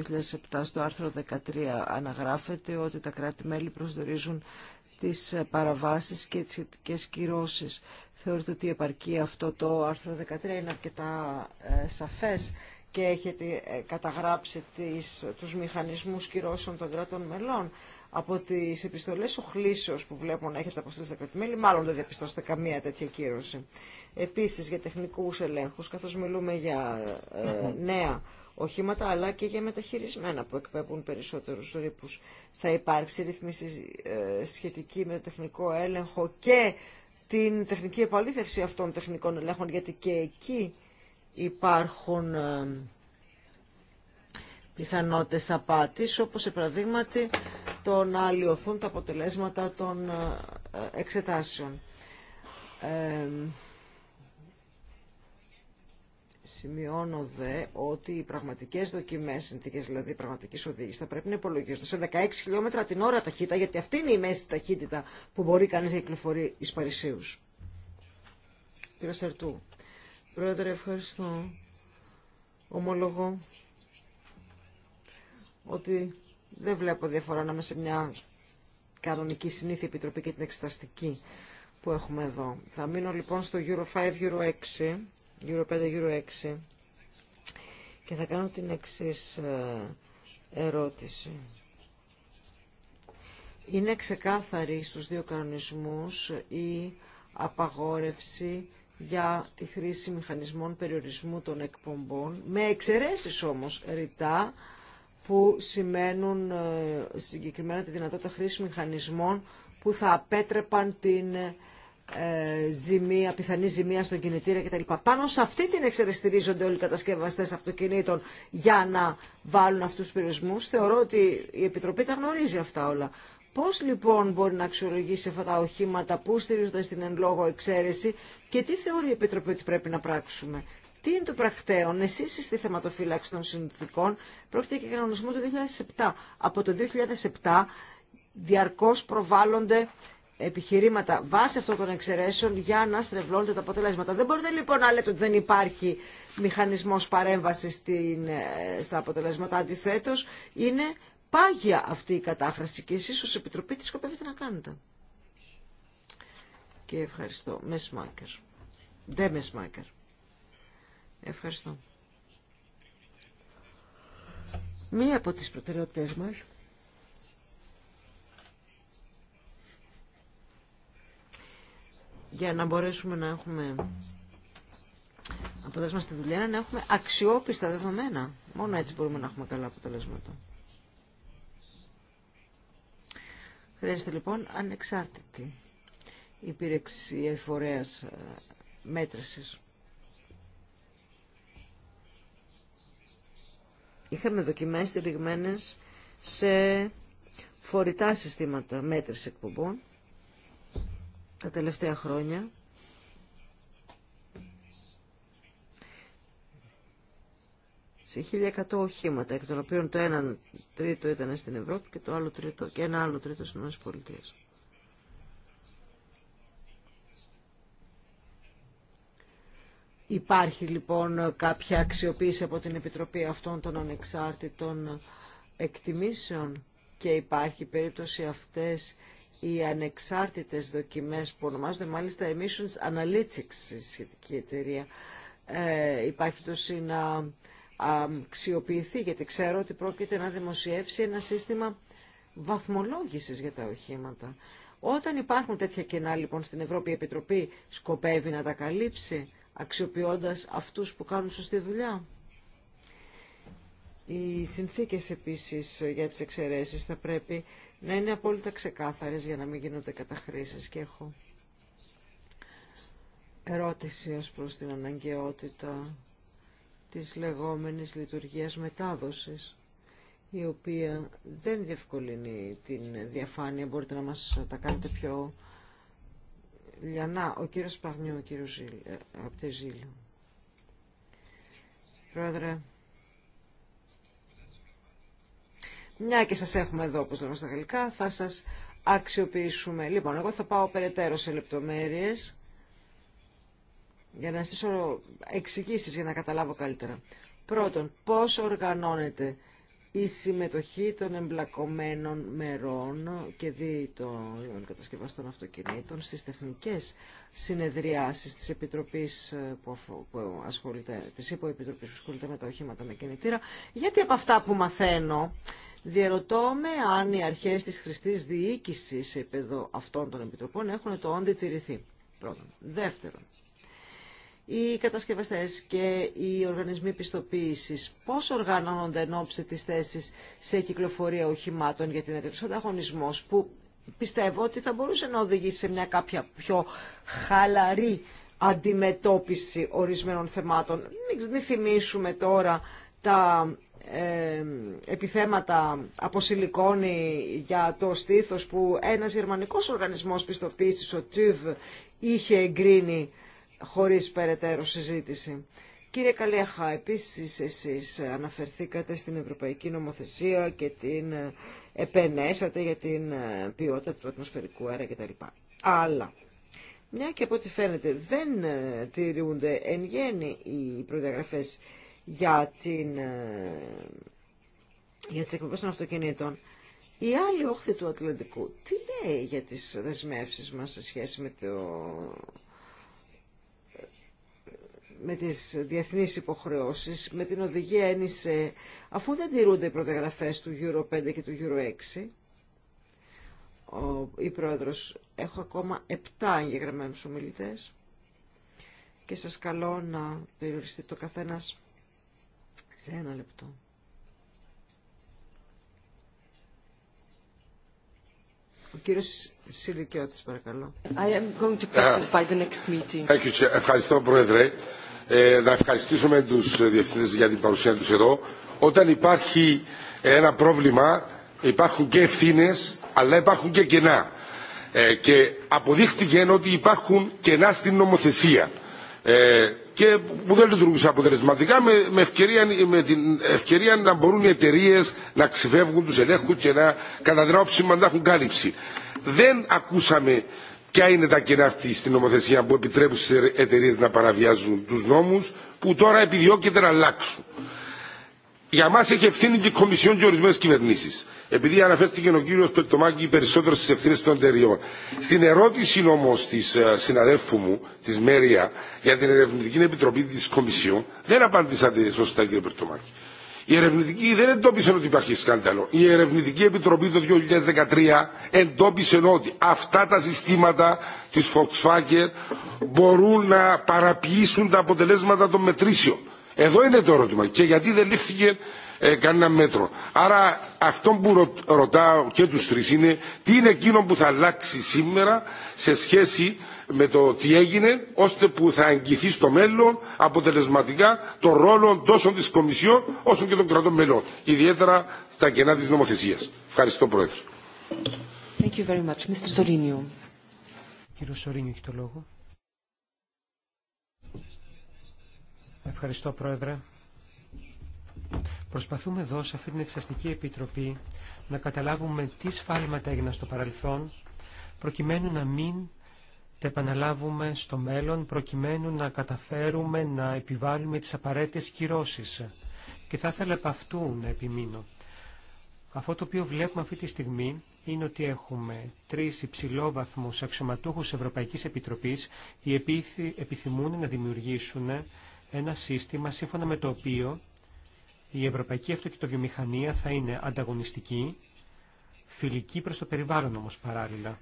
2007 στο άρθρο 13 αναγράφεται ότι τα κράτη-μέλη προσδορίζουν τις παραβάσεις και τις σχετικές κυρώσεις. Θεωρείτε ότι επαρκεί αυτό το άρθρο 13 είναι αρκετά ε, σαφές και έχετε ε, καταγράψει τις, τους μηχανισμούς κυρώσεων των κρατών μελών. Από τις επιστολές οχλήσεως που βλέπω να έχετε αποστείλει στα μάλλον δεν διαπιστώσετε καμία τέτοια κύρωση. Επίσης για τεχνικούς ελέγχους, καθώς μιλούμε για ε, νέα οχήματα αλλά και για μεταχειρισμένα που εκπέμπουν περισσότερους ρήπους. Θα υπάρξει ρυθμίση ε, σχετική με το τεχνικό έλεγχο και την τεχνική επαλήθευση αυτών τεχνικών ελέγχων γιατί και εκεί υπάρχουν ε, πιθανότητες απάτης όπως σε παραδείγματι το να αλλοιωθούν τα αποτελέσματα των ε, εξετάσεων. Σημειώνω δε ότι οι πραγματικέ δοκιμέ, συνθήκε δηλαδή πραγματική οδήγηση, θα πρέπει να υπολογίζονται σε 16 χιλιόμετρα την ώρα ταχύτητα, γιατί αυτή είναι η μέση ταχύτητα που μπορεί κανεί να κυκλοφορεί ει Παρισίου. Κύριε Σερτού. Πρόεδρε, ευχαριστώ. Ομολογώ ότι δεν βλέπω διαφορά να είμαι σε μια κανονική συνήθεια επιτροπή και την εξεταστική που έχουμε εδώ. Θα μείνω λοιπόν στο Euro 5, Euro 6 γύρω 5, Euro 6 και θα κάνω την εξής ε, ερώτηση. Είναι ξεκάθαρη στους δύο κανονισμούς η απαγόρευση για τη χρήση μηχανισμών περιορισμού των εκπομπών, με εξαιρέσεις όμως ρητά, που σημαίνουν ε, συγκεκριμένα τη δυνατότητα χρήση μηχανισμών που θα απέτρεπαν την ε, ε, ζημία, πιθανή ζημία στον κινητήρα κτλ. Πάνω σε αυτή την εξαιρεστηρίζονται όλοι οι κατασκευαστέ αυτοκινήτων για να βάλουν αυτού του περιορισμού. Θεωρώ ότι η Επιτροπή τα γνωρίζει αυτά όλα. Πώ λοιπόν μπορεί να αξιολογήσει αυτά τα οχήματα, πού στηρίζονται στην εν λόγω εξαίρεση και τι θεωρεί η Επιτροπή ότι πρέπει να πράξουμε. Τι είναι το πρακτέον, εσεί στη θεματοφύλαξη των συνθηκών, πρόκειται και κανονισμό του 2007. Από το 2007 διαρκώ προβάλλονται επιχειρήματα βάσει αυτών των εξαιρέσεων για να στρεβλώνετε τα αποτελέσματα. Δεν μπορείτε λοιπόν να λέτε ότι δεν υπάρχει μηχανισμός παρέμβασης στην, ε, στα αποτελέσματα. Αντιθέτως, είναι πάγια αυτή η κατάφραση και εσείς ως Επιτροπή τι σκοπεύετε να κάνετε. Και ευχαριστώ. Μεσμάκερ. Δεν Ευχαριστώ. Μία από τις προτεραιότητες μας για να μπορέσουμε να έχουμε αποτέλεσμα στη δουλειά, να έχουμε αξιόπιστα δεδομένα. Μόνο έτσι μπορούμε να έχουμε καλά αποτελέσματα. Χρειάζεται λοιπόν ανεξάρτητη υπήρεξη εφορέας ε, μέτρησης. Είχαμε δοκιμές στηριγμένες σε φορητά συστήματα μέτρηση εκπομπών τα τελευταία χρόνια. σε 1.100 οχήματα, εκ των οποίων το ένα τρίτο ήταν στην Ευρώπη και το άλλο τρίτο και ένα άλλο τρίτο στις Ηνωμένες Πολιτείες. Υπάρχει λοιπόν κάποια αξιοποίηση από την Επιτροπή αυτών των ανεξάρτητων εκτιμήσεων και υπάρχει περίπτωση αυτές οι ανεξάρτητες δοκιμές που ονομάζονται μάλιστα Emissions Analytics η σχετική εταιρεία. Ε, υπάρχει το να αξιοποιηθεί, γιατί ξέρω ότι πρόκειται να δημοσιεύσει ένα σύστημα βαθμολόγησης για τα οχήματα. Όταν υπάρχουν τέτοια κενά λοιπόν στην Ευρώπη η Επιτροπή σκοπεύει να τα καλύψει αξιοποιώντας αυτούς που κάνουν σωστή δουλειά. Οι συνθήκες επίσης για τις εξαιρέσεις θα πρέπει να είναι απόλυτα ξεκάθαρες για να μην γίνονται καταχρήσεις και έχω ερώτηση ως προς την αναγκαιότητα της λεγόμενης λειτουργίας μετάδοσης η οποία δεν διευκολύνει την διαφάνεια. Μπορείτε να μας τα κάνετε πιο λιανά. Ο κύριος Παγνιού, ο κύριος Ζήλ, ε, από τη Πρόεδρε, Μια και σας έχουμε εδώ, όπως λέμε στα γαλλικά, θα σας αξιοποιήσουμε. Λοιπόν, εγώ θα πάω περαιτέρω σε λεπτομέρειες για να στήσω εξηγήσει για να καταλάβω καλύτερα. Πρώτον, πώς οργανώνεται η συμμετοχή των εμπλακωμένων μερών και δι των κατασκευαστών αυτοκινήτων στις τεχνικές συνεδριάσεις της Επιτροπής που, της που ασχολείται με τα οχήματα με κινητήρα, γιατί από αυτά που μαθαίνω Διερωτώ αν οι αρχέ τη χρηστή διοίκηση σε επίπεδο αυτών των επιτροπών έχουν το όντι τσιριθεί. Πρώτον. Δεύτερον, οι κατασκευαστέ και οι οργανισμοί πιστοποίησης πώ οργανώνονται εν ώψη τη θέση σε κυκλοφορία οχημάτων για την του ανταγωνισμό, που πιστεύω ότι θα μπορούσε να οδηγήσει σε μια κάποια πιο χαλαρή αντιμετώπιση ορισμένων θεμάτων. Μην θυμίσουμε τώρα τα επιθέματα από σιλικόνη για το στήθος που ένας γερμανικός οργανισμός πιστοποίησης, ο TÜV, είχε εγκρίνει χωρίς περαιτέρω συζήτηση. Κύριε Καλέχα, επίσης εσείς αναφερθήκατε στην Ευρωπαϊκή Νομοθεσία και την ε, επενέσατε για την ε, ποιότητα του ατμοσφαιρικού αέρα κτλ. Αλλά, μια και από ό,τι φαίνεται δεν ε, τηρούνται εν γέννη οι προδιαγραφές για, την, ε, για τις εκπομπές των αυτοκινήτων, η άλλη όχθη του Ατλαντικού τι λέει για τις δεσμεύσεις μας σε σχέση με, το, με τις διεθνείς υποχρεώσεις, με την οδηγία ένισε, αφού δεν τηρούνται οι προδιαγραφές του Euro 5 και του Euro 6, ο, η πρόεδρος, έχω ακόμα 7 εγγεγραμμένους ομιλητές και σας καλώ να περιοριστεί το καθένας σε ένα λεπτό. Ο κύριος Σιλικιώτης, παρακαλώ. Ευχαριστώ, Πρόεδρε. Ε, να ευχαριστήσουμε τους διευθυντές για την παρουσία τους εδώ. Όταν υπάρχει ένα πρόβλημα, υπάρχουν και ευθύνε, αλλά υπάρχουν και κενά. Ε, και αποδείχτηκε ότι υπάρχουν κενά στην νομοθεσία. Ε, και που δεν λειτουργούσε αποτελεσματικά με, ευκαιρία, την ευκαιρία να μπορούν οι εταιρείε να ξεφεύγουν του ελέγχου και να κατά την άποψή να έχουν κάλυψη. Δεν ακούσαμε ποια είναι τα κενά αυτή στην νομοθεσία που επιτρέπουν στι εταιρείε να παραβιάζουν του νόμου, που τώρα επιδιώκεται να αλλάξουν για μα έχει ευθύνη και η Κομισιόν και ορισμένε κυβερνήσει. Επειδή αναφέρθηκε ο κύριο Περτομάκη περισσότερο στι ευθύνε των εταιριών. Στην ερώτηση όμω τη ε, συναδέλφου μου, τη Μέρια, για την Ερευνητική Επιτροπή τη Κομισιόν, δεν απαντήσατε σωστά κύριε Περτομάκη. Η ερευνητική δεν εντόπισε ότι υπάρχει σκάνδαλο. Η Ερευνητική Επιτροπή το 2013 εντόπισε ότι αυτά τα συστήματα τη Volkswagen μπορούν να παραποιήσουν τα αποτελέσματα των μετρήσεων. Εδώ είναι το ερώτημα. Και γιατί δεν λήφθηκε ε, κανένα μέτρο. Άρα αυτό που ρωτάω και τους τρεις είναι τι είναι εκείνο που θα αλλάξει σήμερα σε σχέση με το τι έγινε ώστε που θα αγγιθεί στο μέλλον αποτελεσματικά το ρόλο τόσο της Κομισιόν όσο και των κρατών μελών. Ιδιαίτερα στα κενά της νομοθεσίας. Ευχαριστώ Πρόεδρε. Thank you very much. Mr. Κύριο έχει το λόγο. Ευχαριστώ, Πρόεδρε. Προσπαθούμε εδώ, σε αυτή την Εξαστική Επιτροπή, να καταλάβουμε τι σφάλματα έγιναν στο παρελθόν, προκειμένου να μην τα επαναλάβουμε στο μέλλον, προκειμένου να καταφέρουμε να επιβάλλουμε τις απαραίτητες κυρώσεις. Και θα ήθελα από αυτού να επιμείνω. Αυτό το οποίο βλέπουμε αυτή τη στιγμή είναι ότι έχουμε τρεις υψηλόβαθμους αξιωματούχους Ευρωπαϊκής Επιτροπής οι οποίοι επιθυμούν να δημιουργήσουν ένα σύστημα σύμφωνα με το οποίο η ευρωπαϊκή αυτοκινητοβιομηχανία θα είναι ανταγωνιστική, φιλική προς το περιβάλλον όμως παράλληλα.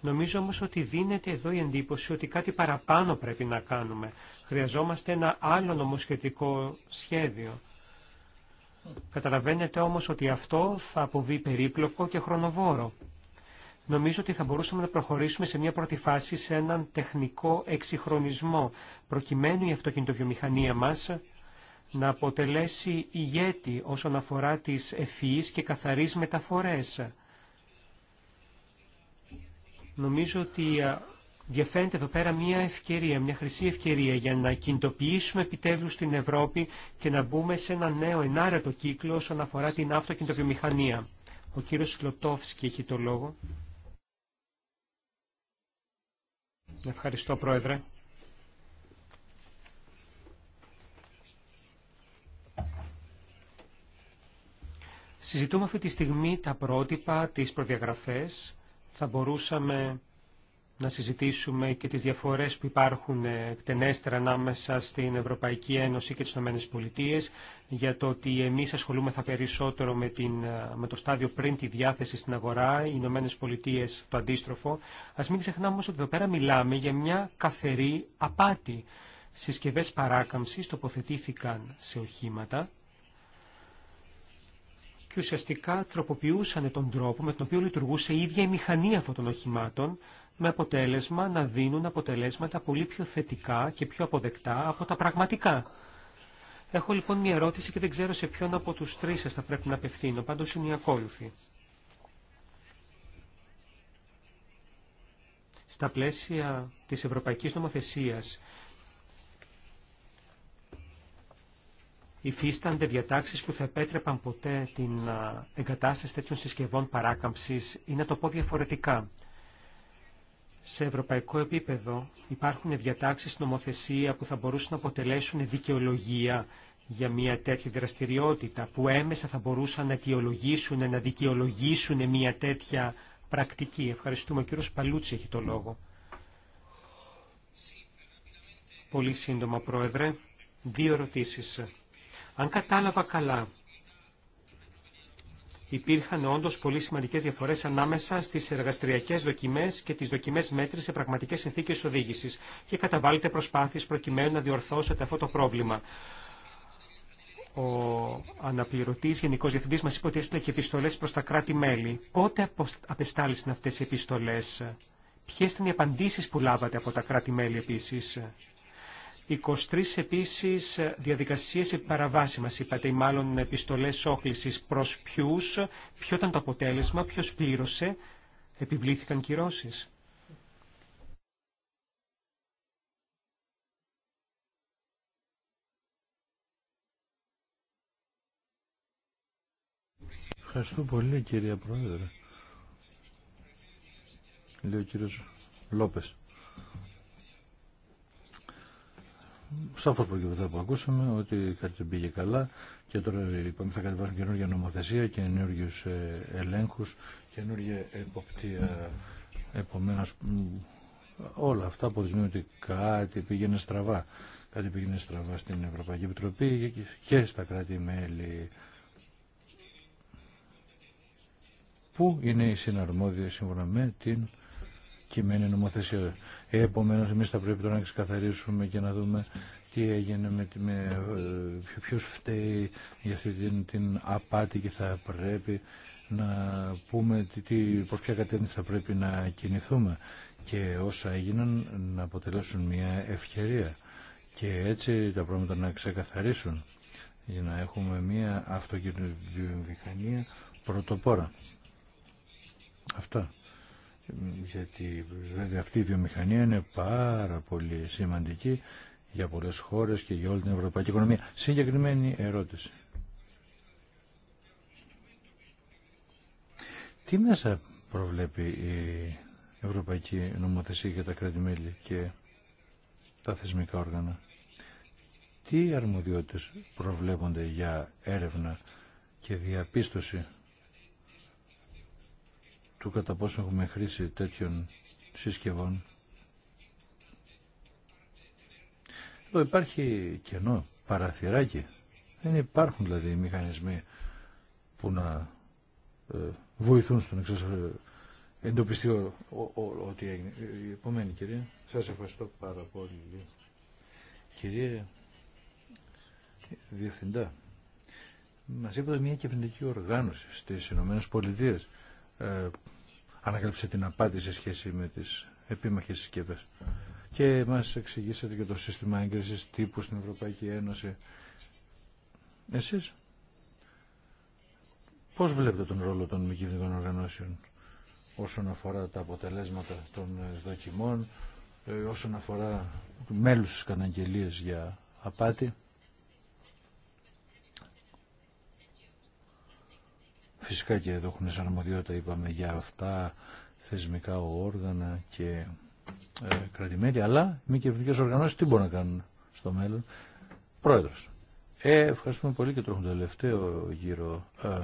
Νομίζω όμως ότι δίνεται εδώ η εντύπωση ότι κάτι παραπάνω πρέπει να κάνουμε. Χρειαζόμαστε ένα άλλο νομοσχετικό σχέδιο. Καταλαβαίνετε όμως ότι αυτό θα αποβεί περίπλοκο και χρονοβόρο νομίζω ότι θα μπορούσαμε να προχωρήσουμε σε μια πρώτη φάση σε έναν τεχνικό εξυγχρονισμό, προκειμένου η αυτοκινητοβιομηχανία μας να αποτελέσει ηγέτη όσον αφορά τις ευφυείς και καθαρείς μεταφορές. Νομίζω ότι διαφαίνεται εδώ πέρα μια ευκαιρία, μια χρυσή ευκαιρία για να κινητοποιήσουμε επιτέλους την Ευρώπη και να μπούμε σε ένα νέο ενάρετο κύκλο όσον αφορά την αυτοκινητοβιομηχανία. Ο κύριος Σλοτόφσκι έχει το λόγο. Ευχαριστώ, Πρόεδρε. Συζητούμε αυτή τη στιγμή τα πρότυπα, τις προδιαγραφές. Θα μπορούσαμε να συζητήσουμε και τις διαφορές που υπάρχουν ε, εκτενέστερα ανάμεσα στην Ευρωπαϊκή Ένωση και τις Ηνωμένες Πολιτείες για το ότι εμείς ασχολούμεθα περισσότερο με, την, ε, με το στάδιο πριν τη διάθεση στην αγορά, οι Ηνωμένες Πολιτείες το αντίστροφο. Ας μην ξεχνάμε όμως ότι εδώ πέρα μιλάμε για μια καθερή απάτη. Συσκευές παράκαμψης τοποθετήθηκαν σε οχήματα και ουσιαστικά τροποποιούσαν τον τρόπο με τον οποίο λειτουργούσε η ίδια η μηχανή αυτών των οχημάτων με αποτέλεσμα να δίνουν αποτελέσματα πολύ πιο θετικά και πιο αποδεκτά από τα πραγματικά. Έχω λοιπόν μια ερώτηση και δεν ξέρω σε ποιον από τους τρεις σας θα πρέπει να απευθύνω, πάντως είναι η ακόλουθη. Στα πλαίσια της Ευρωπαϊκής Νομοθεσίας υφίστανται διατάξεις που θα επέτρεπαν ποτέ την εγκατάσταση τέτοιων συσκευών παράκαμψης ή να το πω διαφορετικά. Σε ευρωπαϊκό επίπεδο υπάρχουν διατάξεις νομοθεσία που θα μπορούσαν να αποτελέσουν δικαιολογία για μια τέτοια δραστηριότητα, που έμεσα θα μπορούσαν να αιτιολογήσουν, να δικαιολογήσουν μια τέτοια πρακτική. Ευχαριστούμε. Ο κύριο Παλούτση έχει το λόγο. Πολύ σύντομα, Πρόεδρε. Δύο ερωτήσεις. Αν κατάλαβα καλά, υπήρχαν όντω πολύ σημαντικέ διαφορέ ανάμεσα στι εργαστηριακέ δοκιμέ και τι δοκιμέ μέτρη σε πραγματικέ συνθήκε οδήγηση και καταβάλλετε προσπάθειε προκειμένου να διορθώσετε αυτό το πρόβλημα. Ο αναπληρωτή Γενικό Διευθυντή μα είπε ότι έστειλε και επιστολέ προ τα κράτη-μέλη. Πότε απεστάλησαν αυτέ οι επιστολέ, ποιε ήταν οι απαντήσει που λάβατε από τα κράτη-μέλη επίση. 23 επίσης διαδικασίες επί παραβάση μας είπατε, ή μάλλον επιστολές όχλησης προς ποιους, ποιο ήταν το αποτέλεσμα, ποιος πλήρωσε, επιβλήθηκαν κυρώσεις. Ευχαριστώ πολύ κύριε Πρόεδρε. Λέω κύριος Λόπες. Σαφώ προκύπτει που ακούσαμε ότι κάτι δεν πήγε καλά και τώρα είπαμε θα κατεβάσουμε καινούργια νομοθεσία, καινούριου ε, ελέγχου, καινούργια εποπτεία. Επομένω, όλα αυτά αποδεικνύουν ότι κάτι πήγαινε στραβά. Κάτι πήγαινε στραβά στην Ευρωπαϊκή Επιτροπή και στα κράτη-μέλη. Πού είναι οι συναρμόδιες σύμφωνα με την κειμένη νομοθεσία. Ε, επομένως, εμείς θα πρέπει τώρα να ξεκαθαρίσουμε και να δούμε τι έγινε με, με ε, ποιος φταίει για αυτή την, απάτη και θα πρέπει να πούμε τι, τι, προς ποια κατεύθυνση θα πρέπει να κινηθούμε και όσα έγιναν να αποτελέσουν μια ευκαιρία και έτσι τα πράγματα να ξεκαθαρίσουν για να έχουμε μια αυτοκινητοβιομηχανία πρωτοπόρα. Αυτά γιατί βέβαια αυτή η βιομηχανία είναι πάρα πολύ σημαντική για πολλές χώρες και για όλη την ευρωπαϊκή οικονομία. Συγκεκριμένη ερώτηση. Τι μέσα προβλέπει η Ευρωπαϊκή Νομοθεσία για τα κρατη και τα θεσμικά όργανα. Τι αρμοδιότητες προβλέπονται για έρευνα και διαπίστωση του κατά πόσο έχουμε χρήση τέτοιων συσκευών. Εδώ υπάρχει κενό, παραθυράκι. Δεν υπάρχουν δηλαδή οι μηχανισμοί που να ε, βοηθούν στον εξωτερικό εντοπιστεί ότι έγινε. Η ε, ε, επόμενη κυρία. Σας ευχαριστώ πάρα πολύ. Κυρία Διευθυντά, μας είπατε μια κυβερνητική οργάνωση στις Ηνωμένες Πολιτείες ανακάλυψε την απάντηση σε σχέση με τις επίμαχες συσκευέ. Και μας εξηγήσατε και το σύστημα έγκρισης τύπου στην Ευρωπαϊκή Ένωση. Εσείς πώς βλέπετε τον ρόλο των μη οργανώσεων όσον αφορά τα αποτελέσματα των δοκιμών, ε, όσον αφορά μέλους της καναγγελίας για απάτη. Φυσικά και εδώ έχουν σαν αρμοδιότητα, είπαμε, για αυτά θεσμικά όργανα και ε, κρατημέλη, αλλά μη κυβερνητικέ οργανώσει τι μπορούν να κάνουν στο μέλλον. Πρόεδρο. Ε, ευχαριστούμε πολύ και τρώχουμε το τελευταίο γύρο. Ε,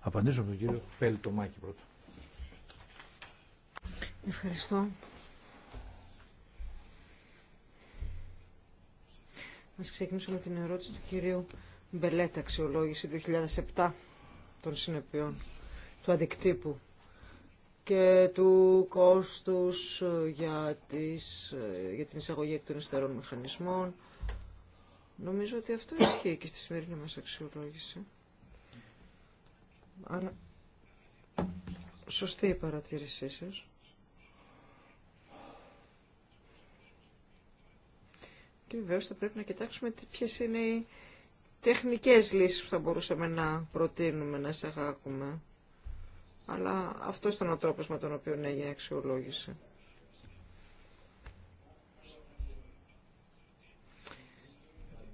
απαντήσω από τον κύριο Μάκη πρώτα. Ευχαριστώ. Ας ξεκινήσουμε με την ερώτηση του κυρίου Μπελέτα, αξιολόγηση 2007 των συνεπειών, του αντικτύπου και του κόστους ε, για, τις, ε, για την εισαγωγή εκ των υστέρων μηχανισμών. Νομίζω ότι αυτό ισχύει και στη σημερινή μας αξιολόγηση. Άρα, σωστή η παρατήρησή σας. Και βεβαίω θα πρέπει να κοιτάξουμε ποιες είναι οι τεχνικές λύσεις που θα μπορούσαμε να προτείνουμε, να εισαγάγουμε. Αλλά αυτό ήταν ο τρόπος με τον οποίο έγινε η αξιολόγηση.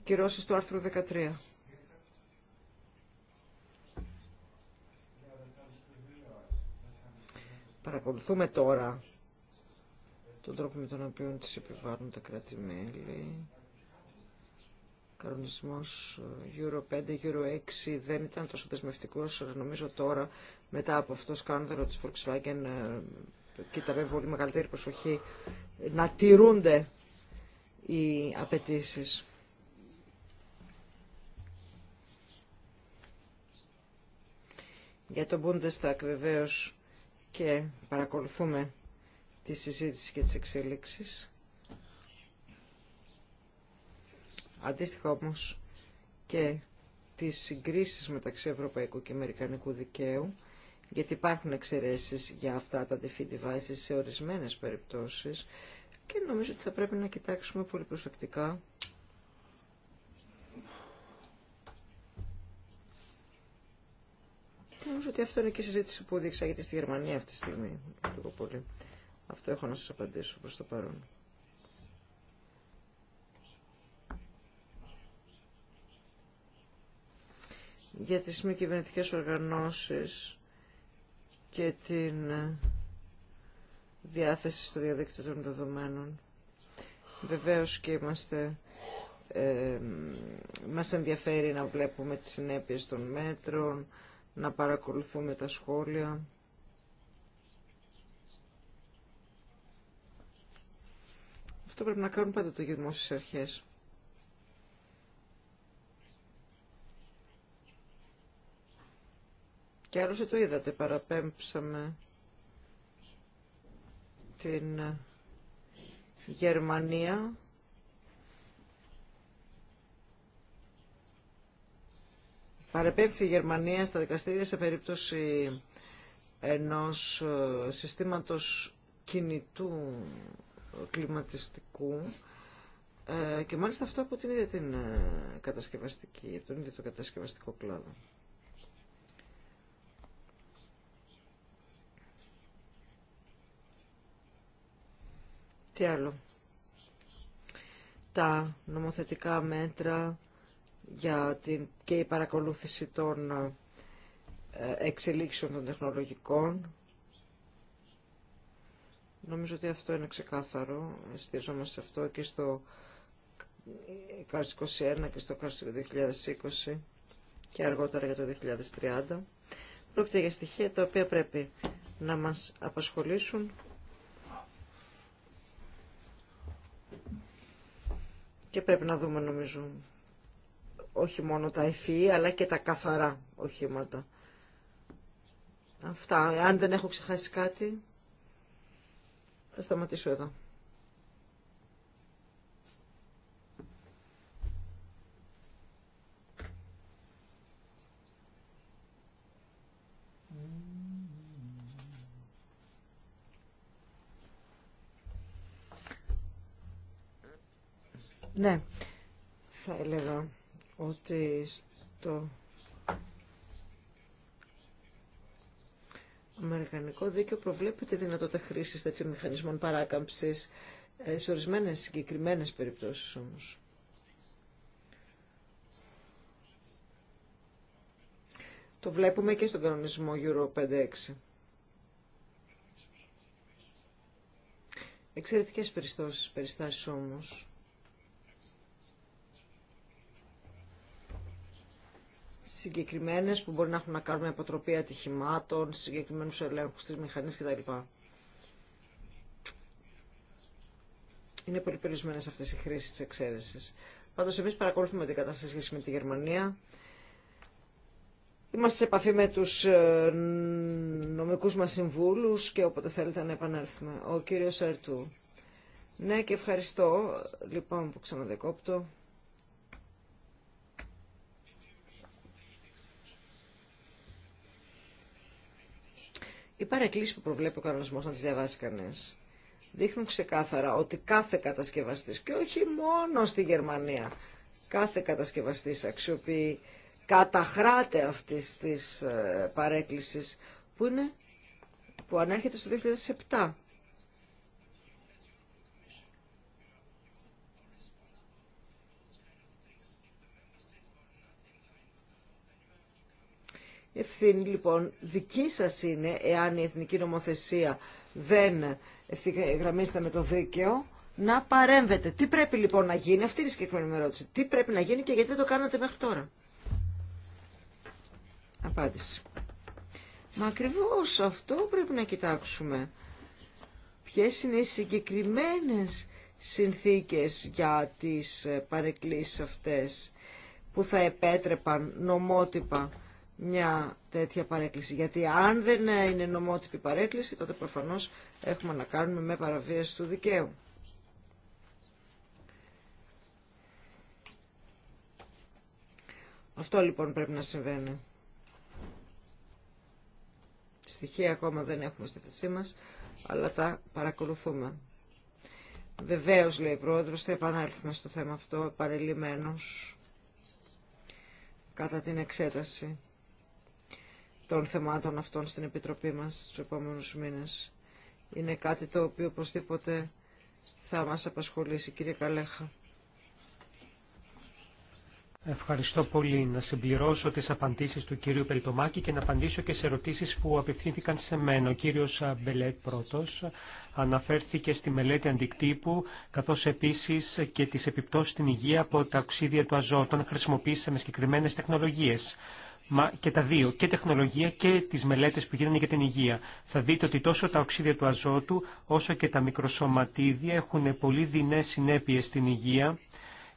Κυρώσεις του άρθρου 13. Παρακολουθούμε τώρα τον τρόπο με τον οποίο τις επιβάλλουν τα κράτη-μέλη κανονισμός ε, Euro 5, Euro 6 δεν ήταν τόσο δεσμευτικός, αλλά νομίζω τώρα μετά από αυτό το σκάνδαλο της Volkswagen ε, κοίταμε πολύ μεγαλύτερη προσοχή να τηρούνται οι απαιτήσει. Για τον Bundestag βεβαίω και παρακολουθούμε τη συζήτηση και τις εξελίξεις. Αντίστοιχα όμως και τις συγκρίσεις μεταξύ ευρωπαϊκού και αμερικανικού δικαίου, γιατί υπάρχουν εξαιρέσει για αυτά τα defeat devices σε ορισμένες περιπτώσεις και νομίζω ότι θα πρέπει να κοιτάξουμε πολύ προσεκτικά Νομίζω ότι αυτό είναι και η συζήτηση που διεξάγεται στη Γερμανία αυτή τη στιγμή. Λίγο πολύ. Αυτό έχω να σας απαντήσω προς το παρόν. για τις μη κυβερνητικές οργανώσεις και την ε, διάθεση στο διαδίκτυο των δεδομένων. Βεβαίως και είμαστε, ε, μας ενδιαφέρει να βλέπουμε τις συνέπειες των μέτρων, να παρακολουθούμε τα σχόλια. Αυτό πρέπει να κάνουν πάντα το δημόσιες αρχές. Και άλλωστε το είδατε, παραπέμψαμε την Γερμανία Παρεπέμφθη η Γερμανία στα δικαστήρια σε περίπτωση ενός ε, συστήματος κινητού κλιματιστικού ε, και μάλιστα αυτό από την ίδια την ε, κατασκευαστική, τον ίδιο το κατασκευαστικό κλάδο. κάτι άλλο. Τα νομοθετικά μέτρα για την, και η παρακολούθηση των ε, εξελίξεων των τεχνολογικών. Νομίζω ότι αυτό είναι ξεκάθαρο. Στηρίζομαστε σε αυτό και στο ΚΑΡΣ και στο ΚΑΡΣ 2020 και αργότερα για το 2030. Πρόκειται για στοιχεία τα οποία πρέπει να μας απασχολήσουν και πρέπει να δούμε νομίζω όχι μόνο τα ευφυή αλλά και τα καθαρά οχήματα. Αυτά. Αν δεν έχω ξεχάσει κάτι, θα σταματήσω εδώ. Ναι, θα έλεγα ότι στο αμερικανικό δίκαιο προβλέπεται δυνατότητα χρήση τέτοιων μηχανισμών παράκαμψη ε, σε ορισμένε συγκεκριμένε περιπτώσει όμω. Το βλέπουμε και στον κανονισμό Euro 5-6. Εξαιρετικές περιστάσεις όμως συγκεκριμένες που μπορεί να έχουν να κάνουν με αποτροπή ατυχημάτων, συγκεκριμένους ελέγχους της μηχανής κτλ. Είναι πολύ περιορισμένες αυτές οι χρήσεις της εξαίρεσης. Πάντως εμείς παρακολουθούμε την κατάσταση σχέση με τη Γερμανία. Είμαστε σε επαφή με τους ε, νομικούς μας συμβούλους και όποτε θέλετε να επανέλθουμε. Ο κύριος Αρτού. Ναι και ευχαριστώ. Λοιπόν που ξαναδεκόπτω. Οι παρεκκλήσει που προβλέπει ο κανονισμός να τι διαβάσει κανεί. δείχνουν ξεκάθαρα ότι κάθε κατασκευαστής και όχι μόνο στη Γερμανία κάθε κατασκευαστής αξιοποιεί καταχράτε αυτής της ε, παρέκκληση που, είναι, που ανέρχεται στο 2007 Ευθύνη λοιπόν δική σας είναι, εάν η εθνική νομοθεσία δεν γραμμίζεται με το δίκαιο, να παρέμβετε. Τι πρέπει λοιπόν να γίνει, αυτή είναι η συγκεκριμένη ερώτηση. Τι πρέπει να γίνει και γιατί δεν το κάνατε μέχρι τώρα. Απάντηση. Μα ακριβώ αυτό πρέπει να κοιτάξουμε. Ποιε είναι οι συγκεκριμένες συνθήκες για τι παρεκκλήσει αυτέ που θα επέτρεπαν νομότυπα μια τέτοια παρέκκληση. Γιατί αν δεν είναι νομότυπη παρέκκληση, τότε προφανώς έχουμε να κάνουμε με παραβίαση του δικαίου. Αυτό λοιπόν πρέπει να συμβαίνει. Στοιχεία ακόμα δεν έχουμε στη θέση μας, αλλά τα παρακολουθούμε. Βεβαίως, λέει η Πρόεδρος, θα επανέλθουμε στο θέμα αυτό παρελειμμένος, κατά την εξέταση των θεμάτων αυτών στην Επιτροπή μας στους επόμενους μήνες. Είναι κάτι το οποίο οπωσδήποτε θα μας απασχολήσει. Κύριε Καλέχα. Ευχαριστώ πολύ. Να συμπληρώσω τις απαντήσεις του κύριου Περιτομάκη και να απαντήσω και σε ερωτήσεις που απευθύνθηκαν σε μένα. Ο κύριος Μπελέτ πρώτος αναφέρθηκε στη μελέτη αντικτύπου, καθώς επίσης και τις επιπτώσεις στην υγεία από τα οξύδια του αζώτων χρησιμοποίησαμε συγκεκριμένε τεχνολογίες. Μα και τα δύο, και τεχνολογία και τις μελέτες που γίνανε για την υγεία. Θα δείτε ότι τόσο τα οξύδια του αζότου όσο και τα μικροσωματίδια έχουν πολύ δεινέ συνέπειε στην υγεία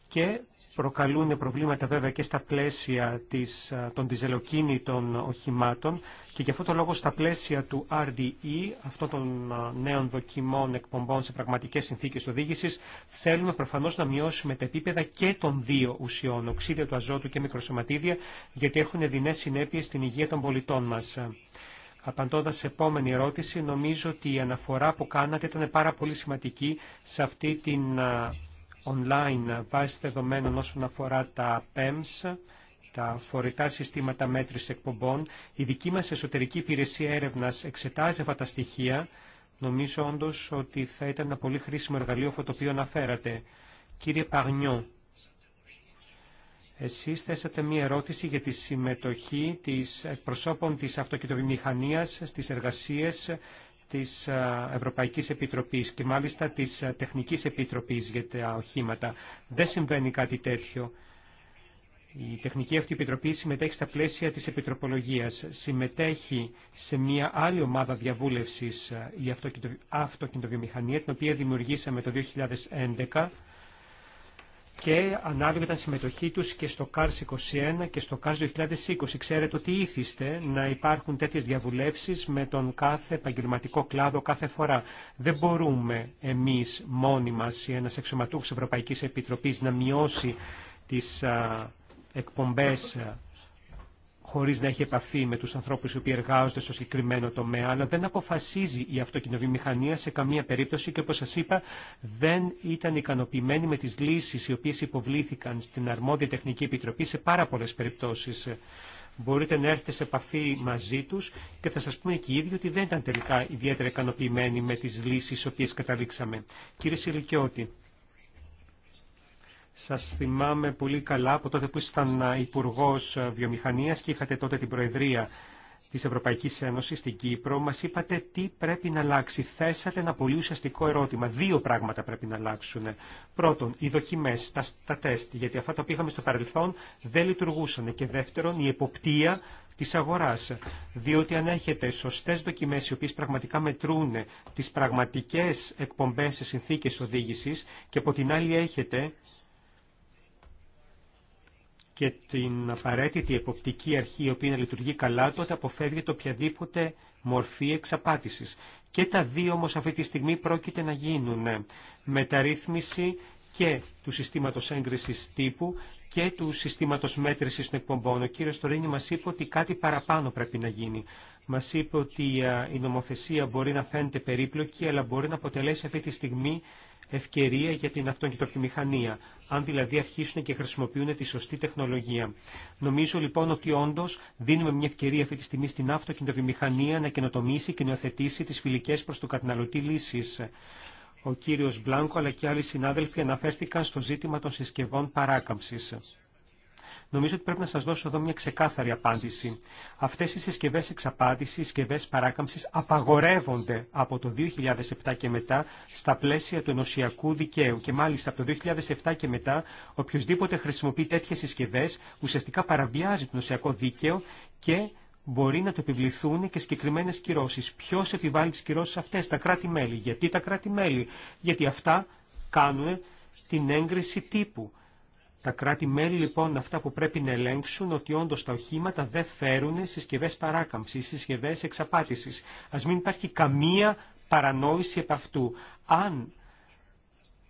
και προκαλούν προβλήματα βέβαια και στα πλαίσια της, των διζελοκίνητων οχημάτων και γι' αυτό το λόγο στα πλαίσια του RDE, αυτών των νέων δοκιμών εκπομπών σε πραγματικές συνθήκες οδήγησης, θέλουμε προφανώς να μειώσουμε τα επίπεδα και των δύο ουσιών, οξύδια του αζότου και μικροσωματίδια, γιατί έχουν δεινές συνέπειες στην υγεία των πολιτών μας. Απαντώντα σε επόμενη ερώτηση, νομίζω ότι η αναφορά που κάνατε ήταν πάρα πολύ σημαντική σε αυτή την online βάσει δεδομένων όσον αφορά τα PEMS, τα φορητά συστήματα μέτρησης εκπομπών. Η δική μας εσωτερική υπηρεσία έρευνας εξετάζει αυτά τα στοιχεία. Νομίζω όντω ότι θα ήταν ένα πολύ χρήσιμο εργαλείο αυτό το οποίο αναφέρατε. Κύριε Παγνιό, εσείς θέσατε μία ερώτηση για τη συμμετοχή της προσώπων της αυτοκινητοβιομηχανίας στις εργασίες της Ευρωπαϊκής Επιτροπής και μάλιστα της Τεχνικής Επιτροπής για τα οχήματα. Δεν συμβαίνει κάτι τέτοιο. Η Τεχνική αυτή Επιτροπή συμμετέχει στα πλαίσια της Επιτροπολογίας. Συμμετέχει σε μια άλλη ομάδα διαβούλευσης η αυτοκινητοβιομηχανία, την οποία δημιουργήσαμε το 2011 και ανάλογα τα συμμετοχή τους και στο ΚΑΡΣ 21 και στο ΚΑΡΣ 2020. Ξέρετε ότι ήθιστε να υπάρχουν τέτοιες διαβουλεύσεις με τον κάθε επαγγελματικό κλάδο κάθε φορά. Δεν μπορούμε εμείς μόνοι μας ή ένας εξωματούχος Ευρωπαϊκής Επιτροπής να μειώσει τις εκπομπές χωρί να έχει επαφή με του ανθρώπου οι οποίοι εργάζονται στο συγκεκριμένο τομέα, αλλά δεν αποφασίζει η αυτοκινοβιομηχανία σε καμία περίπτωση και όπω σα είπα, δεν ήταν ικανοποιημένη με τι λύσει οι οποίε υποβλήθηκαν στην αρμόδια τεχνική επιτροπή σε πάρα πολλέ περιπτώσει. Μπορείτε να έρθετε σε επαφή μαζί του και θα σα πούμε και οι ίδιοι ότι δεν ήταν τελικά ιδιαίτερα ικανοποιημένοι με τι λύσει οι οποίε καταλήξαμε. Κύριε Σιλικιώτη, σας θυμάμαι πολύ καλά από τότε που ήσταν ε, υπουργό ε, Βιομηχανίας και είχατε τότε την Προεδρία της Ευρωπαϊκής Ένωσης στην Κύπρο. Μας είπατε τι πρέπει να αλλάξει. Θέσατε ένα πολύ ουσιαστικό ερώτημα. Δύο πράγματα πρέπει να αλλάξουν. Πρώτον, οι δοκιμές, τα, τα γιατί αυτά τα οποία είχαμε στο παρελθόν δεν λειτουργούσαν. Και δεύτερον, η εποπτεία της αγοράς. Διότι αν έχετε σωστές δοκιμές οι οποίες πραγματικά μετρούν τις πραγματικές εκπομπές σε συνθήκες οδήγησης και από την άλλη έχετε και την απαραίτητη εποπτική αρχή η οποία να λειτουργεί καλά, τότε αποφεύγεται οποιαδήποτε μορφή εξαπάτησης. Και τα δύο όμως αυτή τη στιγμή πρόκειται να γίνουν. Μεταρρύθμιση και του συστήματος έγκρισης τύπου και του συστήματος μέτρησης των εκπομπών. Ο κύριος Τωρίνη μας είπε ότι κάτι παραπάνω πρέπει να γίνει. Μα είπε ότι η νομοθεσία μπορεί να φαίνεται περίπλοκη, αλλά μπορεί να αποτελέσει αυτή τη στιγμή ευκαιρία για την αυτοκινητοβιομηχανία, αν δηλαδή αρχίσουν και χρησιμοποιούν τη σωστή τεχνολογία. Νομίζω λοιπόν ότι όντω δίνουμε μια ευκαιρία αυτή τη στιγμή στην αυτοκινητοβιομηχανία να καινοτομήσει και να τι φιλικέ προ τον καταναλωτή λύσει. Ο κύριος Μπλάνκο αλλά και άλλοι συνάδελφοι αναφέρθηκαν στο ζήτημα των συσκευών παράκαμψης. Νομίζω ότι πρέπει να σας δώσω εδώ μια ξεκάθαρη απάντηση. Αυτές οι συσκευές εξαπάντησης, οι συσκευές παράκαμψης απαγορεύονται από το 2007 και μετά στα πλαίσια του ενωσιακού δικαίου. Και μάλιστα από το 2007 και μετά οποιοδήποτε χρησιμοποιεί τέτοιες συσκευές ουσιαστικά παραβιάζει το ενωσιακό δίκαιο και μπορεί να το επιβληθούν και συγκεκριμένε κυρώσει. Ποιο επιβάλλει τι κυρώσει αυτέ, τα κράτη-μέλη. Γιατί τα κράτη-μέλη, γιατί αυτά κάνουν την έγκριση τύπου. Τα κράτη-μέλη λοιπόν αυτά που πρέπει να ελέγξουν ότι όντω τα οχήματα δεν φέρουν συσκευέ παράκαμψη, συσκευέ εξαπάτηση. Α μην υπάρχει καμία παρανόηση επ' αυτού. Αν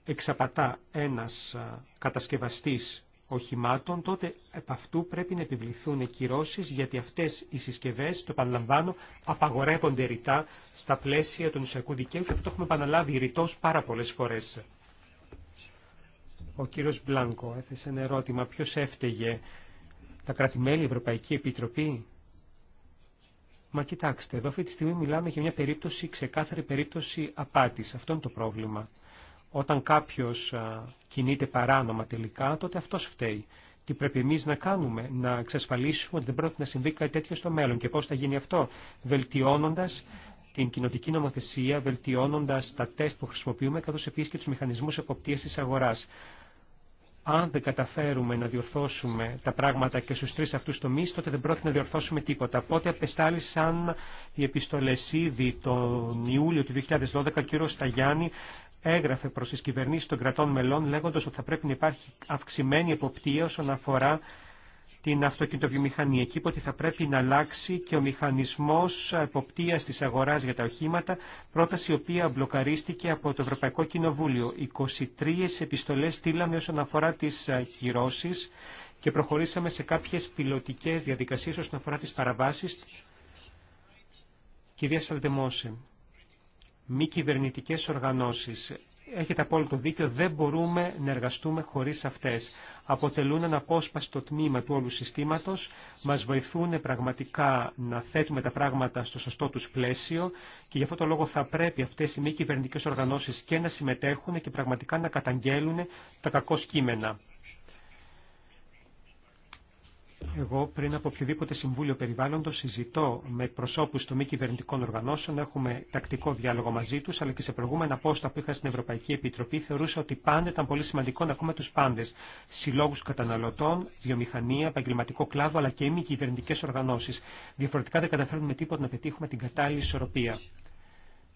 εξαπατά ένας κατασκευαστής οχημάτων, τότε επ' αυτού πρέπει να επιβληθούν κυρώσει γιατί αυτές οι συσκευές, το παραλαμβάνω, απαγορεύονται ρητά στα πλαίσια του ουσιακού δικαίου και αυτό έχουμε επαναλάβει ρητός πάρα πολλές φορές. Ο κύριος Μπλάνκο έθεσε ένα ερώτημα. Ποιος έφταιγε τα κρατημέλη Ευρωπαϊκή Επιτροπή. Μα κοιτάξτε, εδώ αυτή τη στιγμή μιλάμε για μια περίπτωση, ξεκάθαρη περίπτωση απάτης. Αυτό είναι το πρόβλημα. Όταν κάποιος κινείται παράνομα τελικά, τότε αυτός φταίει. Τι πρέπει εμεί να κάνουμε, να εξασφαλίσουμε ότι δεν πρόκειται να συμβεί κάτι τέτοιο στο μέλλον. Και πώ θα γίνει αυτό, βελτιώνοντα την κοινοτική νομοθεσία, βελτιώνοντα τα τεστ που χρησιμοποιούμε, καθώ επίση και του μηχανισμού εποπτεία τη αγορά. Αν δεν καταφέρουμε να διορθώσουμε τα πράγματα και στου τρει αυτού τομεί, τότε δεν πρόκειται να διορθώσουμε τίποτα. Οπότε απεστάλησαν οι επιστολέ ήδη τον Ιούλιο του 2012 ο έγραφε προς τις κυβερνήσεις των κρατών μελών λέγοντας ότι θα πρέπει να υπάρχει αυξημένη εποπτεία όσον αφορά την αυτοκινητοβιομηχανία. Εκεί ότι θα πρέπει να αλλάξει και ο μηχανισμός εποπτείας της αγοράς για τα οχήματα, πρόταση η οποία μπλοκαρίστηκε από το Ευρωπαϊκό Κοινοβούλιο. 23 επιστολές στείλαμε όσον αφορά τις ε, κυρώσει και προχωρήσαμε σε κάποιες πιλωτικές διαδικασίες όσον αφορά τις παραβάσεις. Κυρία Σαλτεμόσε, μη κυβερνητικές οργανώσεις. Έχετε απόλυτο δίκιο, δεν μπορούμε να εργαστούμε χωρίς αυτές. Αποτελούν ένα απόσπαστο τμήμα του όλου συστήματος, μας βοηθούν πραγματικά να θέτουμε τα πράγματα στο σωστό τους πλαίσιο και γι' αυτό το λόγο θα πρέπει αυτές οι μη κυβερνητικές οργανώσεις και να συμμετέχουν και πραγματικά να καταγγέλουν τα κακό κείμενα. Εγώ πριν από οποιοδήποτε Συμβούλιο Περιβάλλοντος συζητώ με προσώπους των μη κυβερνητικών οργανώσεων, έχουμε τακτικό διάλογο μαζί τους, αλλά και σε προηγούμενα πόστα που είχα στην Ευρωπαϊκή Επιτροπή θεωρούσα ότι πάντα ήταν πολύ σημαντικό να ακούμε τους πάντες. Συλλόγους καταναλωτών, βιομηχανία, επαγγελματικό κλάδο, αλλά και μη κυβερνητικές οργανώσεις. Διαφορετικά δεν καταφέρνουμε τίποτα να πετύχουμε την κατάλληλη ισορροπία.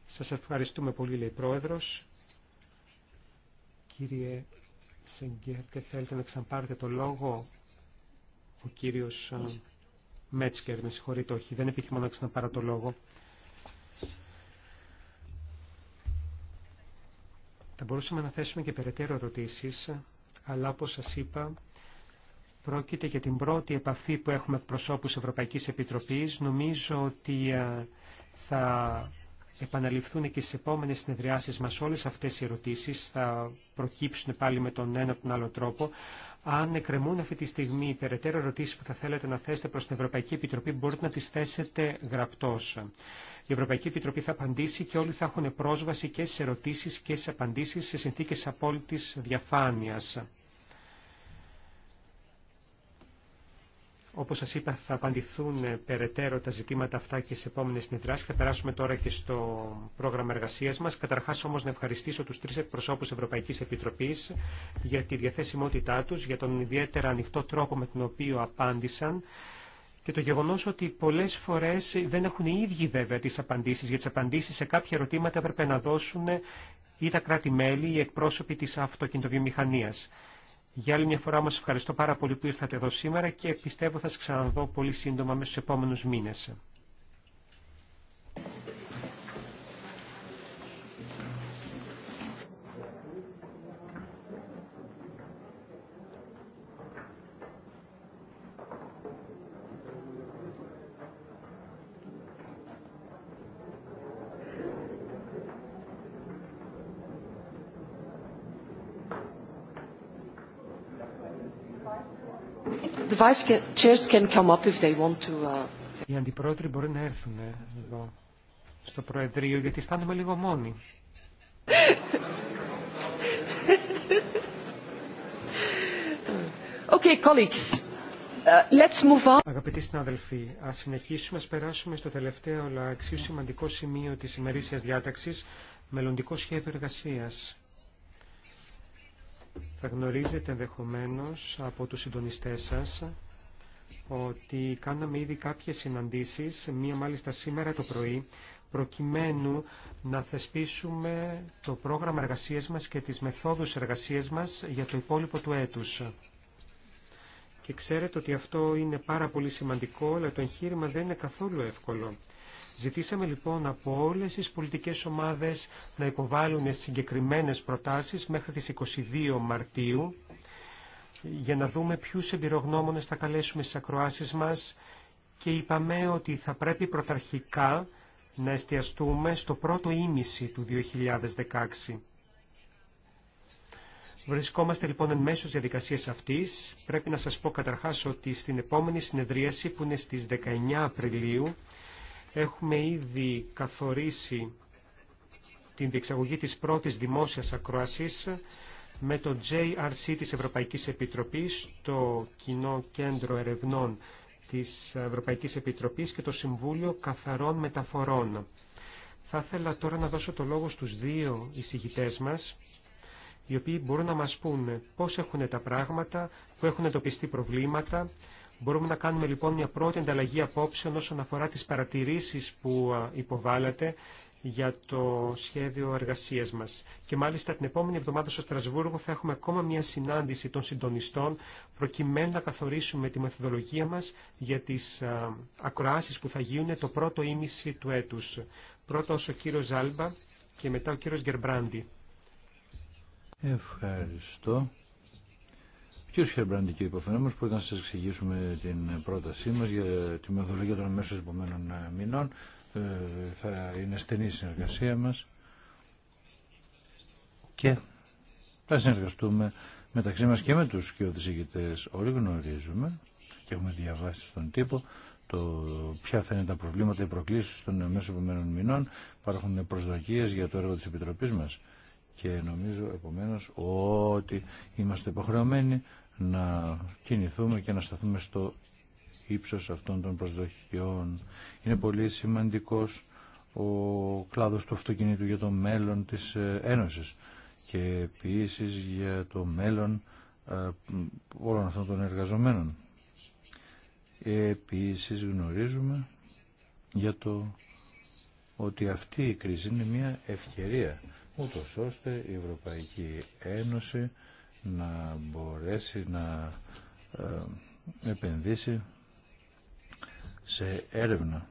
Σας ευχαριστούμε πολύ, λέει Κύριε θέλετε να ξαναπάρετε το λόγο ο κύριος Μέτσκερ, με συγχωρείτε, όχι, δεν επιθυμώ να ξαναπάρω το λόγο. Θα μπορούσαμε να θέσουμε και περαιτέρω ερωτήσεις, αλλά όπως σας είπα, πρόκειται για την πρώτη επαφή που έχουμε προσώπους Ευρωπαϊκής Επιτροπής. Νομίζω ότι θα επαναληφθούν και στις επόμενες συνεδριάσεις μας όλες αυτές οι ερωτήσεις, θα προκύψουν πάλι με τον ένα τον άλλο τρόπο, αν εκκρεμούν αυτή τη στιγμή οι περαιτέρω ερωτήσει που θα θέλετε να θέσετε προ την Ευρωπαϊκή Επιτροπή, μπορείτε να τι θέσετε γραπτώ. Η Ευρωπαϊκή Επιτροπή θα απαντήσει και όλοι θα έχουν πρόσβαση και σε ερωτήσει και σε απαντήσει σε συνθήκε απόλυτη διαφάνεια. Όπως σας είπα θα απαντηθούν ε, περαιτέρω τα ζητήματα αυτά και σε επόμενες συνεδράσεις. Θα περάσουμε τώρα και στο πρόγραμμα εργασίας μας. Καταρχάς όμως να ευχαριστήσω τους τρεις εκπροσώπους Ευρωπαϊκής Επιτροπής για τη διαθέσιμότητά τους, για τον ιδιαίτερα ανοιχτό τρόπο με τον οποίο απάντησαν και το γεγονό ότι πολλέ φορέ δεν έχουν οι ίδιοι βέβαια τι απαντήσει, Για τι απαντήσει σε κάποια ερωτήματα έπρεπε να δώσουν ή τα κράτη-μέλη ή εκπρόσωποι τη αυτοκινητοβιομηχανία. Για άλλη μια φορά όμως ευχαριστώ πάρα πολύ που ήρθατε εδώ σήμερα και πιστεύω θα σας ξαναδώ πολύ σύντομα μέσα στους επόμενους μήνες. vice uh, Οι αντιπρόεδροι μπορεί να έρθουν ε, εδώ στο Προεδρείο γιατί αισθάνομαι λίγο μόνοι. Okay, colleagues. Uh, let's move on. Αγαπητοί συνάδελφοι, ας συνεχίσουμε, ας περάσουμε στο τελευταίο αλλά εξίσου σημαντικό σημείο της ημερήσιας διάταξης, μελλοντικό σχέδιο εργασίας. Θα γνωρίζετε ενδεχομένω από τους συντονιστές σας ότι κάναμε ήδη κάποιες συναντήσεις, μία μάλιστα σήμερα το πρωί, προκειμένου να θεσπίσουμε το πρόγραμμα εργασίας μας και τις μεθόδους εργασίας μας για το υπόλοιπο του έτους. Και ξέρετε ότι αυτό είναι πάρα πολύ σημαντικό, αλλά το εγχείρημα δεν είναι καθόλου εύκολο. Ζητήσαμε λοιπόν από όλες τις πολιτικές ομάδες να υποβάλουν συγκεκριμένες προτάσεις μέχρι τις 22 Μαρτίου για να δούμε ποιους εμπειρογνώμονες θα καλέσουμε στις ακροάσεις μας και είπαμε ότι θα πρέπει πρωταρχικά να εστιαστούμε στο πρώτο ίμιση του 2016. Βρισκόμαστε λοιπόν εν μέσω διαδικασίας αυτής. Πρέπει να σας πω καταρχάς ότι στην επόμενη συνεδρίαση που είναι στις 19 Απριλίου Έχουμε ήδη καθορίσει την διεξαγωγή της πρώτης δημόσιας ακρόασης με το JRC της Ευρωπαϊκής Επιτροπής, το Κοινό Κέντρο Ερευνών της Ευρωπαϊκής Επιτροπής και το Συμβούλιο Καθαρών Μεταφορών. Θα ήθελα τώρα να δώσω το λόγο στους δύο εισηγητές μας, οι οποίοι μπορούν να μας πούνε πώς έχουν τα πράγματα, που έχουν εντοπιστεί προβλήματα Μπορούμε να κάνουμε λοιπόν μια πρώτη ανταλλαγή απόψεων όσον αφορά τις παρατηρήσεις που υποβάλλατε για το σχέδιο εργασίας μας. Και μάλιστα την επόμενη εβδομάδα στο Στρασβούργο θα έχουμε ακόμα μια συνάντηση των συντονιστών προκειμένου να καθορίσουμε τη μεθοδολογία μας για τις ακροάσεις που θα γίνουν το πρώτο ήμιση του έτους. Πρώτα ο κύριο Ζάλμπα και μετά ο κύριο Γκερμπράντι. Ευχαριστώ. Κύριο Χερμπράντη, κύριε Παφενόμενο, πρέπει να σα εξηγήσουμε την πρότασή μα για τη μεθοδολογία των αμέσω επομένων ε, μηνών. Ε, θα είναι στενή η συνεργασία μα και θα συνεργαστούμε μεταξύ μα και με του ηγητές. Όλοι γνωρίζουμε και έχουμε διαβάσει στον τύπο το ποια θα είναι τα προβλήματα, οι προκλήσει των μέσων επομένων μηνών. Υπάρχουν προσδοκίε για το έργο τη Επιτροπή μα και νομίζω επομένως ότι είμαστε υποχρεωμένοι να κινηθούμε και να σταθούμε στο ύψος αυτών των προσδοχιών. Είναι πολύ σημαντικός ο κλάδος του αυτοκινήτου για το μέλλον της ε, Ένωσης και επίσης για το μέλλον ε, όλων αυτών των εργαζομένων. Επίσης γνωρίζουμε για το ότι αυτή η κρίση είναι μια ευκαιρία ούτως ώστε η Ευρωπαϊκή Ένωση να μπορέσει να ε, επενδύσει σε έρευνα.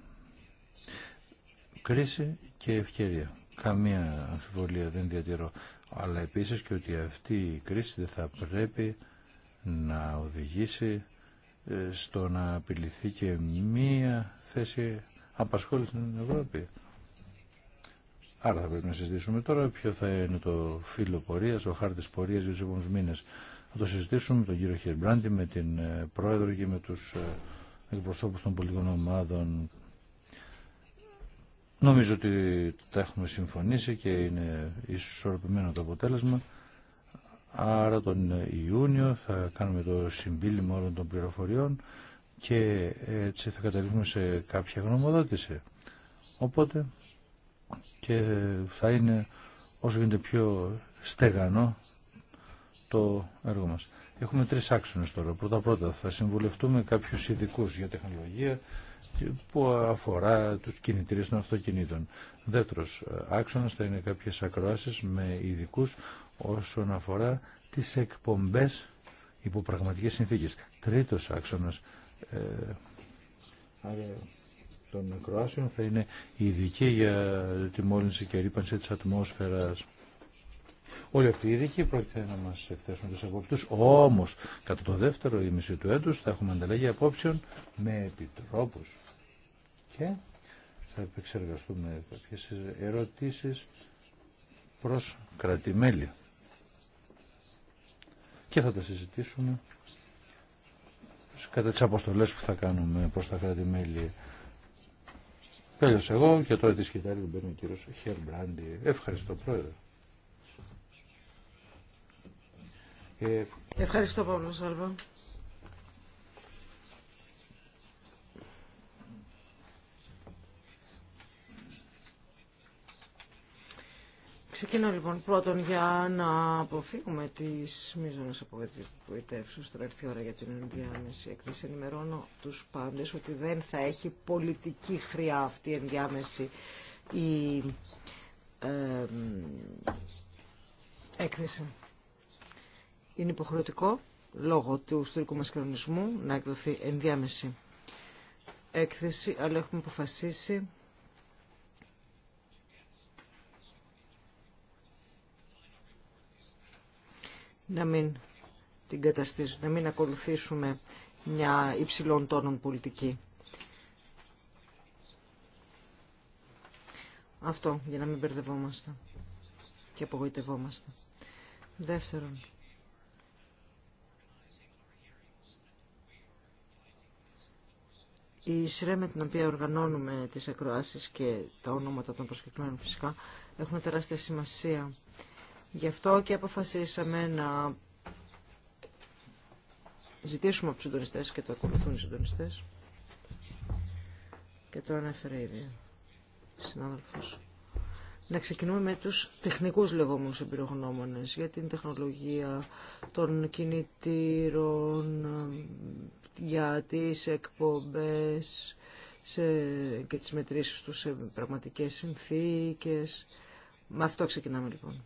Κρίση και ευκαιρία. Καμία αμφιβολία δεν διατηρώ. Αλλά επίσης και ότι αυτή η κρίση δεν θα πρέπει να οδηγήσει ε, στο να απειληθεί και μία θέση απασχόληση στην Ευρώπη. Άρα θα πρέπει να συζητήσουμε τώρα ποιο θα είναι το φύλλο πορεία, ο χάρτη πορεία για του επόμενου μήνε. Θα το συζητήσουμε με τον κύριο Χερμπράντη, με την ε, πρόεδρο και με τους ε, εκπροσώπους των πολιτικών ομάδων. Νομίζω ότι τα έχουμε συμφωνήσει και είναι ισορροπημένο το αποτέλεσμα. Άρα τον Ιούνιο θα κάνουμε το συμπίλημα όλων των πληροφοριών και έτσι θα καταλήξουμε σε κάποια γνωμοδότηση. Οπότε και θα είναι όσο γίνεται πιο στεγανό το έργο μας. Έχουμε τρεις άξονες τώρα. Πρώτα-πρώτα θα συμβουλευτούμε κάποιους ειδικού για τεχνολογία που αφορά τους κινητήρες των αυτοκινήτων. Δεύτερος άξονας θα είναι κάποιες ακροάσεις με ειδικού όσον αφορά τις εκπομπές υπό πραγματικές συνθήκες. Τρίτος άξονας ε, των ακροάσεων θα είναι ειδική για τη μόλυνση και ρήπανση της ατμόσφαιρας. Όλοι αυτοί οι ειδικοί πρόκειται να μας εκθέσουν τους απόψεις, όμως κατά το δεύτερο ημιση του έτους θα έχουμε ανταλλαγή απόψεων με επιτρόπους. Και θα επεξεργαστούμε κάποιες ερωτήσεις προς κρατημέλη. Και θα τα συζητήσουμε κατά τις αποστολές που θα κάνουμε προς τα κρατημέλη. Τέλος εγώ και τώρα τη σκητάλη που παίρνει ο κύριος Χερμπράντι. Ευχαριστώ πρόεδρε. Ε, Ευχαριστώ Παύλο Σάλβα. Ξεκινώ λοιπόν πρώτον για να αποφύγουμε τις μείζονε απογοητεύσεις. Τώρα έρθει η ώρα για την ενδιάμεση έκθεση. Ενημερώνω τους πάντες ότι δεν θα έχει πολιτική χρειά αυτή η ενδιάμεση η έκθεση. Είναι υποχρεωτικό λόγω του ιστορικού μας να εκδοθεί ενδιάμεση έκθεση, αλλά έχουμε αποφασίσει να μην την καταστήσουμε, να μην ακολουθήσουμε μια υψηλών τόνων πολιτική. Αυτό, για να μην μπερδευόμαστε και απογοητευόμαστε. Δεύτερον, η σειρά με την οποία οργανώνουμε τις ακροάσεις και τα ονόματα των προσκεκλημένων φυσικά έχουν τεράστια σημασία Γι' αυτό και αποφασίσαμε να ζητήσουμε από τους συντονιστές και το ακολουθούν οι συντονιστές και το ανέφερε ήδη συνάδελφος. Να ξεκινούμε με τους τεχνικούς λεγόμενους εμπειρογνώμονες για την τεχνολογία των κινητήρων, για τις εκπομπές σε, και τις μετρήσεις τους σε πραγματικές συνθήκες. Με αυτό ξεκινάμε λοιπόν.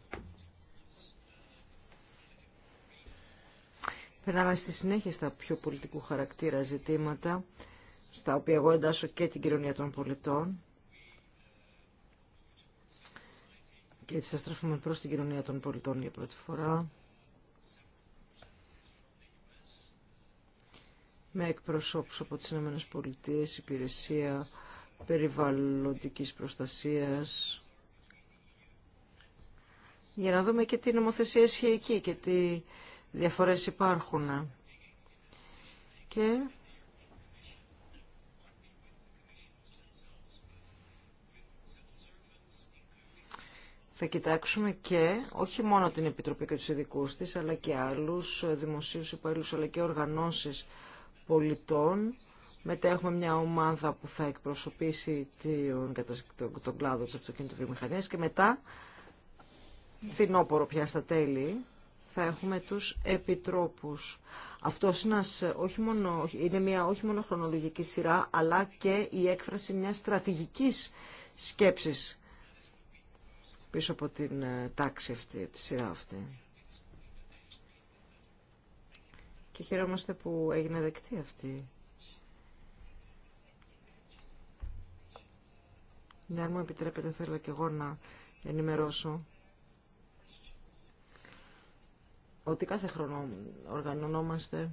Περνάμε στη συνέχεια στα πιο πολιτικού χαρακτήρα ζητήματα, στα οποία εγώ εντάσσω και την κοινωνία των πολιτών. Και έτσι θα στραφούμε προς την κοινωνία των πολιτών για πρώτη φορά. Με εκπροσώπους από τις ΗΠΑ, υπηρεσία περιβαλλοντικής προστασίας. Για να δούμε και τι νομοθεσία ισχύει εκεί και τι Διαφορές υπάρχουν. Και θα κοιτάξουμε και όχι μόνο την Επιτροπή και τους ειδικού της, αλλά και άλλους δημοσίους υπαλλήλους, αλλά και οργανώσεις πολιτών. Μετά έχουμε μια ομάδα που θα εκπροσωπήσει τον, τον κλάδο της βιομηχανίας και μετά, φθινόπορο πια στα τέλη, θα έχουμε τους επιτρόπους. Αυτό είναι μια όχι μόνο χρονολογική σειρά, αλλά και η έκφραση μιας στρατηγικής σκέψης πίσω από την ε, τάξη αυτή, τη σειρά αυτή. Και χαιρόμαστε που έγινε δεκτή αυτή. Ναι, αν μου επιτρέπετε θέλω και εγώ να ενημερώσω ότι κάθε χρόνο οργανωνόμαστε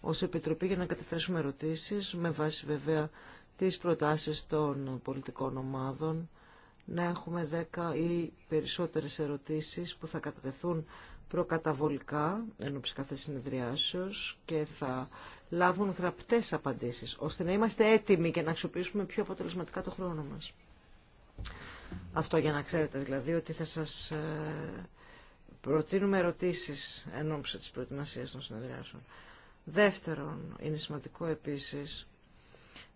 ως Επιτροπή για να καταθέσουμε ερωτήσεις με βάση βέβαια τις προτάσεις των πολιτικών ομάδων να έχουμε δέκα ή περισσότερες ερωτήσεις που θα κατατεθούν προκαταβολικά ενώ κάθε συνεδριάσεως και θα λάβουν γραπτές απαντήσεις ώστε να είμαστε έτοιμοι και να αξιοποιήσουμε πιο αποτελεσματικά το χρόνο μας. Αυτό για να ξέρετε δηλαδή ότι θα σας ε, Προτείνουμε ερωτήσει εν ώψη της προετοιμασίας των συνεδριάσεων. Δεύτερον, είναι σημαντικό επίση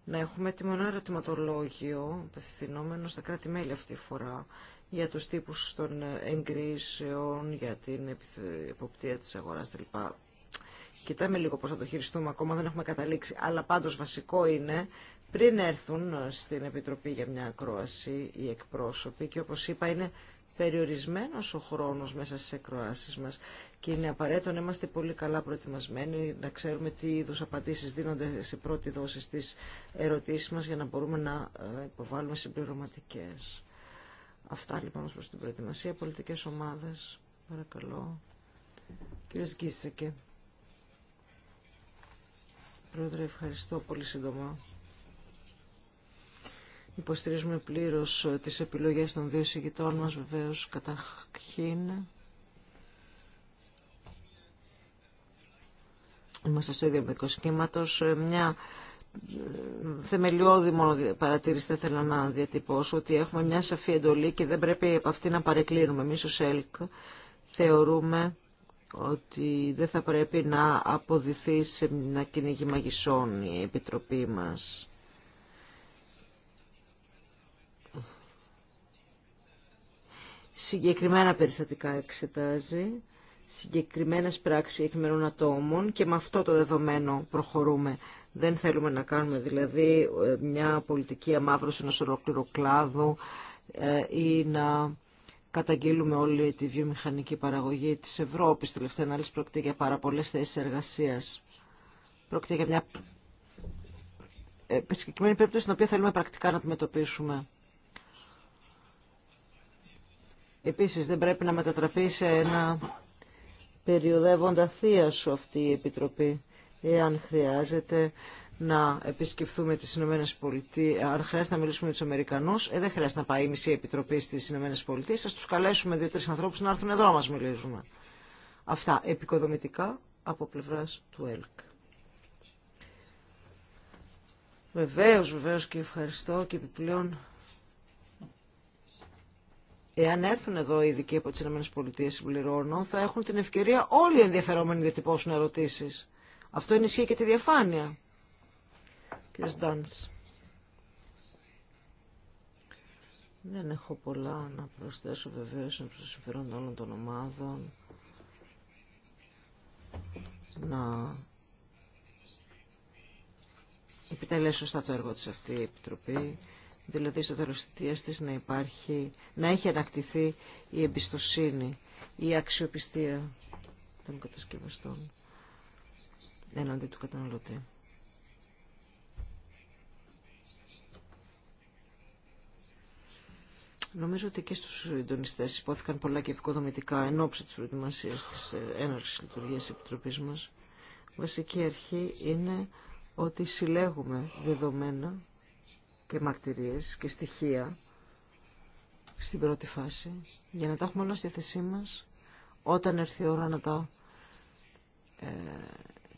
να έχουμε τιμονό ερωτηματολόγιο, απευθυνόμενο στα κράτη-μέλη αυτή τη φορά, για τους τύπους των εγκρίσεων, για την εποπτεία της αγοράς κλπ. Κοιτάμε λίγο πώς θα το χειριστούμε, ακόμα δεν έχουμε καταλήξει, αλλά πάντως βασικό είναι πριν έρθουν στην Επιτροπή για μια ακρόαση οι εκπρόσωποι και όπως είπα είναι περιορισμένος ο χρόνος μέσα στις εκροάσεις μας και είναι απαραίτητο να είμαστε πολύ καλά προετοιμασμένοι, να ξέρουμε τι είδου απαντήσεις δίνονται σε πρώτη δόση στις ερωτήσεις μας για να μπορούμε να ε, υποβάλουμε συμπληρωματικές. Αυτά λοιπόν προς την προετοιμασία. Πολιτικές ομάδες, παρακαλώ. Κύριε Σκίσεκε. Πρόεδρε, ευχαριστώ πολύ σύντομα. Υποστηρίζουμε πλήρως ε, τις επιλογές των δύο συγκητών μας, βεβαίως καταρχήν. Είμαστε στο ίδιο μήκο κύματο. Ε, μια ε, θεμελιώδη μόνο παρατήρηση θα ήθελα να διατυπώσω ότι έχουμε μια σαφή εντολή και δεν πρέπει από αυτή να παρεκκλίνουμε. Εμεί ω ΕΛΚ θεωρούμε ότι δεν θα πρέπει να αποδηθεί σε ένα κυνήγη μαγισσών η Επιτροπή μας. συγκεκριμένα περιστατικά εξετάζει, συγκεκριμένες πράξεις εκμερών ατόμων και με αυτό το δεδομένο προχωρούμε. Δεν θέλουμε να κάνουμε δηλαδή μια πολιτική αμάυρωση ενός ολόκληρου κλάδου ε, ή να καταγγείλουμε όλη τη βιομηχανική παραγωγή της Ευρώπης. Τελευταία ανάλυση πρόκειται για πάρα πολλές θέσεις εργασίας. Πρόκειται για μια ε, συγκεκριμένη περίπτωση την οποία θέλουμε πρακτικά να αντιμετωπίσουμε. Επίσης δεν πρέπει να μετατραπεί σε ένα περιοδεύοντα θεία σου αυτή η Επιτροπή, εάν χρειάζεται να επισκεφθούμε τις Ηνωμένες Πολιτείες, αν χρειάζεται να μιλήσουμε με τους Αμερικανούς, ε, δεν χρειάζεται να πάει η μισή Επιτροπή στις Ηνωμένες Πολιτείες, ας τους καλέσουμε δύο-τρεις ανθρώπους να έρθουν εδώ να μας μιλήσουμε. Αυτά επικοδομητικά από πλευράς του ΕΛΚ. Βεβαίως, βεβαίως και ευχαριστώ και επιπλέον Εάν έρθουν εδώ οι ειδικοί από τι ΗΠΑ, συμπληρώνω, θα έχουν την ευκαιρία όλοι οι ενδιαφερόμενοι να διατυπώσουν ερωτήσεις. Αυτό ενισχύει και τη διαφάνεια. Κύριε Ντάνς. Δεν έχω πολλά να προσθέσω βεβαίως προς συμφέρον όλων των ομάδων. Να επιτελέσω σωστά το έργο της αυτή η Επιτροπή δηλαδή στο τέλος της να υπάρχει, να έχει ανακτηθεί η εμπιστοσύνη, η αξιοπιστία των κατασκευαστών έναντι του καταναλωτή. Νομίζω ότι και στους συντονιστέ υπόθηκαν πολλά και επικοδομητικά εν ώψη της προετοιμασίας της ε, έναρξης λειτουργίας της Επιτροπής μας. Βασική αρχή είναι ότι συλλέγουμε δεδομένα και μαρτυρίες και στοιχεία στην πρώτη φάση για να τα έχουμε όλα στη θέση μας όταν έρθει η ώρα να τα ε,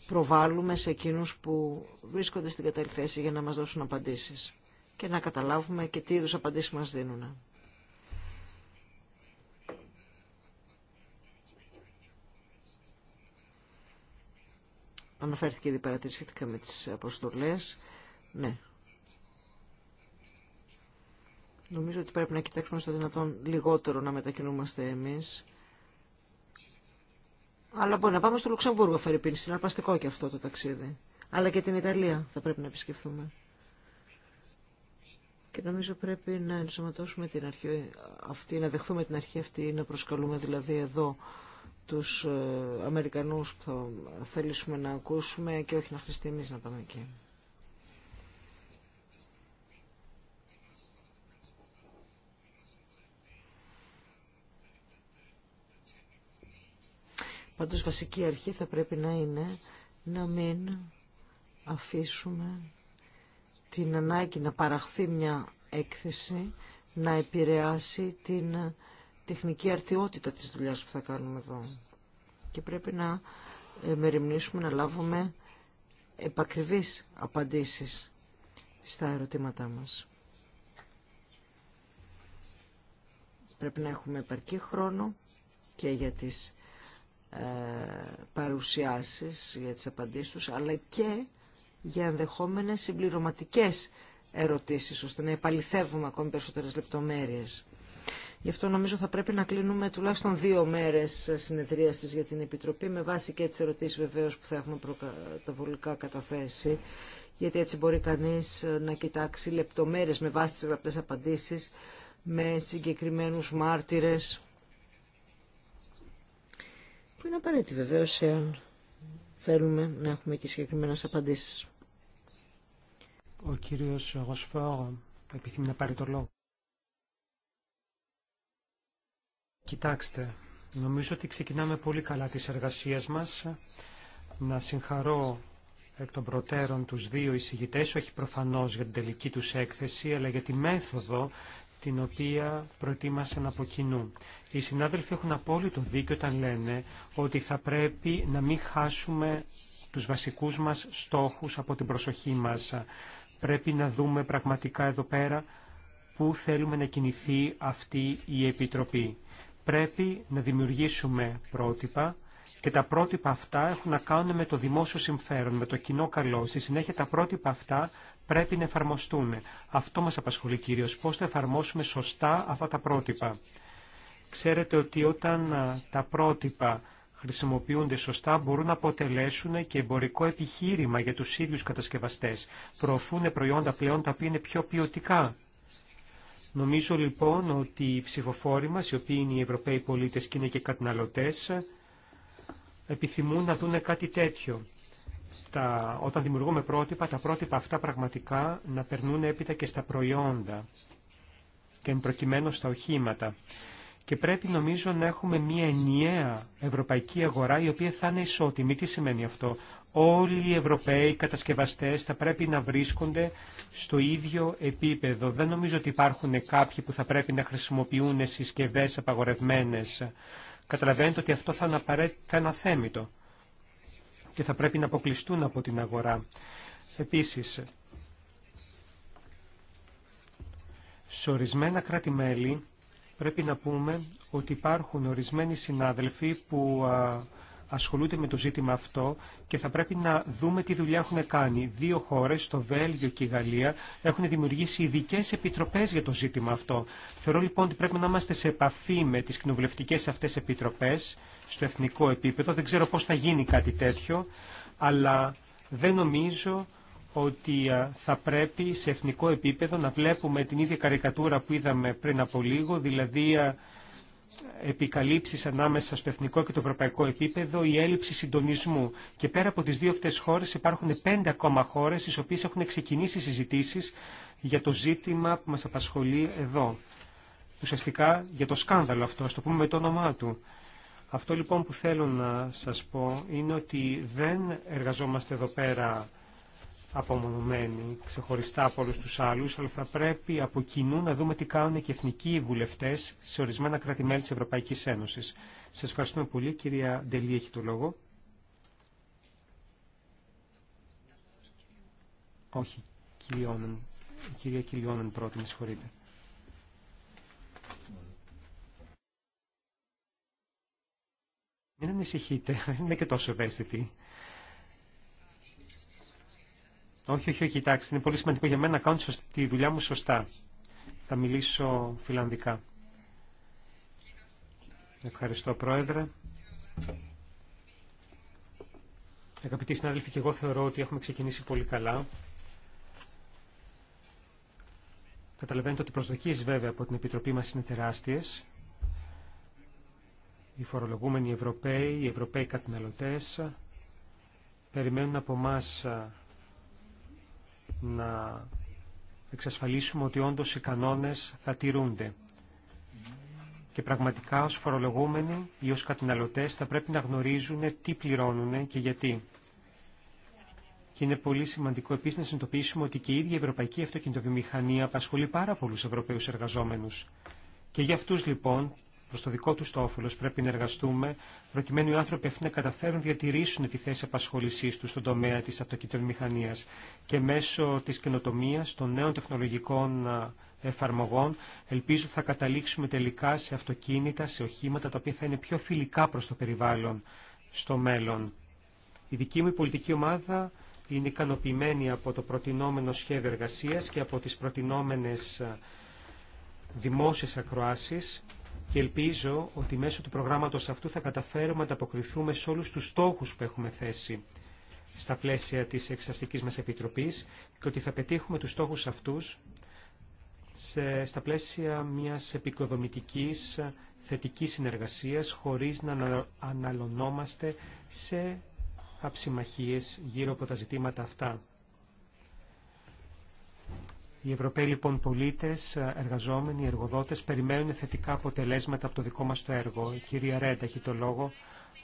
προβάλλουμε σε εκείνους που βρίσκονται στην κατάλληλη θέση για να μας δώσουν απαντήσεις και να καταλάβουμε και τι είδους απαντήσεις μας δίνουν. Αναφέρθηκε ήδη παρατήρηση σχετικά με τις αποστολές. Ναι, Νομίζω ότι πρέπει να κοιτάξουμε στο δυνατόν λιγότερο να μετακινούμαστε εμείς. Αλλά μπορεί να πάμε στο Λουξεμβούργο, Φερρυπίνη. συναρπαστικό και αυτό το ταξίδι. Αλλά και την Ιταλία θα πρέπει να επισκεφθούμε. Και νομίζω πρέπει να ενσωματώσουμε την αρχή αυτή, να δεχθούμε την αρχή αυτή, να προσκαλούμε δηλαδή εδώ τους ε, Αμερικανούς που θα θέλησουμε να ακούσουμε και όχι να χρειαστεί εμείς να πάμε εκεί. Πάντως βασική αρχή θα πρέπει να είναι να μην αφήσουμε την ανάγκη να παραχθεί μια έκθεση να επηρεάσει την τεχνική αρτιότητα της δουλειάς που θα κάνουμε εδώ. Και πρέπει να ε, μεριμνήσουμε να λάβουμε επακριβείς απαντήσεις στα ερωτήματά μας. Πρέπει να έχουμε επαρκή χρόνο και για τις ε, παρουσιάσεις για τις απαντήσεις τους, αλλά και για ενδεχόμενες συμπληρωματικές ερωτήσεις, ώστε να επαληθεύουμε ακόμη περισσότερες λεπτομέρειες. Γι' αυτό νομίζω θα πρέπει να κλείνουμε τουλάχιστον δύο μέρες συνεδρίασης για την Επιτροπή, με βάση και τις ερωτήσεις βεβαίως που θα έχουμε προκαταβολικά καταθέσει, γιατί έτσι μπορεί κανείς να κοιτάξει λεπτομέρειες με βάση τις γραπτές απαντήσεις, με συγκεκριμένους μάρτυρες, που είναι απαραίτητη βεβαίω εάν θέλουμε να έχουμε και συγκεκριμένε απαντήσει. Ο κύριος Ροσφόρο επιθυμεί να πάρει το λόγο. Κοιτάξτε, νομίζω ότι ξεκινάμε πολύ καλά τις εργασίες μας. Να συγχαρώ εκ των προτέρων τους δύο εισηγητές, όχι προφανώς για την τελική τους έκθεση, αλλά για τη μέθοδο την οποία προετοίμασαν από κοινού. Οι συνάδελφοι έχουν απόλυτο δίκιο όταν λένε ότι θα πρέπει να μην χάσουμε τους βασικούς μας στόχους από την προσοχή μας. Πρέπει να δούμε πραγματικά εδώ πέρα πού θέλουμε να κινηθεί αυτή η Επιτροπή. Πρέπει να δημιουργήσουμε πρότυπα και τα πρότυπα αυτά έχουν να κάνουν με το δημόσιο συμφέρον, με το κοινό καλό. Στη συνέχεια τα πρότυπα αυτά πρέπει να εφαρμοστούν. Αυτό μας απασχολεί κυρίως, πώς θα εφαρμόσουμε σωστά αυτά τα πρότυπα. Ξέρετε ότι όταν τα πρότυπα χρησιμοποιούνται σωστά μπορούν να αποτελέσουν και εμπορικό επιχείρημα για τους ίδιους κατασκευαστές. Προωθούν προϊόντα πλέον τα οποία είναι πιο ποιοτικά. Νομίζω λοιπόν ότι οι ψηφοφόροι μας, οι οποίοι είναι οι Ευρωπαίοι πολίτες και είναι και καταναλωτές, επιθυμούν να δούνε κάτι τέτοιο. Τα, όταν δημιουργούμε πρότυπα, τα πρότυπα αυτά πραγματικά να περνούν έπειτα και στα προϊόντα και εμπροκειμένου στα οχήματα. Και πρέπει νομίζω να έχουμε μια ενιαία ευρωπαϊκή αγορά η οποία θα είναι ισότιμη. Τι σημαίνει αυτό. Όλοι οι Ευρωπαίοι κατασκευαστές θα πρέπει να βρίσκονται στο ίδιο επίπεδο. Δεν νομίζω ότι υπάρχουν κάποιοι που θα πρέπει να χρησιμοποιούν συσκευές απαγορευμένες καταλαβαίνετε ότι αυτό θα, είναι αθέμητο και θα πρέπει να αποκλειστούν από την αγορά. Επίσης, σε ορισμένα κράτη-μέλη πρέπει να πούμε ότι υπάρχουν ορισμένοι συνάδελφοι που ασχολούνται με το ζήτημα αυτό και θα πρέπει να δούμε τι δουλειά έχουν κάνει. Δύο χώρε, το Βέλγιο και η Γαλλία, έχουν δημιουργήσει ειδικέ επιτροπέ για το ζήτημα αυτό. Θεωρώ λοιπόν ότι πρέπει να είμαστε σε επαφή με τι κοινοβουλευτικέ αυτέ επιτροπέ στο εθνικό επίπεδο. Δεν ξέρω πώ θα γίνει κάτι τέτοιο, αλλά δεν νομίζω ότι θα πρέπει σε εθνικό επίπεδο να βλέπουμε την ίδια καρικατούρα που είδαμε πριν από λίγο, δηλαδή επικαλύψεις ανάμεσα στο εθνικό και το ευρωπαϊκό επίπεδο, η έλλειψη συντονισμού. Και πέρα από τις δύο αυτές χώρες υπάρχουν πέντε ακόμα χώρες στις οποίες έχουν ξεκινήσει συζητήσεις για το ζήτημα που μας απασχολεί εδώ. Ουσιαστικά για το σκάνδαλο αυτό, ας το πούμε με το όνομά του. Αυτό λοιπόν που θέλω να σας πω είναι ότι δεν εργαζόμαστε εδώ πέρα απομονωμένοι, ξεχωριστά από όλου του άλλου, αλλά θα πρέπει από κοινού να δούμε τι κάνουν και εθνικοί βουλευτέ σε ορισμένα κράτη-μέλη τη Ευρωπαϊκή Ένωση. Σα ευχαριστούμε πολύ. Κυρία Ντελή, έχει το λόγο. Όχι, Η κυρία Κιλιόνεν πρώτη, με συγχωρείτε. Μην ανησυχείτε, είμαι και τόσο ευαίσθητη. Όχι, όχι, όχι, κοιτάξτε, είναι πολύ σημαντικό για μένα να κάνω τη δουλειά μου σωστά. Θα μιλήσω φιλανδικά. Ευχαριστώ, Πρόεδρε. Αγαπητοί συνάδελφοι, και εγώ θεωρώ ότι έχουμε ξεκινήσει πολύ καλά. Καταλαβαίνετε ότι οι προσδοκίες βέβαια από την Επιτροπή μας είναι τεράστιες. Οι φορολογούμενοι Ευρωπαίοι, οι Ευρωπαίοι καταναλωτές περιμένουν από εμά να εξασφαλίσουμε ότι όντως οι κανόνες θα τηρούνται. Και πραγματικά ως φορολογούμενοι ή ως καταναλωτές θα πρέπει να γνωρίζουν τι πληρώνουν και γιατί. Και είναι πολύ σημαντικό επίσης να συνειδητοποιήσουμε ότι και η ίδια η Ευρωπαϊκή Αυτοκινητοβιομηχανία απασχολεί πάρα πολλούς Ευρωπαίους εργαζόμενους. Και για αυτούς λοιπόν προ το δικό του το όφελο πρέπει να εργαστούμε, προκειμένου οι άνθρωποι αυτοί να καταφέρουν να διατηρήσουν τη θέση απασχόλησή του στον τομέα τη μηχανία. και μέσω τη καινοτομία των νέων τεχνολογικών εφαρμογών. Ελπίζω θα καταλήξουμε τελικά σε αυτοκίνητα, σε οχήματα τα οποία θα είναι πιο φιλικά προ το περιβάλλον στο μέλλον. Η δική μου πολιτική ομάδα είναι ικανοποιημένη από το προτινόμενο σχέδιο εργασία και από τι προτινόμενε δημόσιες ακροάσεις και ελπίζω ότι μέσω του προγράμματος αυτού θα καταφέρουμε να ανταποκριθούμε σε όλους τους στόχους που έχουμε θέσει στα πλαίσια της Εξαστικής μας Επιτροπής και ότι θα πετύχουμε τους στόχους αυτούς στα πλαίσια μιας επικοδομητικής θετικής συνεργασίας χωρίς να αναλωνόμαστε σε αψιμαχίες γύρω από τα ζητήματα αυτά. Οι Ευρωπαίοι λοιπόν πολίτες, εργαζόμενοι, εργοδότες περιμένουν θετικά αποτελέσματα από το δικό μας το έργο. Η κυρία Ρέντα έχει το λόγο.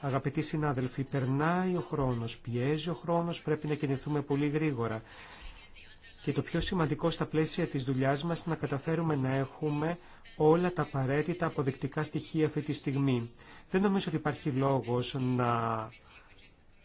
Αγαπητοί συνάδελφοι, περνάει ο χρόνος, πιέζει ο χρόνος, πρέπει να κινηθούμε πολύ γρήγορα. Και το πιο σημαντικό στα πλαίσια της δουλειάς μας είναι να καταφέρουμε να έχουμε όλα τα απαραίτητα αποδεκτικά στοιχεία αυτή τη στιγμή. Δεν νομίζω ότι υπάρχει λόγος να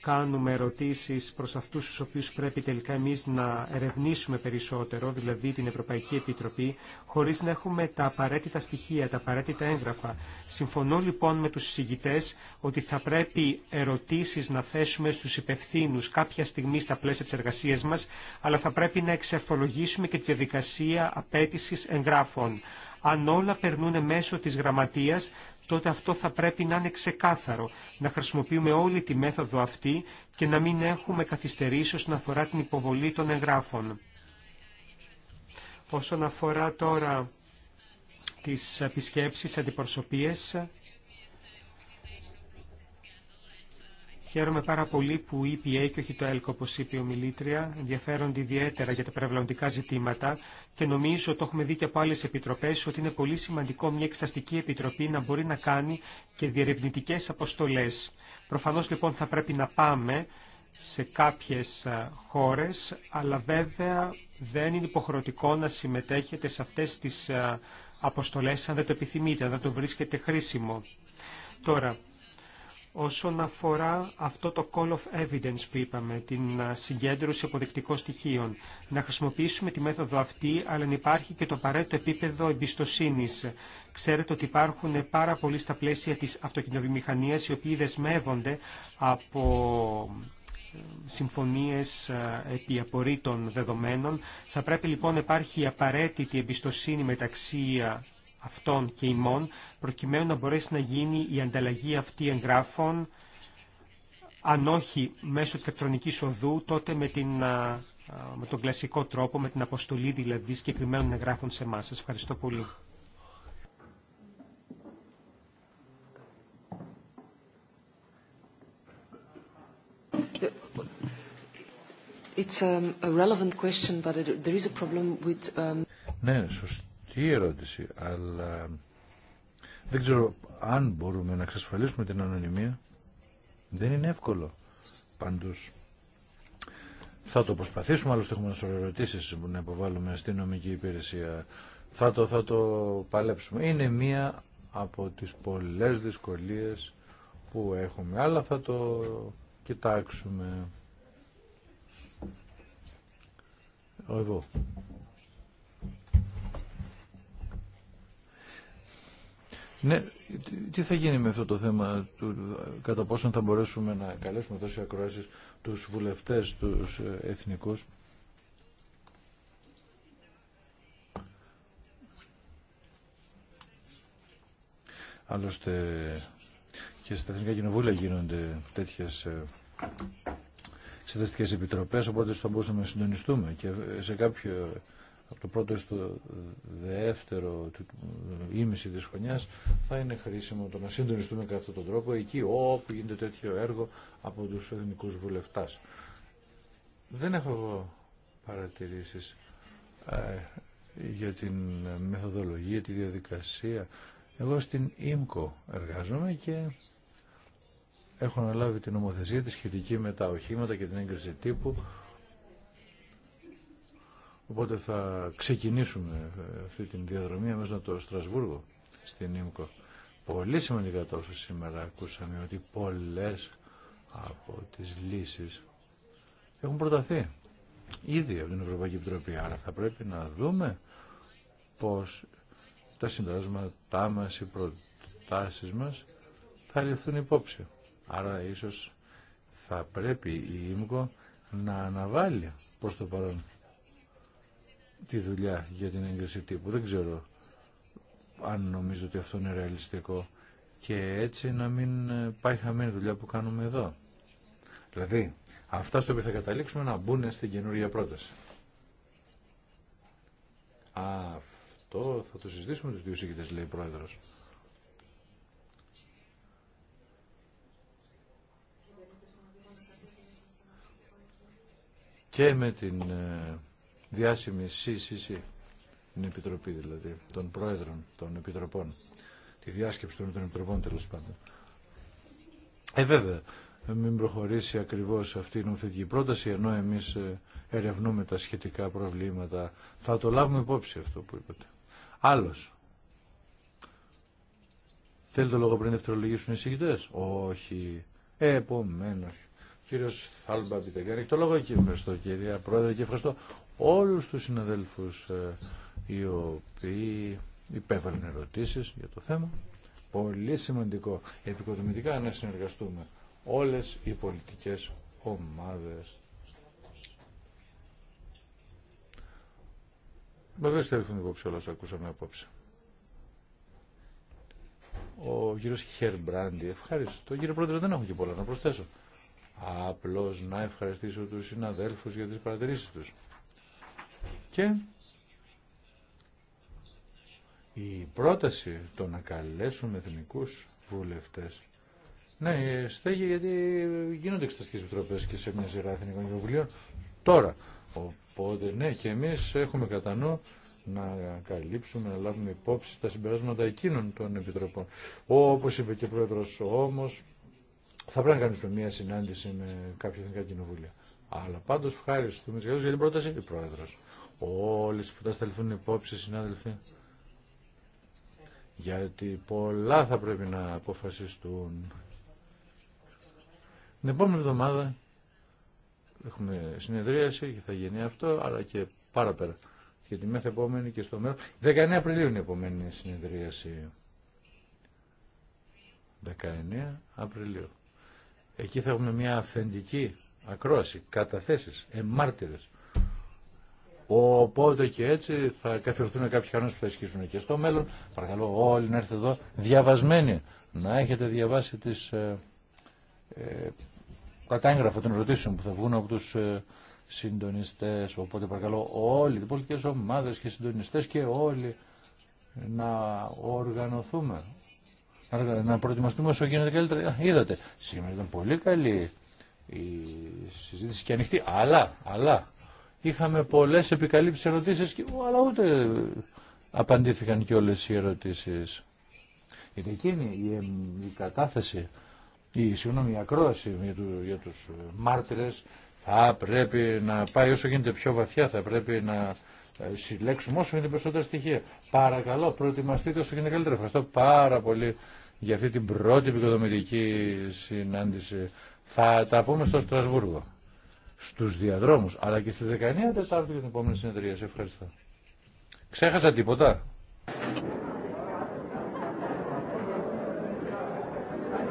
κάνουμε ερωτήσεις προς αυτούς τους οποίους πρέπει τελικά εμείς να ερευνήσουμε περισσότερο, δηλαδή την Ευρωπαϊκή Επιτροπή, χωρίς να έχουμε τα απαραίτητα στοιχεία, τα απαραίτητα έγγραφα. Συμφωνώ λοιπόν με τους συζητητές ότι θα πρέπει ερωτήσεις να θέσουμε στους υπευθύνους κάποια στιγμή στα πλαίσια της εργασίας μας, αλλά θα πρέπει να εξερθολογήσουμε και τη διαδικασία απέτηση εγγράφων. Αν όλα περνούν μέσω της γραμματείας, τότε αυτό θα πρέπει να είναι ξεκάθαρο, να χρησιμοποιούμε όλη τη μέθοδο αυτή και να μην έχουμε καθυστερήσει όσον αφορά την υποβολή των εγγράφων. Όσον αφορά τώρα τις επισκέψεις, αντιπροσωπείες, Χαίρομαι πάρα πολύ που η EPA και όχι το ΕΛΚΟ, όπω είπε η ομιλήτρια, ενδιαφέρονται ιδιαίτερα για τα περιβαλλοντικά ζητήματα και νομίζω το έχουμε δει και από άλλε επιτροπέ ότι είναι πολύ σημαντικό μια εξεταστική επιτροπή να μπορεί να κάνει και διερευνητικέ αποστολέ. Προφανώ λοιπόν θα πρέπει να πάμε σε κάποιε χώρε, αλλά βέβαια δεν είναι υποχρεωτικό να συμμετέχετε σε αυτέ τι αποστολέ αν δεν το επιθυμείτε, αν δεν το βρίσκετε χρήσιμο. Τώρα, όσον αφορά αυτό το call of evidence που είπαμε, την ε, συγκέντρωση αποδεκτικών στοιχείων. Να χρησιμοποιήσουμε τη μέθοδο αυτή, αλλά να υπάρχει και το απαραίτητο επίπεδο εμπιστοσύνη. Ξέρετε ότι υπάρχουν πάρα πολλοί στα πλαίσια της αυτοκινητοβιομηχανίας οι οποίοι δεσμεύονται από ε, συμφωνίες ε, επί απορρίτων δεδομένων. Θα πρέπει λοιπόν να υπάρχει απαραίτητη εμπιστοσύνη μεταξύ αυτών και ημών, προκειμένου να μπορέσει να γίνει η ανταλλαγή αυτή εγγράφων, αν όχι μέσω της ηλεκτρονικής οδού, τότε με, τον κλασικό τρόπο, με την αποστολή δηλαδή συγκεκριμένων εγγράφων σε εμάς. Σας ευχαριστώ πολύ. Ναι, σωστή τι ερώτηση, αλλά δεν ξέρω αν μπορούμε να εξασφαλίσουμε την ανωνυμία. Δεν είναι εύκολο πάντως. Θα το προσπαθήσουμε, άλλωστε έχουμε να που να υποβάλουμε στην νομική υπηρεσία. Θα το, θα το παλέψουμε. Είναι μία από τις πολλές δυσκολίες που έχουμε, αλλά θα το κοιτάξουμε. Εγώ. Ναι, τι θα γίνει με αυτό το θέμα του κατά πόσον θα μπορέσουμε να καλέσουμε τόσες ακροάσεις τους βουλευτές, τους ε, εθνικούς. Άλλωστε και στα Εθνικά Κοινοβούλια γίνονται τέτοιες ε, εξεταστικές επιτροπές, οπότε θα μπορούσαμε να συντονιστούμε και σε κάποιο από το πρώτο το δεύτερο ήμιση της χρονιάς θα είναι χρήσιμο το να συντονιστούμε κατά αυτόν τον τρόπο εκεί όπου γίνεται τέτοιο έργο από τους εθνικούς βουλευτάς. Δεν έχω εγώ παρατηρήσεις ε, για την μεθοδολογία, τη διαδικασία. Εγώ στην ΙΜΚΟ εργάζομαι και έχω αναλάβει την νομοθεσία τη σχετική με τα οχήματα και την έγκριση τύπου Οπότε θα ξεκινήσουμε ε, αυτή την διαδρομή μέσα από το Στρασβούργο στην ΙΜΚΟ. Πολύ σημαντικά τόσο σήμερα ακούσαμε ότι πολλές από τις λύσεις έχουν προταθεί ήδη από την Ευρωπαϊκή Επιτροπή. Άρα θα πρέπει να δούμε πώς τα συντάσματά μας, οι προτάσεις μας θα ληφθούν υπόψη. Άρα ίσως θα πρέπει η ΙΜΚΟ να αναβάλει προς το παρόν τη δουλειά για την έγκριση τύπου. Δεν ξέρω αν νομίζω ότι αυτό είναι ρεαλιστικό και έτσι να μην ε, πάει χαμένη δουλειά που κάνουμε εδώ. Δηλαδή, αυτά στο οποίο θα καταλήξουμε να μπουν στην καινούργια πρόταση. Αυτό θα το συζητήσουμε τους δύο σύγκριτες, λέει ο Πρόεδρος. Και με την ε, διάσημη CCC, την Επιτροπή δηλαδή, των Πρόεδρων των Επιτροπών, τη διάσκεψη των, Επιτροπών τέλο πάντων. Ε, βέβαια, μην προχωρήσει ακριβώς αυτή η νομοθετική πρόταση, ενώ εμείς ε, ερευνούμε τα σχετικά προβλήματα. Θα το λάβουμε υπόψη αυτό που είπατε. Άλλος. Θέλει το λόγο πριν ευθερολογήσουν οι συγκητές. Όχι. Επομένως. Κύριος Θάλμπα γαρε Το λόγο εκεί. ευχαριστώ κυρία Πρόεδρε και ευχαριστώ όλους τους συναδέλφους ε, οι οποίοι υπέβαλαν ερωτήσεις για το θέμα. Πολύ σημαντικό επικοδομητικά να συνεργαστούμε όλες οι πολιτικές ομάδες. Βεβαίως θα έρθουν υπόψη όλα όσα ακούσαμε απόψε. Ο κύριος Χερμπράντι, ευχαριστώ. Κύριε Πρόεδρε, δεν έχω και πολλά να προσθέσω. Απλώς να ευχαριστήσω τους συναδέλφους για τις παρατηρήσεις τους. Και η πρόταση το να καλέσουμε εθνικού βουλευτές ναι, στέγη γιατί γίνονται εξεταστικές επιτροπές και σε μια σειρά εθνικών κοινοβουλίων τώρα. Οπότε ναι και εμείς έχουμε κατά νου να καλύψουμε, να λάβουμε υπόψη τα συμπεράσματα εκείνων των επιτροπών. Όπως είπε και ο Πρόεδρος όμως, θα πρέπει να κάνουμε μια συνάντηση με κάποια εθνικά κοινοβούλια. Αλλά πάντως ευχαριστούμε για την πρόταση, του Πρόεδρος όλες που θα σταλθούν υπόψη συνάδελφοι γιατί πολλά θα πρέπει να αποφασιστούν. Την επόμενη εβδομάδα έχουμε συνεδρίαση και θα γίνει αυτό, αλλά και πάρα πέρα. Και τη μέθα επόμενη και στο μέλλον. 19 Απριλίου είναι η επόμενη συνεδρίαση. 19 Απριλίου. Εκεί θα έχουμε μια αυθεντική ακρόαση, καταθέσεις, εμάρτυρες. Οπότε και έτσι θα καθιερωθούν κάποιοι κανόνε που θα ισχύσουν και στο μέλλον. Παρακαλώ όλοι να έρθετε εδώ διαβασμένοι, να έχετε διαβάσει τις, ε, ε, κατάγραφα των ερωτήσεων που θα βγουν από του ε, Οπότε παρακαλώ όλοι, οι πολιτικέ ομάδε και συντονιστέ, και όλοι να οργανωθούμε. Να, να προετοιμαστούμε όσο γίνεται καλύτερα. Είδατε, σήμερα ήταν πολύ καλή η συζήτηση και ανοιχτή. Αλλά, αλλά, είχαμε πολλές επικαλύψεις ερωτήσεις, αλλά ούτε απαντήθηκαν και όλες οι ερωτήσεις. Γιατί εκείνη η, η κατάθεση, η, συγγνώμη, ακρόαση για, του, για τους μάρτυρες θα πρέπει να πάει όσο γίνεται πιο βαθιά, θα πρέπει να ε, συλλέξουμε όσο γίνεται περισσότερα στοιχεία. Παρακαλώ, προετοιμαστείτε όσο γίνεται καλύτερα. Ευχαριστώ πάρα πολύ για αυτή την πρώτη επικοδομητική συνάντηση. Θα τα πούμε στο Στρασβούργο. Στου διαδρόμου, αλλά και στι 19 Τετάρτου για την επόμενη συνεδρία. Σε ευχαριστώ. Ξέχασα τίποτα.